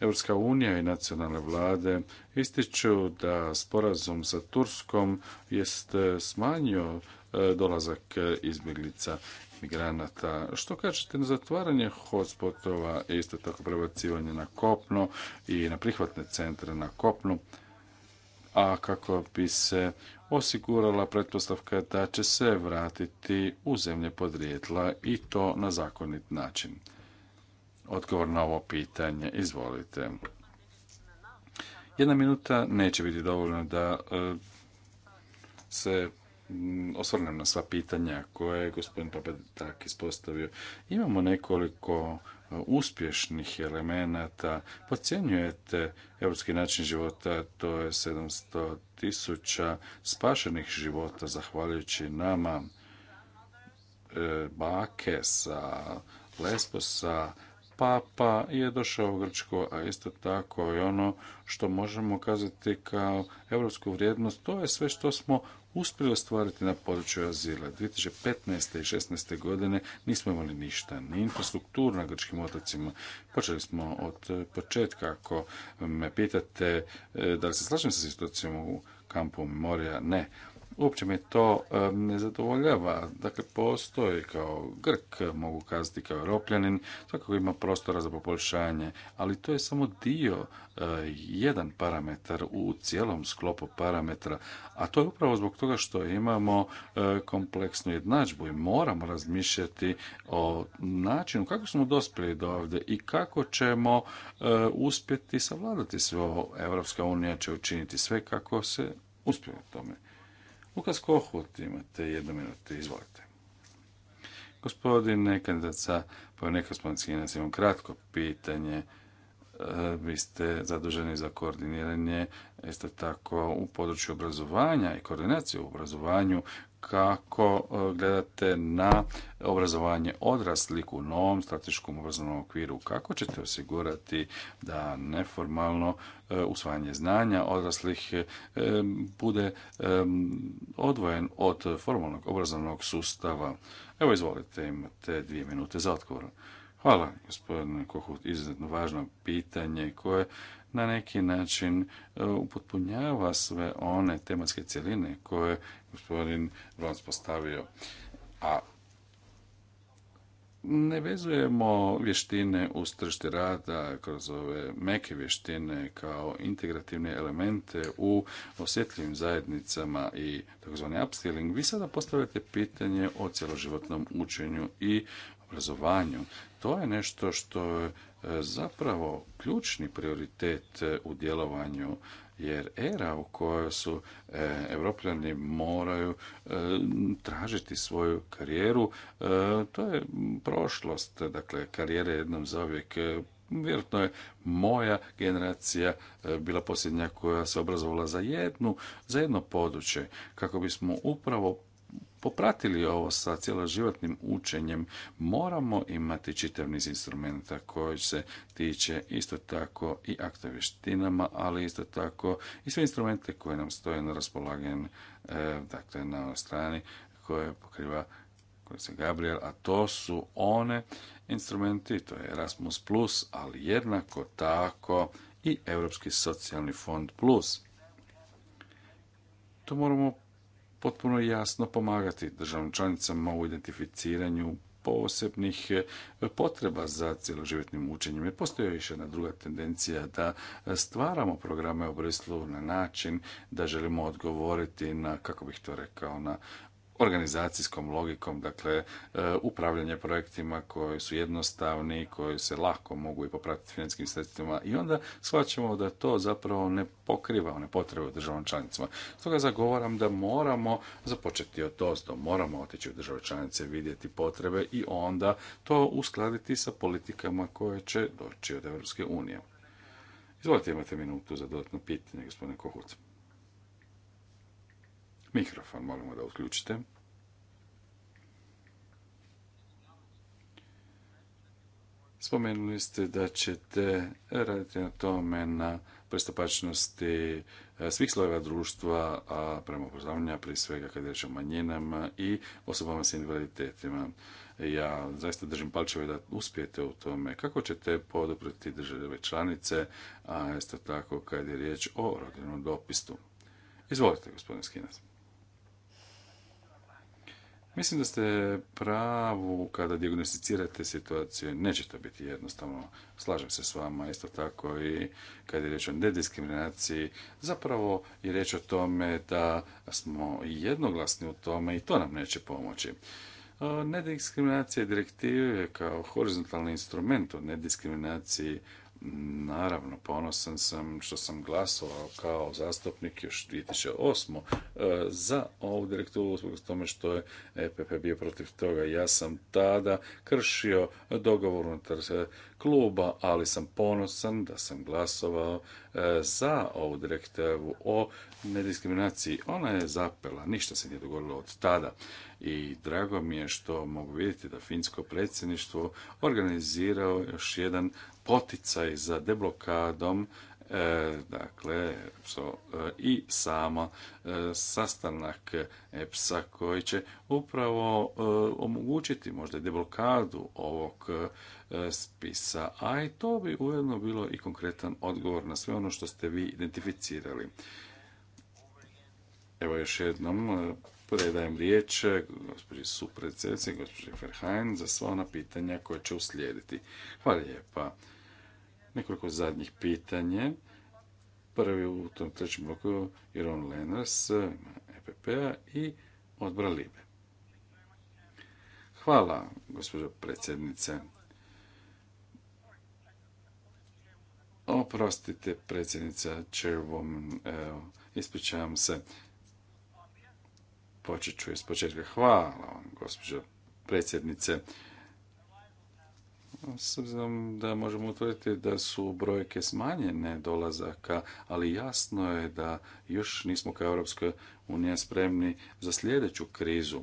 Evropska unija i nacionalne vlade ističu da sporazum sa Turskom jest smanjio e, dolazak e, izbjeglica migranata. Što kažete na zatvaranje hotspotova isto tako prebacivanje na kopno i na prihvatne centre na kopnu, a kako bi se osigurala pretpostavka da će se vratiti u zemlje podrijetla i to na zakonit način. Odgovor na ovo pitanje, izvolite. Jedna minuta neće biti dovoljno da e, se Mm, osvrnem na sva pitanja koje je gospodin Papetak ispostavio. Imamo nekoliko e, uspješnih elemenata. Podcjenjujete europski način života, to je 700 tisuća spašenih života zahvaljujući nama e, bake sa Lesbosa, Papa je došao u Grčko, a isto tako i ono što možemo kazati kao evropsku vrijednost, to je sve što smo uspjeli ostvariti na području azila. 2015. i 2016. godine nismo imali ništa, ni infrastrukturu na grčkim otocima. Počeli smo od početka. Ako me pitate e, da li se slažem sa situacijom u kampu Memorija, ne Uopće me to ne zadovoljava. Dakle, postoji kao Grk, mogu kazati kao Europljanin, svakako ima prostora za poboljšanje, ali to je samo dio, eh, jedan parametar u cijelom sklopu parametra, a to je upravo zbog toga što imamo eh, kompleksnu jednadžbu i moramo razmišljati o načinu kako smo dospjeli do ovdje i kako ćemo eh, uspjeti savladati sve ovo. Evropska unija će učiniti sve kako se uspije u tome. Lukas Kohut, imate jednu minutu, izvolite. Gospodine kandidaca za neka imam kratko pitanje. E, vi ste zaduženi za koordiniranje, isto tako u području obrazovanja i koordinacije u obrazovanju kako e, gledate na obrazovanje odraslih u novom strateškom obrazovnom okviru, kako ćete osigurati da neformalno e, usvajanje znanja odraslih e, bude odvojen od formalnog obrazovnog sustava. Evo izvolite, imate dvije minute za odgovor. Hvala, gospodine Kohut, izuzetno važno pitanje koje na neki način e, upotpunjava sve one tematske cjeline koje je gospodin Vlans postavio. A ne vezujemo vještine u tržište rada kroz ove meke vještine kao integrativne elemente u osjetljivim zajednicama i takozvani upskilling. Vi sada postavljate pitanje o cjeloživotnom učenju i obrazovanju. To je nešto što je zapravo ključni prioritet e, u djelovanju jer era u kojoj su e, europljani moraju e, tražiti svoju karijeru, e, to je prošlost, dakle karijere jednom zauvijek vjerojatno je moja generacija bila posljednja koja se obrazovala za jednu, za jedno područje, kako bismo upravo popratili ovo sa cijeloživotnim učenjem, moramo imati čitav niz instrumenta koji se tiče isto tako i akta vještinama, ali isto tako i sve instrumente koje nam stoje na raspolaganju, e, dakle na strani koje pokriva koji se Gabriel, a to su one instrumenti, to je Erasmus+, Plus, ali jednako tako i Europski socijalni fond plus. To moramo potpuno jasno pomagati državnim članicama u identificiranju posebnih e, potreba za cjeloživotnim učenjem. Jer postoji još jedna druga tendencija da stvaramo programe u Brislu na način da želimo odgovoriti na, kako bih to rekao, na organizacijskom logikom, dakle e, upravljanje projektima koji su jednostavni, koji se lako mogu i popratiti financijskim sredstvima i onda shvaćamo da to zapravo ne pokriva one potrebe u državom članicama. Stoga zagovaram da moramo započeti od moramo otići u države članice, vidjeti potrebe i onda to uskladiti sa politikama koje će doći od Europske unije. Izvolite, imate minutu za dodatno pitanje, gospodine Kohut. Mikrofon molimo da uključite. Spomenuli ste da ćete raditi na tome na pristupačnosti eh, svih slojeva društva, a prema upoznavanja prije svega kada je o manjinama i osobama s invaliditetima. Ja zaista držim palčeve da uspijete u tome. Kako ćete podupriti države članice, a isto tako kad je riječ o rodinom dopistu? Izvolite, gospodin Skinas. Mislim da ste pravu kada diagnosticirate situaciju, neće to biti jednostavno, slažem se s vama, isto tako i kada je riječ o nediskriminaciji, zapravo je riječ o tome da smo jednoglasni u tome i to nam neće pomoći. E, nediskriminacija direktive kao horizontalni instrument o nediskriminaciji Naravno, ponosan sam što sam glasovao kao zastupnik još 2008. E, za ovu direktivu zbog tome što je EPP bio protiv toga. Ja sam tada kršio dogovor unutar e, kluba, ali sam ponosan da sam glasovao e, za ovu direktivu o nediskriminaciji. Ona je zapela, ništa se nije dogodilo od tada i drago mi je što mogu vidjeti da finsko predsjedništvo organizirao još jedan poticaj za deblokadom e, dakle, e, i sama e, sastanak EPS-a koji će upravo e, omogućiti možda deblokadu ovog spisa, a i to bi ujedno bilo i konkretan odgovor na sve ono što ste vi identificirali. Evo još jednom predajem riječ gospođi supredsjednici, gospođi Ferhajn za sva ona pitanja koja će uslijediti. Hvala lijepa. Nekoliko zadnjih pitanja. Prvi u tom trećem bloku je Ron Lenners, EPP-a i odbora Libe. Hvala, gospođo predsjednice. Oprostite, predsjednica Chairwoman, ispričavam se. Počet ću iz početka. Hvala vam, gospođo predsjednice. S obzirom da možemo utvrditi da su brojke smanjene dolazaka, ali jasno je da još nismo kao Europska unija spremni za sljedeću krizu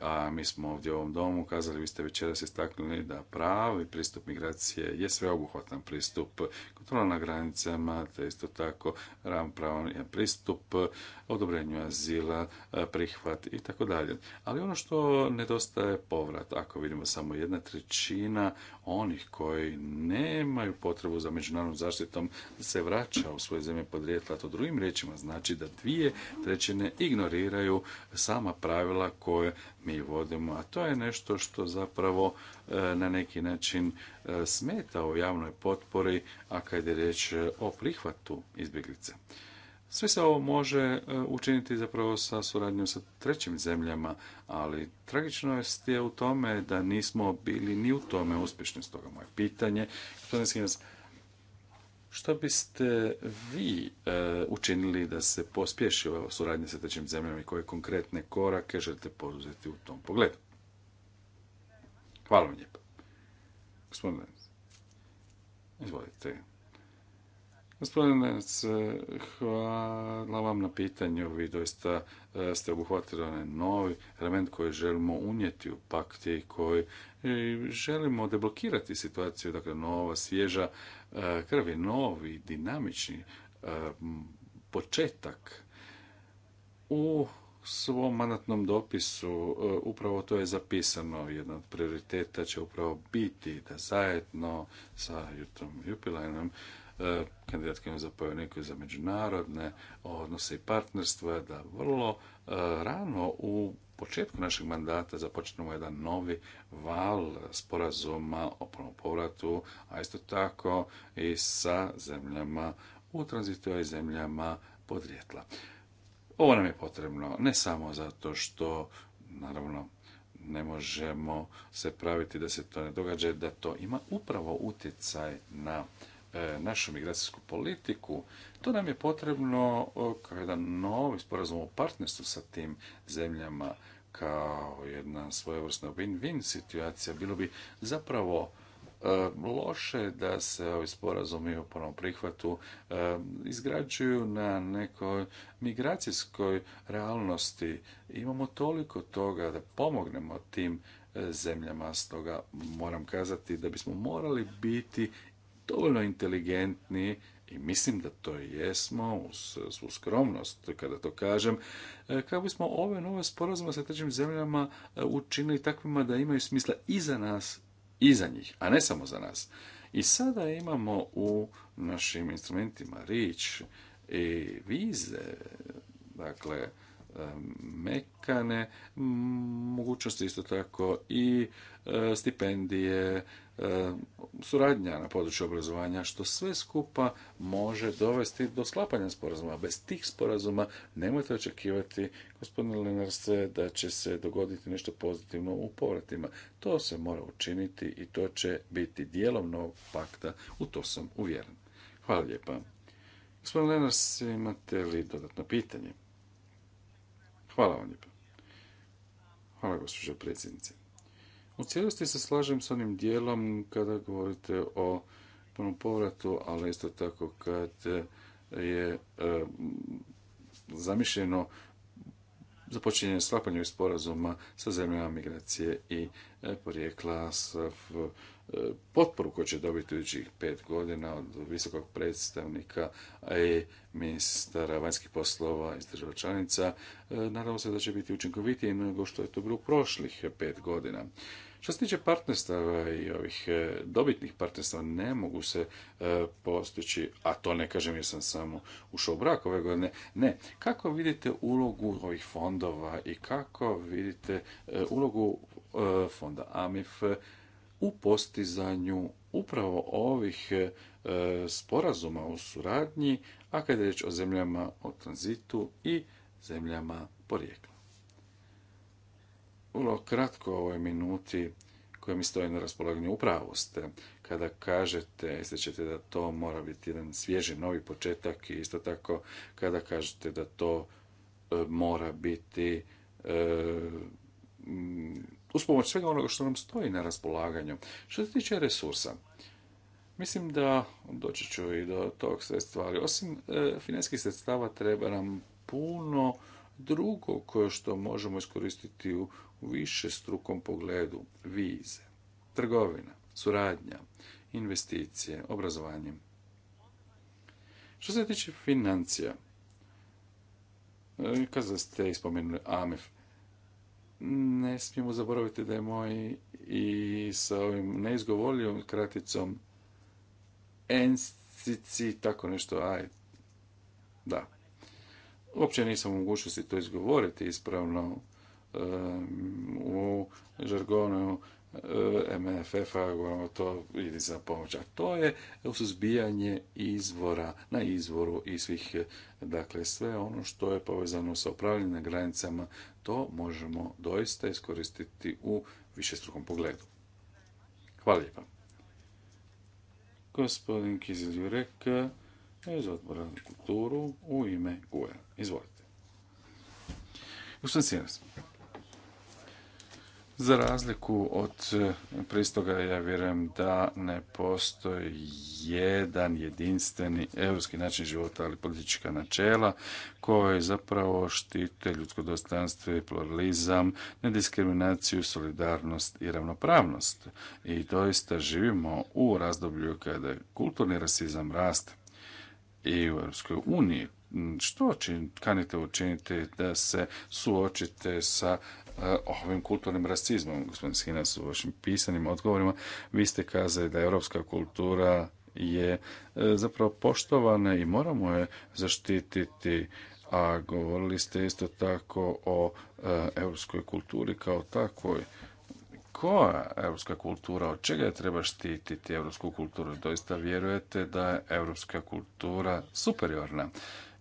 a mi smo ovdje u ovom domu kazali, vi ste večeras istaknuli da pravi pristup migracije je sveobuhvatan pristup, kontrola na granicama, te isto tako ravnopravan pristup, odobrenju azila, prihvat i tako dalje. Ali ono što nedostaje povrat, ako vidimo samo jedna trećina onih koji nemaju potrebu za međunarodnom zaštitom se vraća u svoje zemlje podrijetla, to drugim riječima znači da dvije trećine ignoriraju sama pravila koje mi vodimo, a to je nešto što zapravo e, na neki način e, smeta u javnoj potpori, a kad je riječ e, o prihvatu izbjeglice. Sve se ovo može učiniti zapravo sa suradnjom sa trećim zemljama, ali tragičnost je u tome da nismo bili ni u tome uspješni. Stoga moje pitanje, nas. Što biste vi e, učinili da se pospješi ova suradnja sa trećim zemljama i koje konkretne korake želite poduzeti u tom pogledu? Hvala vam lijepo. Gospodine, izvolite. Gospodine, hvala vam na pitanju. Vi doista e, ste obuhvatili onaj novi element koji želimo unijeti u pakti, koji e, želimo deblokirati situaciju, dakle nova, svježa e, krv je novi, dinamični početak u svom manatnom dopisu upravo to je zapisano. Jedan od prioriteta će upravo biti da zajedno sa Jutom Jupilajnom E, Kandidatkim za i za međunarodne odnose i partnerstva da vrlo e, rano u početku našeg mandata započnemo jedan novi val sporazuma o povratu, a isto tako i sa zemljama u tranzitu, i zemljama podrijetla. Ovo nam je potrebno ne samo zato što, naravno, ne možemo se praviti da se to ne događa, da to ima upravo utjecaj na E, našu migracijsku politiku, to nam je potrebno e, kao jedan novi sporazum o partnerstvu sa tim zemljama, kao jedna svojevrsna win-win situacija. Bilo bi zapravo e, loše da se ovi sporazumi o ponovnom prihvatu izgrađuju na nekoj migracijskoj realnosti. Imamo toliko toga da pomognemo tim zemljama, stoga moram kazati da bismo morali biti dovoljno inteligentni i mislim da to jesmo uz svu skromnost kada to kažem, e, kako bismo ove nove sporazume sa trećim zemljama e, učinili takvima da imaju smisla i za nas i za njih, a ne samo za nas. I sada imamo u našim instrumentima rič i vize, dakle, e, mekane mogućnosti isto tako i stipendije, E, suradnja na području obrazovanja, što sve skupa može dovesti do sklapanja sporazuma. Bez tih sporazuma nemojte očekivati, gospodine Lenarse, da će se dogoditi nešto pozitivno u povratima. To se mora učiniti i to će biti dijelom novog pakta, u to sam uvjeren. Hvala lijepa. Gospodin Lenars, imate li dodatno pitanje? Hvala vam lijepa. Hvala, gospođo predsjednice. U cijelosti se slažem s onim dijelom kada govorite o punom povratu, ali isto tako kad je e, zamišljeno započinje sklapanje sporazuma sa zemljama migracije i e, porijekla s e, potporu koju će dobiti u pet godina od visokog predstavnika i ministara vanjskih poslova iz država članica. Nadamo se da će biti učinkovitiji nego što je to bilo u prošlih pet godina. Što se tiče partnerstava i ovih e, dobitnih partnerstava, ne mogu se e, postići, a to ne kažem jer sam samo ušao u brak ove godine, ne. Kako vidite ulogu ovih fondova i kako vidite e, ulogu fonda AMIF u postizanju upravo ovih sporazuma u suradnji, a kada je riječ o zemljama o tranzitu i zemljama porijekla. Vrlo kratko ovoj minuti koja mi stoji na raspolaganju. Upravo ste kada kažete, ističete da to mora biti jedan svježi novi početak i isto tako kada kažete da to e, mora biti e, mm, uz pomoć svega onoga što nam stoji na raspolaganju. Što se tiče resursa, mislim da doći ću i do tog sredstva, ali osim e, financijskih sredstava treba nam puno drugo koje što možemo iskoristiti u u više strukom pogledu vize, trgovina, suradnja, investicije, obrazovanje. Što se tiče financija, e, kada ste spomenuli AMEF, ne smijemo zaboraviti da je moj i sa ovim neizgovorljivom kraticom NCC, tako nešto, aj, da. Uopće nisam u mogućnosti to izgovoriti ispravno, u žargonu e, MFF-a to ili za pomoć. A to je suzbijanje izvora, na izvoru i svih, dakle sve ono što je povezano sa upravljanjem granicama, to možemo doista iskoristiti u višestrukom pogledu. Hvala lijepa. Gospodin Kizil Jurek e, iz odbora kulturu u ime GUE. Izvolite. Gospodin za razliku od e, pristoga, ja vjerujem da ne postoji jedan jedinstveni europski način života, ali politička načela koje zapravo štite ljudsko dostojanstvo i pluralizam, nediskriminaciju, solidarnost i ravnopravnost. I doista živimo u razdoblju kada je kulturni rasizam raste i u Europskoj uniji što kanite učiniti da se suočite sa Eh, ovim kulturnim rasizmom. Gospodin Sinas, u vašim pisanim odgovorima vi ste kazali da europska kultura je eh, zapravo poštovana i moramo je zaštititi a govorili ste isto tako o eh, europskoj kulturi kao takvoj. Koja europska kultura, od čega je treba štititi europsku kulturu? Doista vjerujete da je europska kultura superiorna?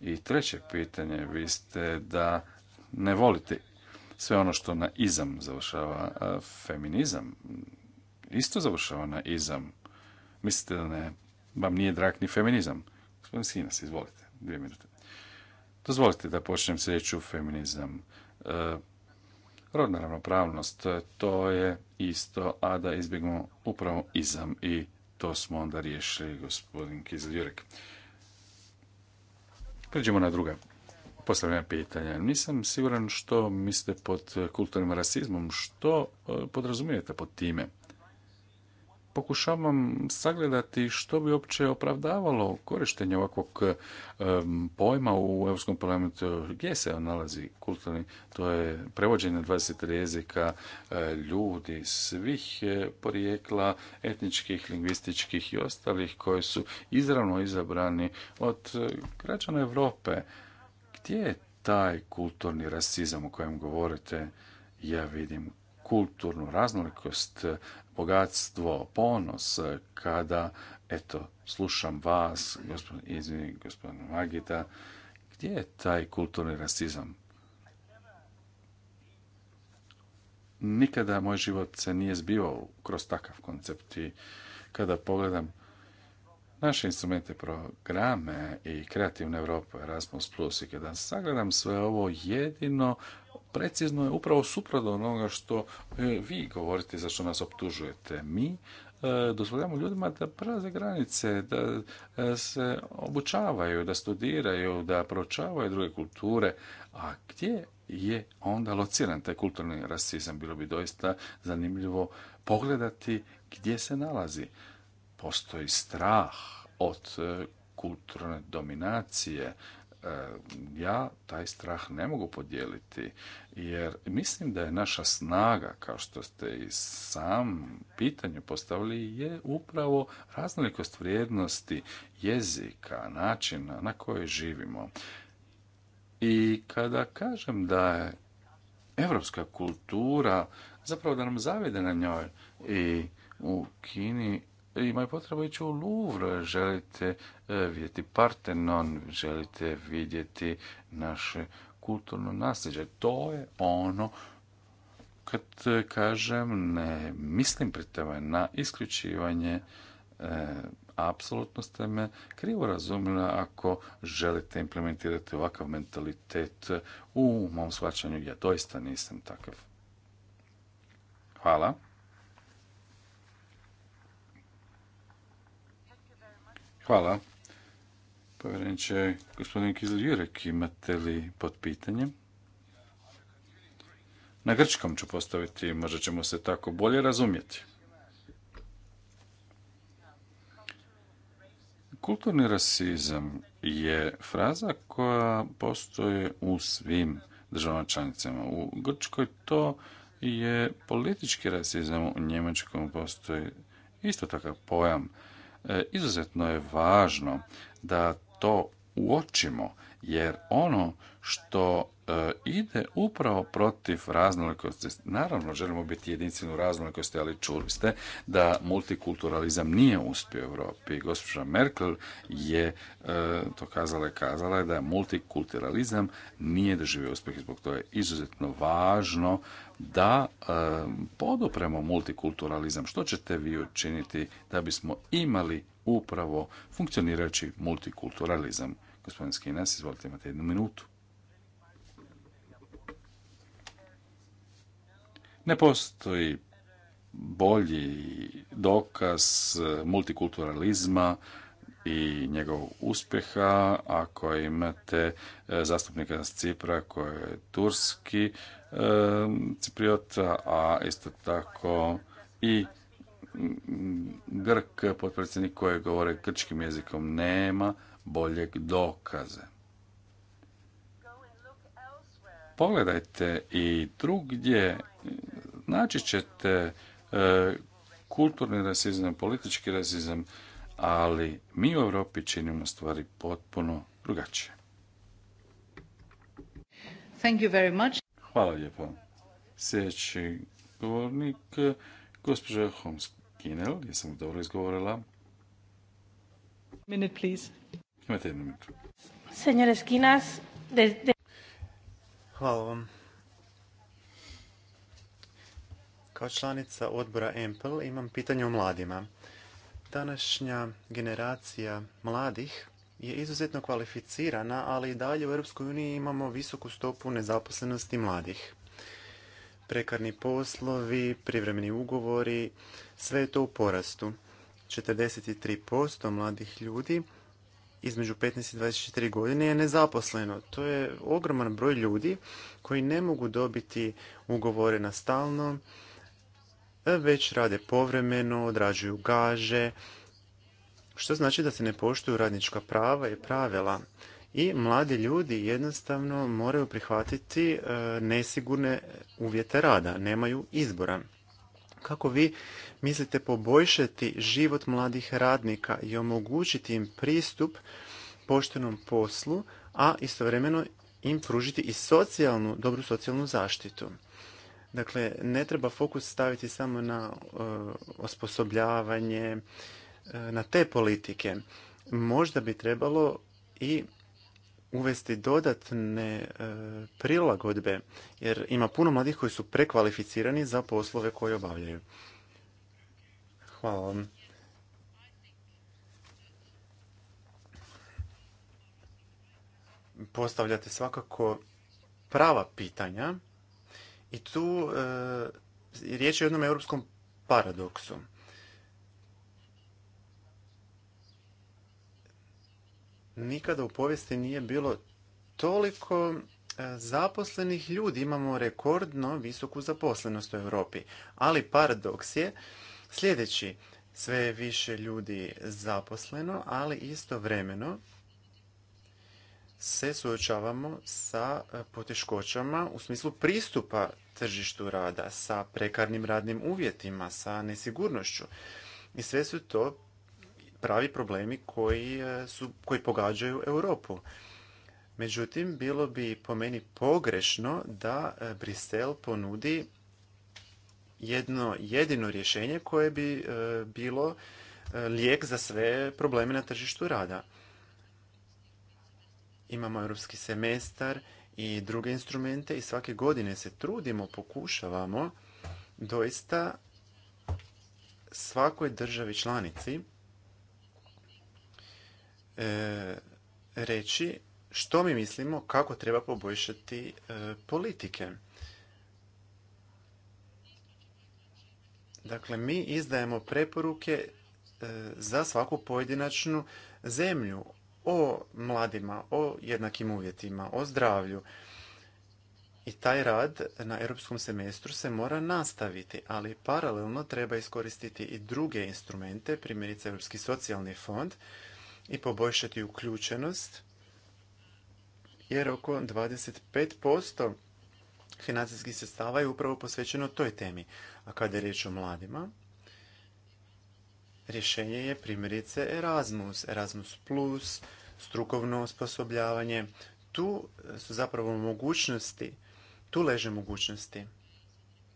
I treće pitanje, vi ste da ne volite sve ono što na izam završava e, feminizam, isto završava na izam. Mislite da ne, vam nije drag ni feminizam? Gospodin Sinas, izvolite, dvije minute. Dozvolite da počnem sljedeću feminizam. E, rodna ravnopravnost, to je isto, a da izbjegnemo upravo izam i to smo onda riješili, gospodin Kizljurek. Pređemo na druga Postavljam pitanje. Nisam siguran što mislite pod kulturnim rasizmom, što e, podrazumijete pod time. Pokušavam sagledati što bi opće opravdavalo korištenje ovakvog e, pojma u Europskom parlamentu. Gdje se nalazi kulturni? To je prevođenje 23 jezika e, ljudi svih porijekla, etničkih, lingvističkih i ostalih koji su izravno izabrani od građana Europe gdje je taj kulturni rasizam o kojem govorite? Ja vidim kulturnu raznolikost, bogatstvo, ponos, kada, eto, slušam vas, gospodin Izvini, gospodin Magita, gdje je taj kulturni rasizam? Nikada moj život se nije zbivao kroz takav koncept i kada pogledam naše instrumente, programe i Kreativne Evropa, Erasmus Plus i kada sagledam sve ovo, jedino precizno je upravo suprotno onoga što e, vi govorite za što nas optužujete. Mi e, dozvoljavamo ljudima da prelaze granice, da e, se obučavaju, da studiraju, da proučavaju druge kulture, a gdje je onda lociran taj kulturni rasizam? Bilo bi doista zanimljivo pogledati gdje se nalazi postoji strah od e, kulturne dominacije, e, ja taj strah ne mogu podijeliti jer mislim da je naša snaga kao što ste i sam pitanju postavili je upravo raznolikost vrijednosti jezika, načina na koji živimo. I kada kažem da je evropska kultura zapravo da nam zavide na njoj i u Kini imaju potrebu ići u Louvre, želite e, vidjeti Partenon, želite vidjeti naše kulturno nasljeđe. To je ono kad kažem ne mislim pri tome na isključivanje e, apsolutno ste me krivo razumjeli ako želite implementirati ovakav mentalitet u mom shvaćanju ja doista nisam takav hvala Hvala. Povjereniče, gospodin Jurek, imate li pod pitanje? Na grčkom ću postaviti, možda ćemo se tako bolje razumjeti. Kulturni rasizam je fraza koja postoje u svim državama članicama. U Grčkoj to je politički rasizam, u Njemačkom postoji isto takav pojam E, izuzetno je važno da to uočimo, jer ono što e, ide upravo protiv raznolikosti. Naravno, želimo biti jedinstveni u raznolikosti, ali čuli ste da multikulturalizam nije uspio u Europi. Gospođa Merkel je e, to kazala i kazala je da multikulturalizam nije doživio uspjeh i zbog toga je izuzetno važno da podopremo multikulturalizam. Što ćete vi učiniti da bismo imali upravo funkcionirajući multikulturalizam? Gospodin Skinas, izvolite, imate jednu minutu. Ne postoji bolji dokaz multikulturalizma i njegovog uspjeha ako imate eh, zastupnika s Cipra koji je turski Cipriota, a isto tako i mm, Grk, potpredsjednik koji govore grčkim jezikom, nema boljeg dokaze. Pogledajte i drugdje, naći ćete e, kulturni rasizam, politički rasizam, ali mi u Europi činimo stvari potpuno drugačije. Thank you very much. Hvala lijepo. Sljedeći govornik, gospođa Holmes-Kinel, jesam dobro izgovorila? Minute, please. Hvala vam. Kao članica odbora MPL imam pitanje o mladima. Današnja generacija mladih je izuzetno kvalificirana, ali i dalje u EU imamo visoku stopu nezaposlenosti mladih. Prekarni poslovi, privremeni ugovori, sve je to u porastu. 43% mladih ljudi između 15 i 24 godine je nezaposleno. To je ogroman broj ljudi koji ne mogu dobiti ugovore na stalno, već rade povremeno, odrađuju gaže, što znači da se ne poštuju radnička prava i pravila i mladi ljudi jednostavno moraju prihvatiti e, nesigurne uvjete rada, nemaju izbora. Kako vi mislite poboljšati život mladih radnika i omogućiti im pristup poštenom poslu, a istovremeno im pružiti i socijalnu, dobru socijalnu zaštitu. Dakle, ne treba fokus staviti samo na e, osposobljavanje, E, na te politike. Možda bi trebalo i uvesti dodatne e, prilagodbe, jer ima puno mladih koji su prekvalificirani za poslove koje obavljaju. Hvala vam. Postavljate svakako prava pitanja i tu e, riječ je o jednom europskom paradoksu. nikada u povijesti nije bilo toliko e, zaposlenih ljudi. Imamo rekordno visoku zaposlenost u Europi. Ali paradoks je sljedeći. Sve je više ljudi zaposleno, ali istovremeno se suočavamo sa e, poteškoćama u smislu pristupa tržištu rada, sa prekarnim radnim uvjetima, sa nesigurnošću. I sve su to pravi problemi koji, e, su, koji pogađaju Europu. Međutim, bilo bi po meni pogrešno da e, Brisel ponudi jedno jedino rješenje koje bi e, bilo lijek za sve probleme na tržištu rada. Imamo europski semestar i druge instrumente i svake godine se trudimo, pokušavamo doista svakoj državi članici e, reći što mi mislimo kako treba poboljšati e, politike. Dakle, mi izdajemo preporuke e, za svaku pojedinačnu zemlju o mladima, o jednakim uvjetima, o zdravlju. I taj rad na europskom semestru se mora nastaviti, ali paralelno treba iskoristiti i druge instrumente, primjerice Europski socijalni fond, i poboljšati uključenost, jer oko 25% financijskih sredstava je upravo posvećeno toj temi. A kada je riječ o mladima, rješenje je primjerice Erasmus, Erasmus+, strukovno osposobljavanje. Tu su zapravo mogućnosti, tu leže mogućnosti.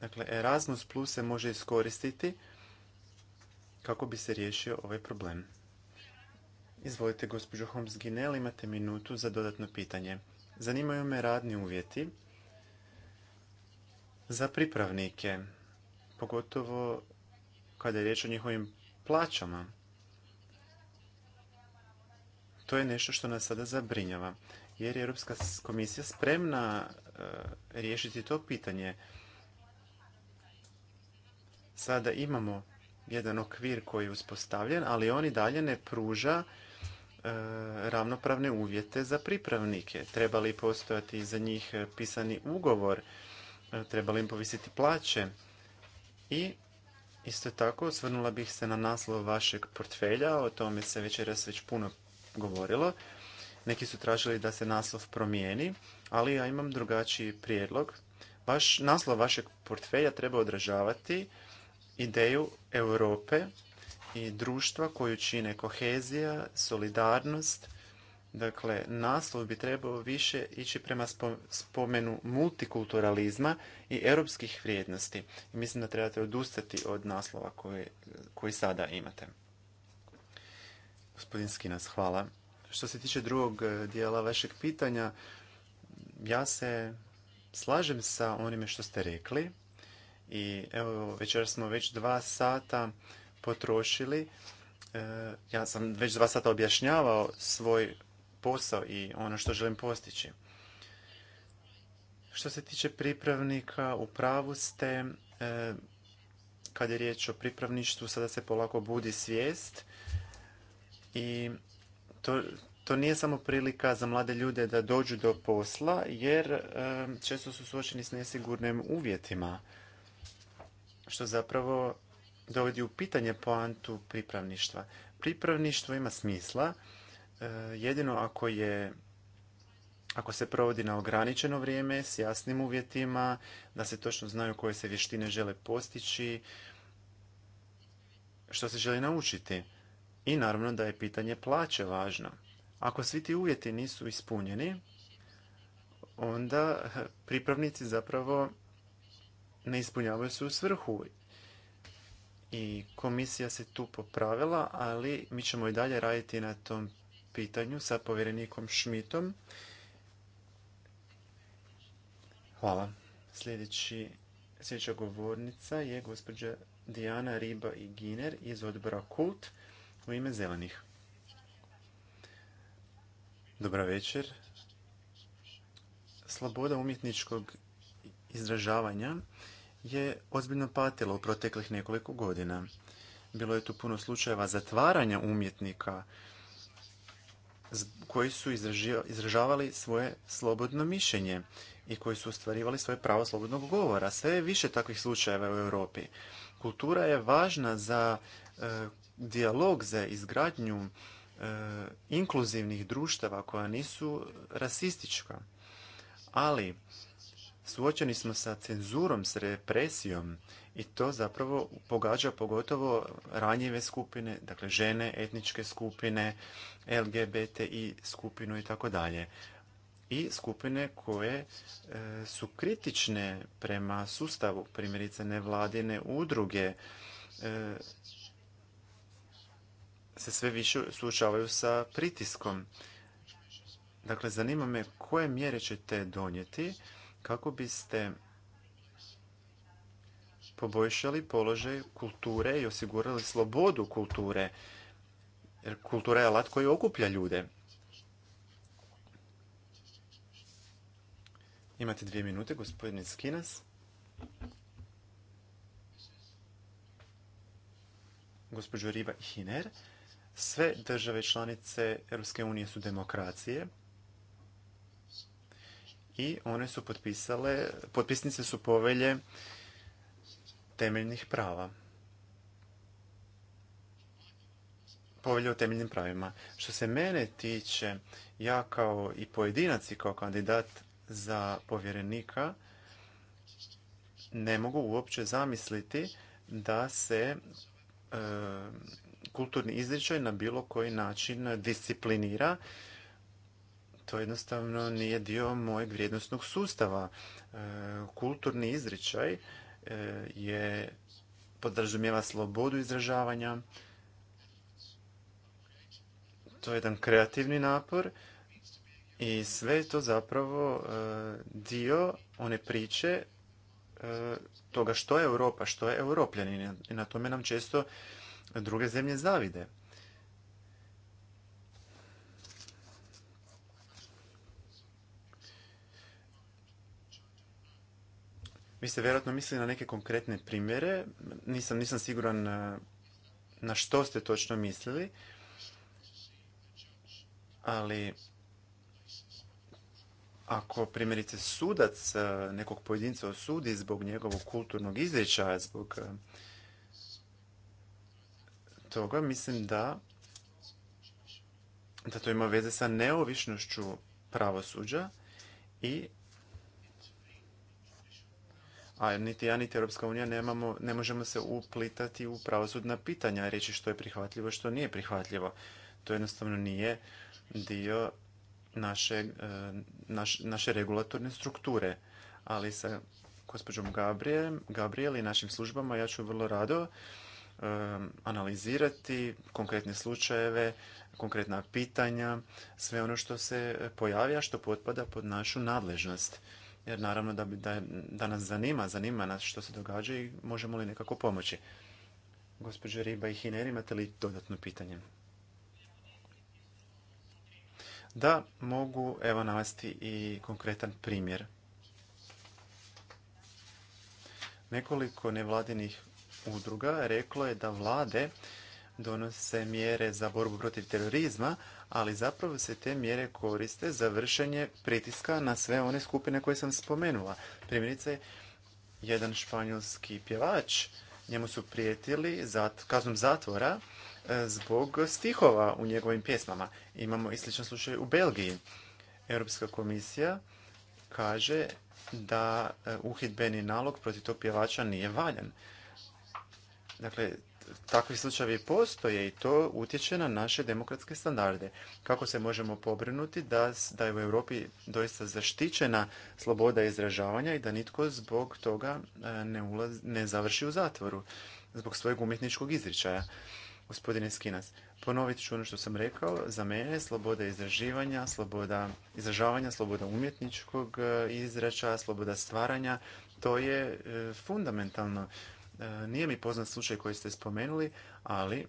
Dakle, Erasmus Plus se može iskoristiti kako bi se riješio ovaj problem. Izvolite, gospođo Holmes-Ginel, imate minutu za dodatno pitanje. Zanimaju me radni uvjeti za pripravnike, pogotovo kada je riječ o njihovim plaćama. To je nešto što nas sada zabrinjava, jer je Europska komisija spremna e, riješiti to pitanje. Sada imamo jedan okvir koji je uspostavljen, ali on i dalje ne pruža E, ravnopravne uvjete za pripravnike? Treba li postojati za njih pisani ugovor? E, treba li im povisiti plaće? I isto tako osvrnula bih se na naslov vašeg portfelja, o tome se večeras već puno govorilo. Neki su tražili da se naslov promijeni, ali ja imam drugačiji prijedlog. Vaš naslov vašeg portfelja treba odražavati ideju Europe i društva koju čine kohezija, solidarnost. Dakle, naslov bi trebao više ići prema spomenu multikulturalizma i europskih vrijednosti. I mislim da trebate odustati od naslova koji, koji sada imate. Gospodin Skinas, hvala. Što se tiče drugog e, dijela vašeg pitanja, ja se slažem sa onime što ste rekli. I evo, večer smo već dva sata potrošili. E, ja sam već dva sata objašnjavao svoj posao i ono što želim postići. Što se tiče pripravnika, u pravu ste, e, kad je riječ o pripravništvu, sada se polako budi svijest i to, to nije samo prilika za mlade ljude da dođu do posla, jer e, često su suočeni s nesigurnim uvjetima, što zapravo dovodi u pitanje poantu pripravništva. Pripravništvo ima smisla e, jedino ako je ako se provodi na ograničeno vrijeme s jasnim uvjetima, da se točno znaju koje se vještine žele postići, što se želi naučiti. I naravno da je pitanje plaće važno. Ako svi ti uvjeti nisu ispunjeni, onda pripravnici zapravo ne ispunjavaju u svrhu i komisija se tu popravila, ali mi ćemo i dalje raditi na tom pitanju sa povjerenikom Šmitom. Hvala. Sljedeći, sljedeća govornica je gospođa Dijana Riba i Giner iz odbora Kult u ime Zelenih. Dobra večer. Sloboda umjetničkog izražavanja je ozbiljno patilo u proteklih nekoliko godina. Bilo je tu puno slučajeva zatvaranja umjetnika koji su izražavali svoje slobodno mišljenje i koji su ostvarivali svoje pravo slobodnog govora. Sve je više takvih slučajeva u Europi. Kultura je važna za e, dijalog, za izgradnju e, inkluzivnih društava koja nisu rasistička. Ali suočeni smo sa cenzurom, s represijom i to zapravo pogađa pogotovo ranjive skupine, dakle žene, etničke skupine, lgBT i skupinu i tako dalje. I skupine koje e, su kritične prema sustavu, primjerice nevladine udruge, e, se sve više suočavaju sa pritiskom. Dakle, zanima me koje mjere ćete donijeti kako biste poboljšali položaj kulture i osigurali slobodu kulture. Jer kultura je alat koji okuplja ljude. Imate dvije minute, gospodine Skinas. Gospođo Riva Hiner, sve države članice Europske unije su demokracije i one su potpisale, potpisnice su povelje temeljnih prava. Povelje o temeljnim pravima. Što se mene tiče, ja kao i pojedinac i kao kandidat za povjerenika ne mogu uopće zamisliti da se e, kulturni izričaj na bilo koji način disciplinira to jednostavno nije dio mojeg vrijednostnog sustava. E, kulturni izričaj e, je podrazumijeva slobodu izražavanja. To je jedan kreativni napor i sve je to zapravo e, dio one priče toga što je Europa, što je europljanin i na tome nam često druge zemlje zavide. Vi ste vjerojatno mislili na neke konkretne primjere. Nisam, nisam siguran na, eh, na što ste točno mislili. Ali ako primjerice sudac eh, nekog pojedinca osudi zbog njegovog kulturnog izričaja, zbog eh, toga, mislim da da to ima veze sa neovišnošću pravosuđa i a niti ja niti Europska unija nemamo, ne možemo se uplitati u pravosudna pitanja i reći što je prihvatljivo, što nije prihvatljivo. To jednostavno nije dio naše, e, naš, naše regulatorne strukture. Ali sa gospođom Gabriel, Gabriel i našim službama ja ću vrlo rado e, analizirati konkretne slučajeve, konkretna pitanja, sve ono što se pojavlja, što potpada pod našu nadležnost jer naravno da, da, nas zanima, zanima nas što se događa i možemo li nekako pomoći. Gospođo Riba i Hiner, imate li dodatno pitanje? Da, mogu evo navesti i konkretan primjer. Nekoliko nevladinih udruga reklo je da vlade donose mjere za borbu protiv terorizma, ali zapravo se te mjere koriste za vršenje pritiska na sve one skupine koje sam spomenula. Primjerice, jedan španjolski pjevač, njemu su prijetili kaznom zatvora e, zbog stihova u njegovim pjesmama. Imamo i sličan slučaj u Belgiji. Europska komisija kaže da e, uhidbeni nalog protiv tog pjevača nije valjan. Dakle, takvi slučajevi postoje i to utječe na naše demokratske standarde. Kako se možemo pobrinuti da, da je u Europi doista zaštićena sloboda izražavanja i da nitko zbog toga e, ne, ulaz, ne završi u zatvoru zbog svojeg umjetničkog izričaja. Gospodine Skinas, ponovit ću ono što sam rekao, za mene sloboda izraživanja, sloboda izražavanja, sloboda umjetničkog e, izračaja, sloboda stvaranja, to je e, fundamentalno E, nije mi poznat slučaj koji ste spomenuli, ali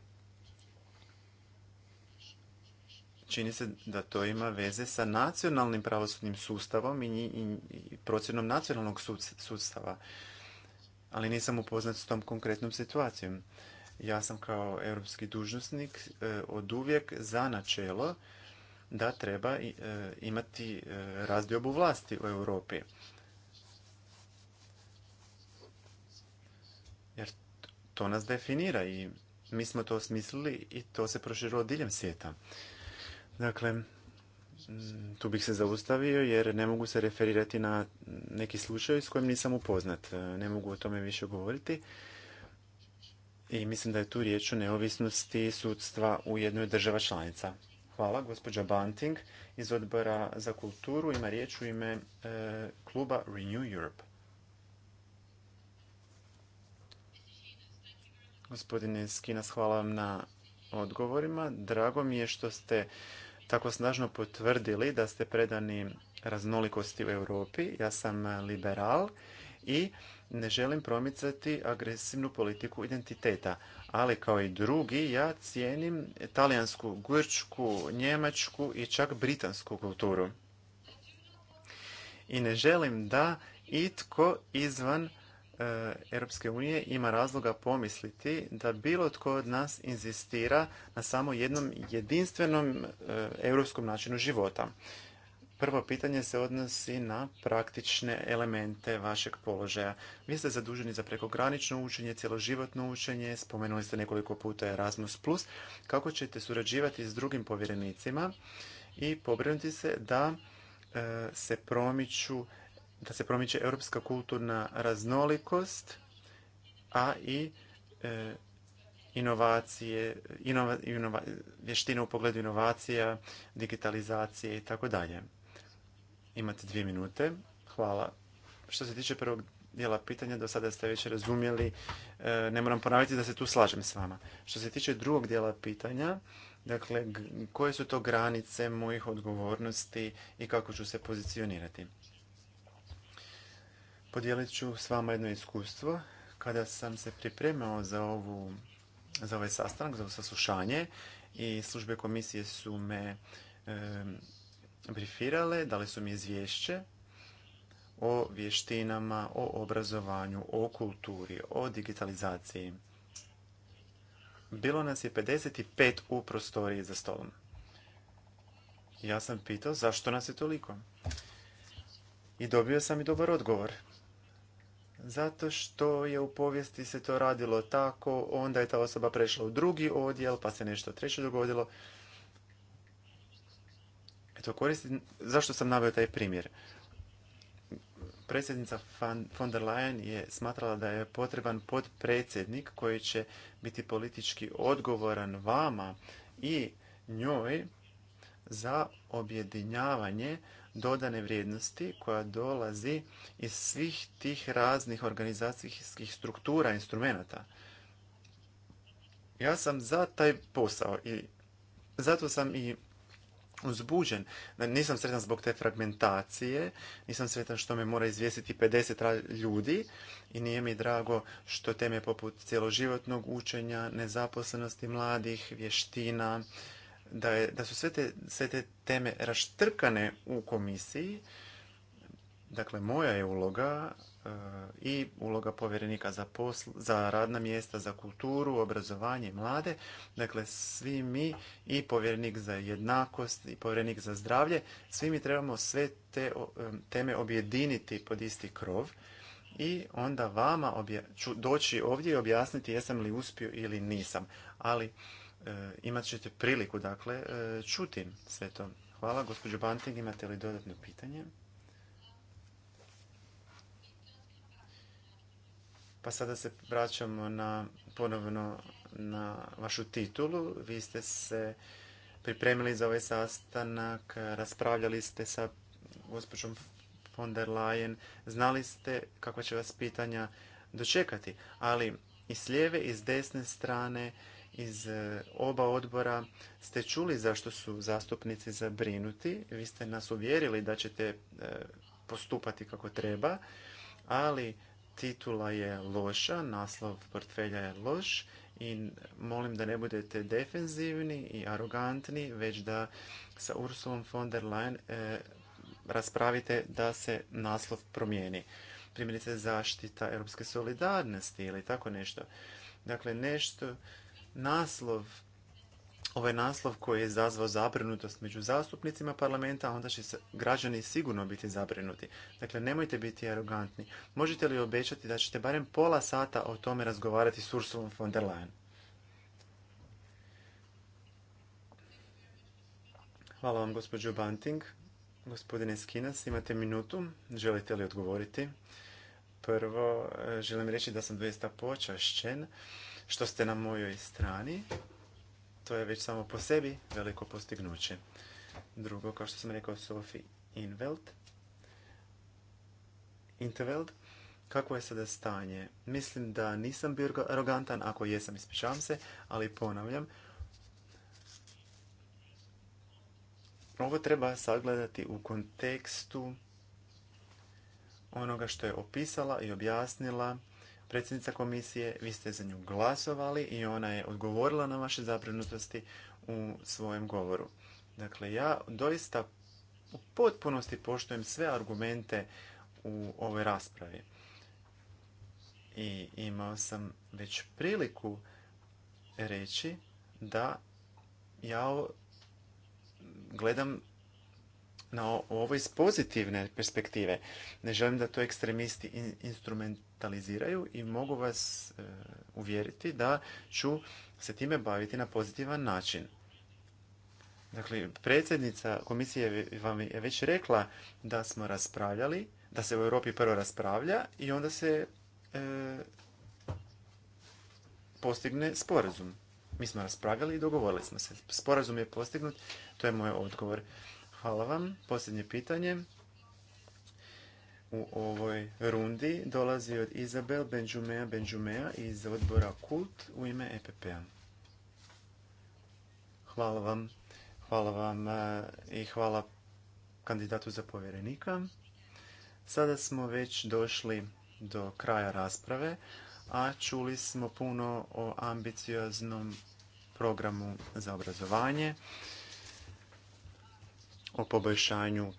čini se da to ima veze sa nacionalnim pravosudnim sustavom i procjenom nacionalnog sustava. Ali nisam upoznat s tom konkretnom situacijom. Ja sam kao europski dužnosnik e, od uvijek za načelo da treba e, imati razdiobu vlasti u Europi. Jer to nas definira i mi smo to osmislili i to se proširilo diljem svijeta. Dakle, mm, tu bih se zaustavio jer ne mogu se referirati na neki slučaj s kojim nisam upoznat. E, ne mogu o tome više govoriti. I mislim da je tu riječ o neovisnosti sudstva u jednoj država članica. Hvala, gospođa Banting iz odbora za kulturu ima riječ u ime e, kluba Renew Europe. Gospodine Skinas, hvala vam na odgovorima. Drago mi je što ste tako snažno potvrdili da ste predani raznolikosti u Europi. Ja sam liberal i ne želim promicati agresivnu politiku identiteta. Ali kao i drugi, ja cijenim talijansku, grčku, njemačku i čak britansku kulturu. I ne želim da itko izvan E, Europske unije ima razloga pomisliti da bilo tko od nas inzistira na samo jednom jedinstvenom e, europskom načinu života. Prvo pitanje se odnosi na praktične elemente vašeg položaja. Vi ste zaduženi za prekogranično učenje, cjeloživotno učenje, spomenuli ste nekoliko puta Erasmus+. Kako ćete surađivati s drugim povjerenicima i pobrinuti se da e, se promiču da se promiče europska kulturna raznolikost, a i e, inovacije, inova, vještine u pogledu inovacija, digitalizacije i tako dalje. Imate dvije minute. Hvala. Što se tiče prvog dijela pitanja, do sada ste već razumjeli, e, ne moram ponavljati da se tu slažem s vama. Što se tiče drugog dijela pitanja, dakle, koje su to granice mojih odgovornosti i kako ću se pozicionirati? Podijelit ću s vama jedno iskustvo. Kada sam se pripremao za, ovu, za ovaj sastanak, za ovo saslušanje, i službe komisije su me e, brifirale, dali su mi izvješće o vještinama, o obrazovanju, o kulturi, o digitalizaciji. Bilo nas je 55 u prostoriji za stolom. Ja sam pitao zašto nas je toliko. I dobio sam i dobar odgovor zato što je u povijesti se to radilo tako, onda je ta osoba prešla u drugi odjel, pa se nešto treće dogodilo. Eto, koristim, zašto sam naveo taj primjer? Predsjednica von der Leyen je smatrala da je potreban podpredsjednik koji će biti politički odgovoran vama i njoj za objedinjavanje dodane vrijednosti koja dolazi iz svih tih raznih organizacijskih struktura, instrumenata. Ja sam za taj posao i zato sam i uzbuđen. Nisam sretan zbog te fragmentacije, nisam sretan što me mora izvijestiti 50 ljudi i nije mi drago što teme poput cjeloživotnog učenja, nezaposlenosti mladih, vještina, da, da su sve te, sve te teme raštrkane u komisiji. Dakle, moja je uloga e, i uloga povjerenika za, posl, za radna mjesta, za kulturu, obrazovanje, i mlade. Dakle, svi mi i povjerenik za jednakost i povjerenik za zdravlje, svi mi trebamo sve te e, teme objediniti pod isti krov i onda vama obja ću doći ovdje i objasniti jesam li uspio ili nisam. Ali E, imat ćete priliku, dakle, e, čuti sve to. Hvala. Gospođo Banting, imate li dodatno pitanje? Pa sada se vraćamo na, ponovno na vašu titulu. Vi ste se pripremili za ovaj sastanak, raspravljali ste sa gospođom von der Leyen, znali ste kakva će vas pitanja dočekati, ali i s lijeve i s desne strane iz e, oba odbora ste čuli zašto su zastupnici zabrinuti. Vi ste nas uvjerili da ćete e, postupati kako treba, ali titula je loša, naslov portfelja je loš i molim da ne budete defenzivni i arogantni, već da sa Ursulom von der Leyen e, raspravite da se naslov promijeni. Primjerice zaštita europske solidarnosti ili tako nešto. Dakle, nešto naslov, ovaj naslov koji je izazvao zabrinutost među zastupnicima parlamenta, onda će se građani sigurno biti zabrinuti. Dakle, nemojte biti arogantni. Možete li obećati da ćete barem pola sata o tome razgovarati s Ursulom von der Leyen? Hvala vam, gospođo Banting. Gospodine Skinas, imate minutu. Želite li odgovoriti? Prvo, eh, želim reći da sam doista počašćen što ste na mojoj strani. To je već samo po sebi veliko postignuće. Drugo, kao što sam rekao Sofi Inveld, Interveld, kako je sada stanje? Mislim da nisam bio arogantan, ako jesam, ispričavam se, ali ponavljam, ovo treba sagledati u kontekstu onoga što je opisala i objasnila predsjednica komisije, vi ste za nju glasovali i ona je odgovorila na vaše zabrinutosti u svojem govoru. Dakle, ja doista u potpunosti poštujem sve argumente u ovoj raspravi. I imao sam već priliku reći da ja gledam na ovo iz pozitivne perspektive. Ne želim da to ekstremisti instrumentaliziraju i mogu vas e, uvjeriti da ću se time baviti na pozitivan način. Dakle, predsjednica komisije vam je već rekla da smo raspravljali, da se u Europi prvo raspravlja i onda se e, postigne sporazum. Mi smo raspravljali i dogovorili smo se. Sporazum je postignut, to je moj odgovor. Hvala vam. Posljednje pitanje u ovoj rundi dolazi od Izabel Benđumea Benđumea iz odbora Kult u ime EPP-a. Hvala vam. Hvala vam e, i hvala kandidatu za povjerenika. Sada smo već došli do kraja rasprave, a čuli smo puno o ambicioznom programu za obrazovanje o poboljšanju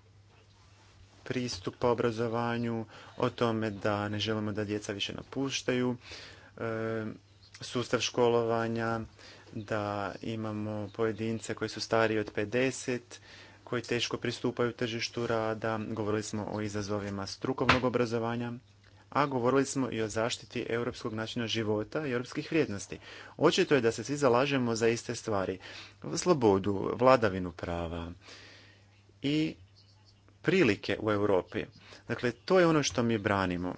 pristupa obrazovanju, o tome da ne želimo da djeca više napuštaju e, sustav školovanja, da imamo pojedince koji su stariji od 50, koji teško pristupaju tržištu rada, govorili smo o izazovima strukovnog obrazovanja, a govorili smo i o zaštiti europskog načina života i europskih vrijednosti. Očito je da se svi zalažemo za iste stvari. Slobodu, vladavinu prava, i prilike u Europi. Dakle, to je ono što mi branimo.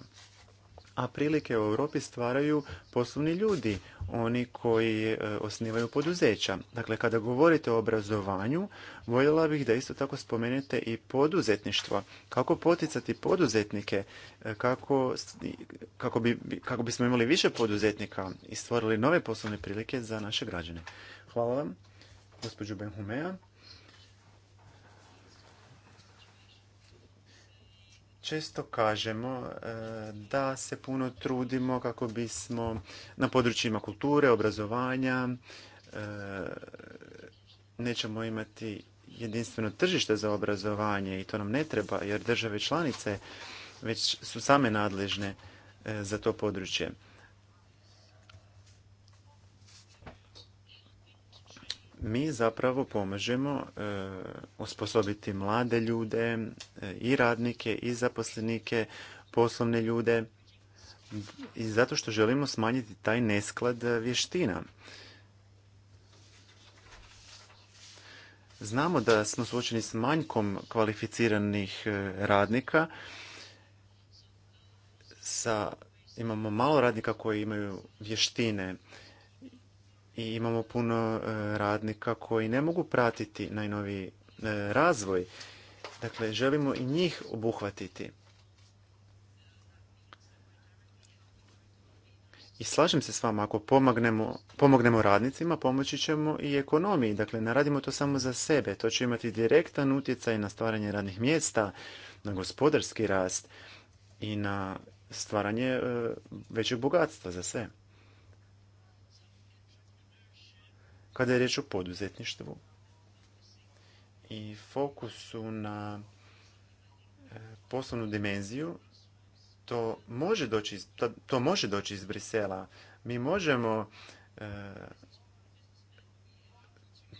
A prilike u Europi stvaraju poslovni ljudi, oni koji e, osnivaju poduzeća. Dakle, kada govorite o obrazovanju, voljela bih da isto tako spomenete i poduzetništvo. Kako poticati poduzetnike, e, kako, kako, bi, kako bismo imali više poduzetnika i stvorili nove poslovne prilike za naše građane. Hvala vam, gospođo Benhumea. Često kažemo e, da se puno trudimo kako bismo na područjima kulture, obrazovanja, e, nećemo imati jedinstveno tržište za obrazovanje i to nam ne treba jer države članice već su same nadležne e, za to područje. mi zapravo pomažemo e, osposobiti mlade ljude e, i radnike i zaposlenike, poslovne ljude i zato što želimo smanjiti taj nesklad e, vještina. Znamo da smo suočeni s manjkom kvalificiranih radnika. Sa, imamo malo radnika koji imaju vještine i imamo puno e, radnika koji ne mogu pratiti najnoviji e, razvoj. Dakle, želimo i njih obuhvatiti. I slažem se s vama, ako pomognemo, pomognemo radnicima, pomoći ćemo i ekonomiji. Dakle, ne radimo to samo za sebe. To će imati direktan utjecaj na stvaranje radnih mjesta, na gospodarski rast i na stvaranje e, većeg bogatstva za sve. kada je riječ o poduzetništvu i fokusu na e, poslovnu dimenziju, to može doći iz, to može doći iz Brisela. Mi možemo e,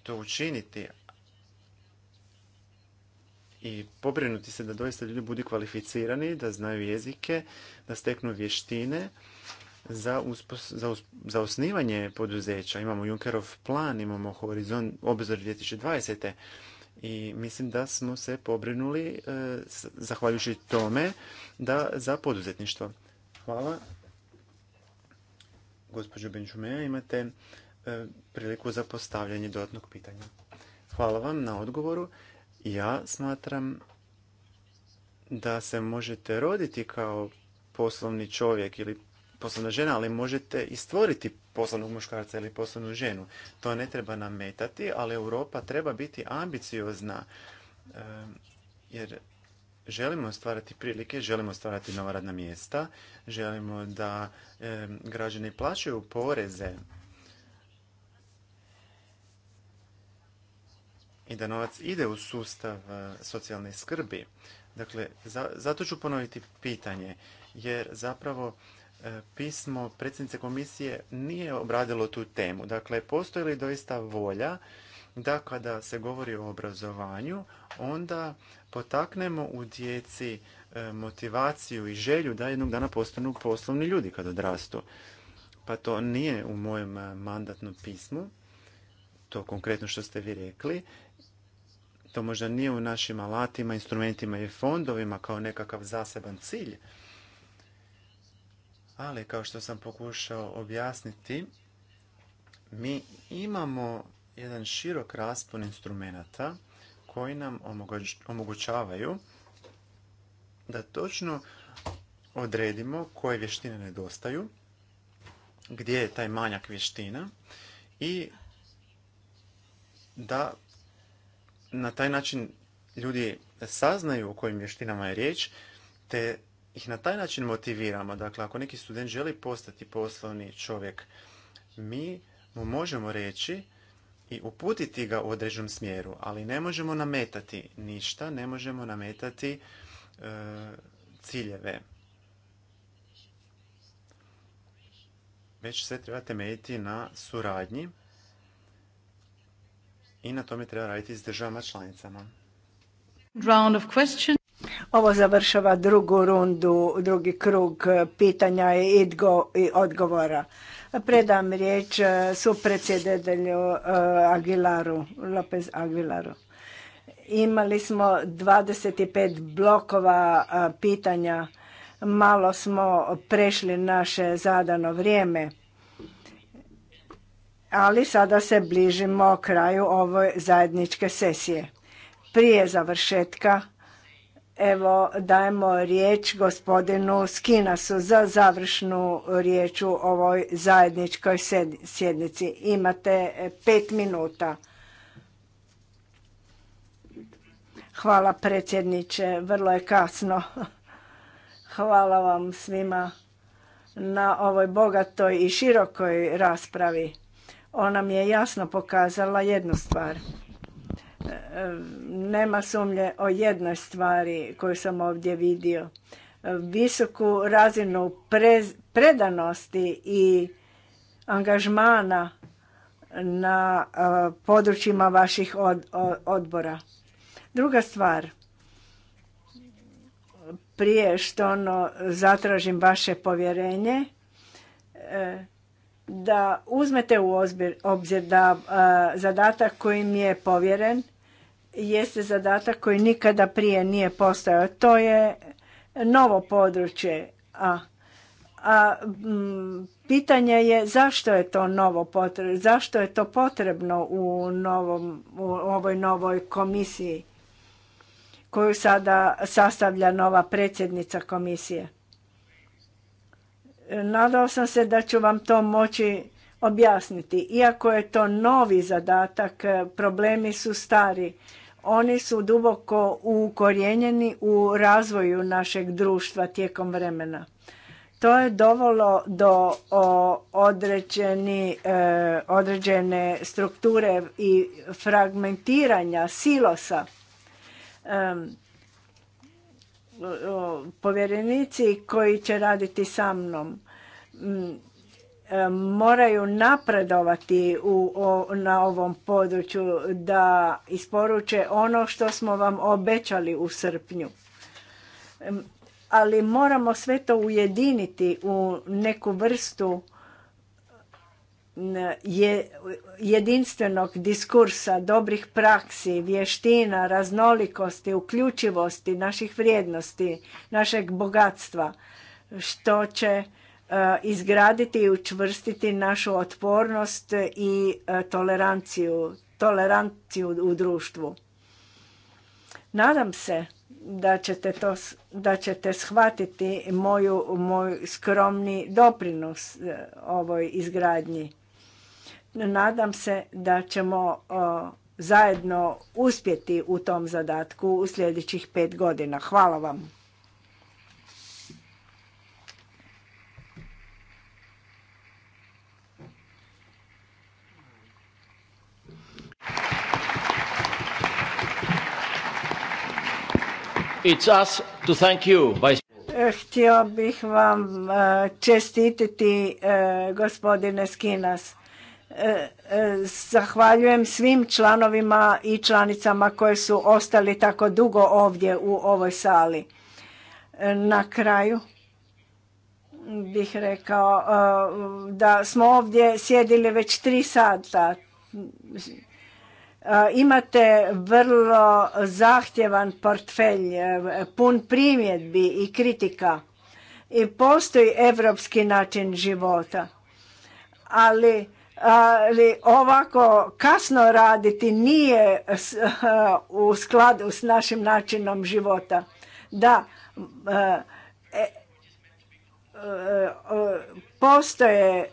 to učiniti i pobrinuti se da doista ljudi budu kvalificirani, da znaju jezike, da steknu vještine za, osnivanje poduzeća. Imamo Junkerov plan, imamo horizon obzor 2020. I mislim da smo se pobrinuli e, zahvaljujući tome da za poduzetništvo. Hvala. Gospođo Benčumeja, imate e, priliku za postavljanje dodatnog pitanja. Hvala vam na odgovoru. Ja smatram da se možete roditi kao poslovni čovjek ili poslovna žena, ali možete i stvoriti poslovnog muškarca ili poslovnu ženu. To ne treba nametati, ali Europa treba biti ambiciozna jer želimo stvarati prilike, želimo stvarati nova radna mjesta, želimo da građani plaćaju poreze i da novac ide u sustav e, socijalne skrbi. Dakle, zato ću ponoviti pitanje, jer zapravo E, pismo predsjednice komisije nije obradilo tu temu. Dakle, postoji li doista volja da kada se govori o obrazovanju, onda potaknemo u djeci e, motivaciju i želju da jednog dana postanu poslovni ljudi kad odrastu. Pa to nije u mojem e, mandatnom pismu, to konkretno što ste vi rekli. To možda nije u našim alatima, instrumentima i fondovima kao nekakav zaseban cilj, ali kao što sam pokušao objasniti, mi imamo jedan širok raspon instrumenata koji nam omogućavaju da točno odredimo koje vještine nedostaju, gdje je taj manjak vještina i da na taj način ljudi saznaju o kojim vještinama je riječ, te ih na taj način motiviramo. Dakle, ako neki student želi postati poslovni čovjek, mi mu možemo reći i uputiti ga u određenom smjeru, ali ne možemo nametati ništa, ne možemo nametati e, ciljeve. Već sve treba temeljiti na suradnji i na tome treba raditi s državama članicama. Round of ovo završava drugu rundu, drugi krug pitanja i odgovora. Predam riječ e, su e, Aguilaru, Lopez Aguilaru. Imali smo 25 blokova e, pitanja, malo smo prešli naše zadano vrijeme, ali sada se bližimo kraju ove zajedničke sesije. Prije završetka Evo dajemo riječ gospodinu Skinasu za završnu riječ u ovoj zajedničkoj sjednici. Imate e, pet minuta. Hvala predsjedniče, vrlo je kasno. [LAUGHS] Hvala vam svima na ovoj bogatoj i širokoj raspravi. Ona mi je jasno pokazala jednu stvar. Nema sumnje o jednoj stvari koju sam ovdje vidio. Visoku razinu predanosti i angažmana na područjima vaših odbora. Druga stvar, prije što ono zatražim vaše povjerenje, e, da uzmete u obzir da e, zadatak koji mi je povjeren jeste zadatak koji nikada prije nije postojao. To je novo područje, a, a pitanje je zašto je to novo potrebno, zašto je to potrebno u, novom, u ovoj novoj komisiji koju sada sastavlja nova predsjednica komisije. Nadao sam se da ću vam to moći objasniti. Iako je to novi zadatak, e, problemi su stari. Oni su duboko ukorijenjeni u razvoju našeg društva tijekom vremena. To je dovelo do određeni, e, određene strukture i fragmentiranja silosa povjerenici koji će raditi sa mnom mm, e, moraju napredovati u, na ovom području da isporuče ono što smo vam obećali u srpnju. Mm, ali moramo sve to ujediniti u neku vrstu jedinstvenog diskursa, dobrih praksi, vještina, raznolikosti, uključivosti naših vrijednosti, našeg bogatstva, što će e, izgraditi i učvrstiti našu otpornost i e, toleranciju, toleranciju u društvu. Nadam se da ćete, to, da ćete shvatiti moju, moj skromni doprinos e, ovoj izgradnji. Nadam se da ćemo zajedno uspjeti u tom zadatku u sljedećih pet godina. Hvala vam. Htio bih vam e, čestititi e, gospodine Skinas Zahvaljujem svim članovima i članicama koje su ostali tako dugo ovdje u ovoj sali. Na kraju bih rekao e, da smo ovdje sjedili već tri sata. E, imate vrlo zahtjevan portfelj, e, pun primjedbi i kritika. I postoji evropski način života. Ali ali ovako kasno raditi nije u skladu s našim načinom života. Da, e, e, e, postoje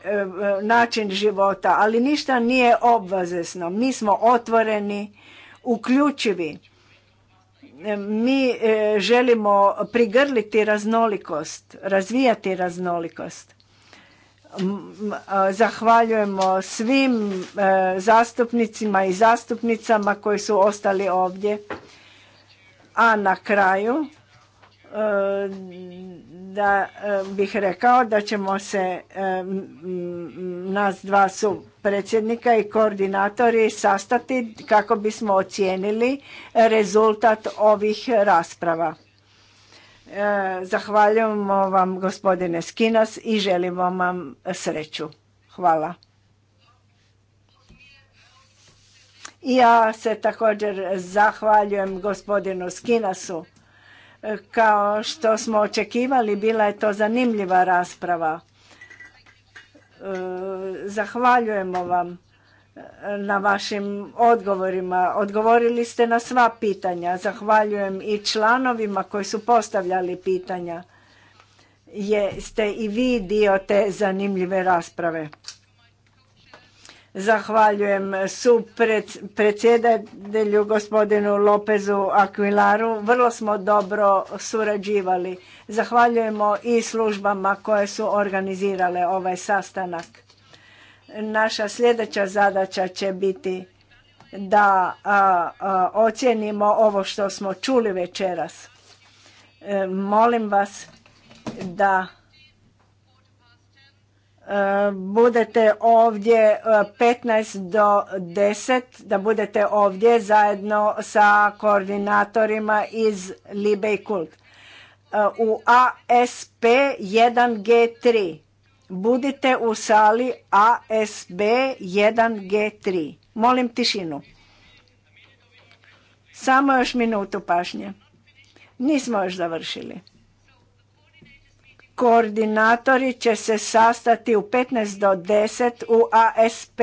način života, ali ništa nije obvazesno. Mi smo otvoreni, uključivi. Mi želimo prigrliti raznolikost, razvijati raznolikost. Zahvaljujemo svim e, zastupnicima i zastupnicama koji su ostali ovdje. A na kraju e, da e, bih rekao da ćemo se nas dva su predsjednika i koordinatori sastati kako bismo ocijenili rezultat ovih rasprava. Eh, zahvaljujemo vam gospodine Skinas i želimo vam sreću. Hvala. Ja se također zahvaljujem gospodinu Skinasu. Eh, kao što smo očekivali, bila je to zanimljiva rasprava. Eh, zahvaljujemo vam na vašim odgovorima. Odgovorili ste na sva pitanja. Zahvaljujem i članovima koji su postavljali pitanja. Jeste i vi dio te zanimljive rasprave. Zahvaljujem su predsjedatelju gospodinu Lopezu Aquilaru. Vrlo smo dobro surađivali. Zahvaljujemo i službama koje su organizirale ovaj sastanak. Naša sljedeća zadaća će biti da a, a, ocijenimo ovo što smo čuli večeras. E, molim vas da e, budete ovdje 15 e, do 10, da budete ovdje zajedno sa koordinatorima iz Libe i Kult. E, u ASP 1G3 budite u sali ASB 1G3. Molim tišinu. Samo još minutu pašnje. Nismo još završili. Koordinatori će se sastati u 15 do 10 u ASP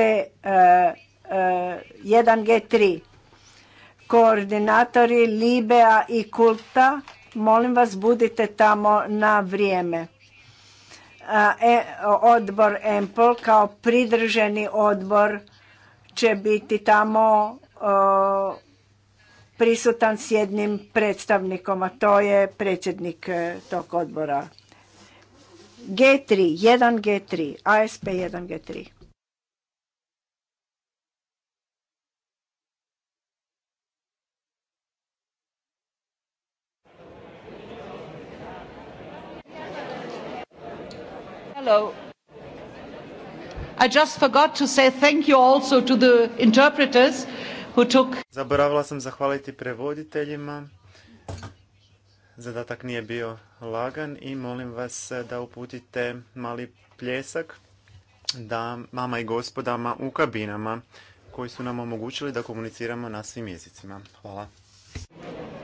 1G3. E, e, Koordinatori Libea i Kulta, molim vas budite tamo na vrijeme. E, odbor EMPL kao pridrženi odbor će biti tamo prisutan s jednim predstavnikom, a to je predsjednik e, tog odbora. G3, 1G3, ASP 1G3. Hello. I just forgot to say thank you Zaboravila sam zahvaliti prevoditeljima. Zadatak nije bio lagan i molim vas da uputite mali pljesak da mama i gospodama u kabinama koji su nam omogućili da komuniciramo na svim jezicima. Hvala.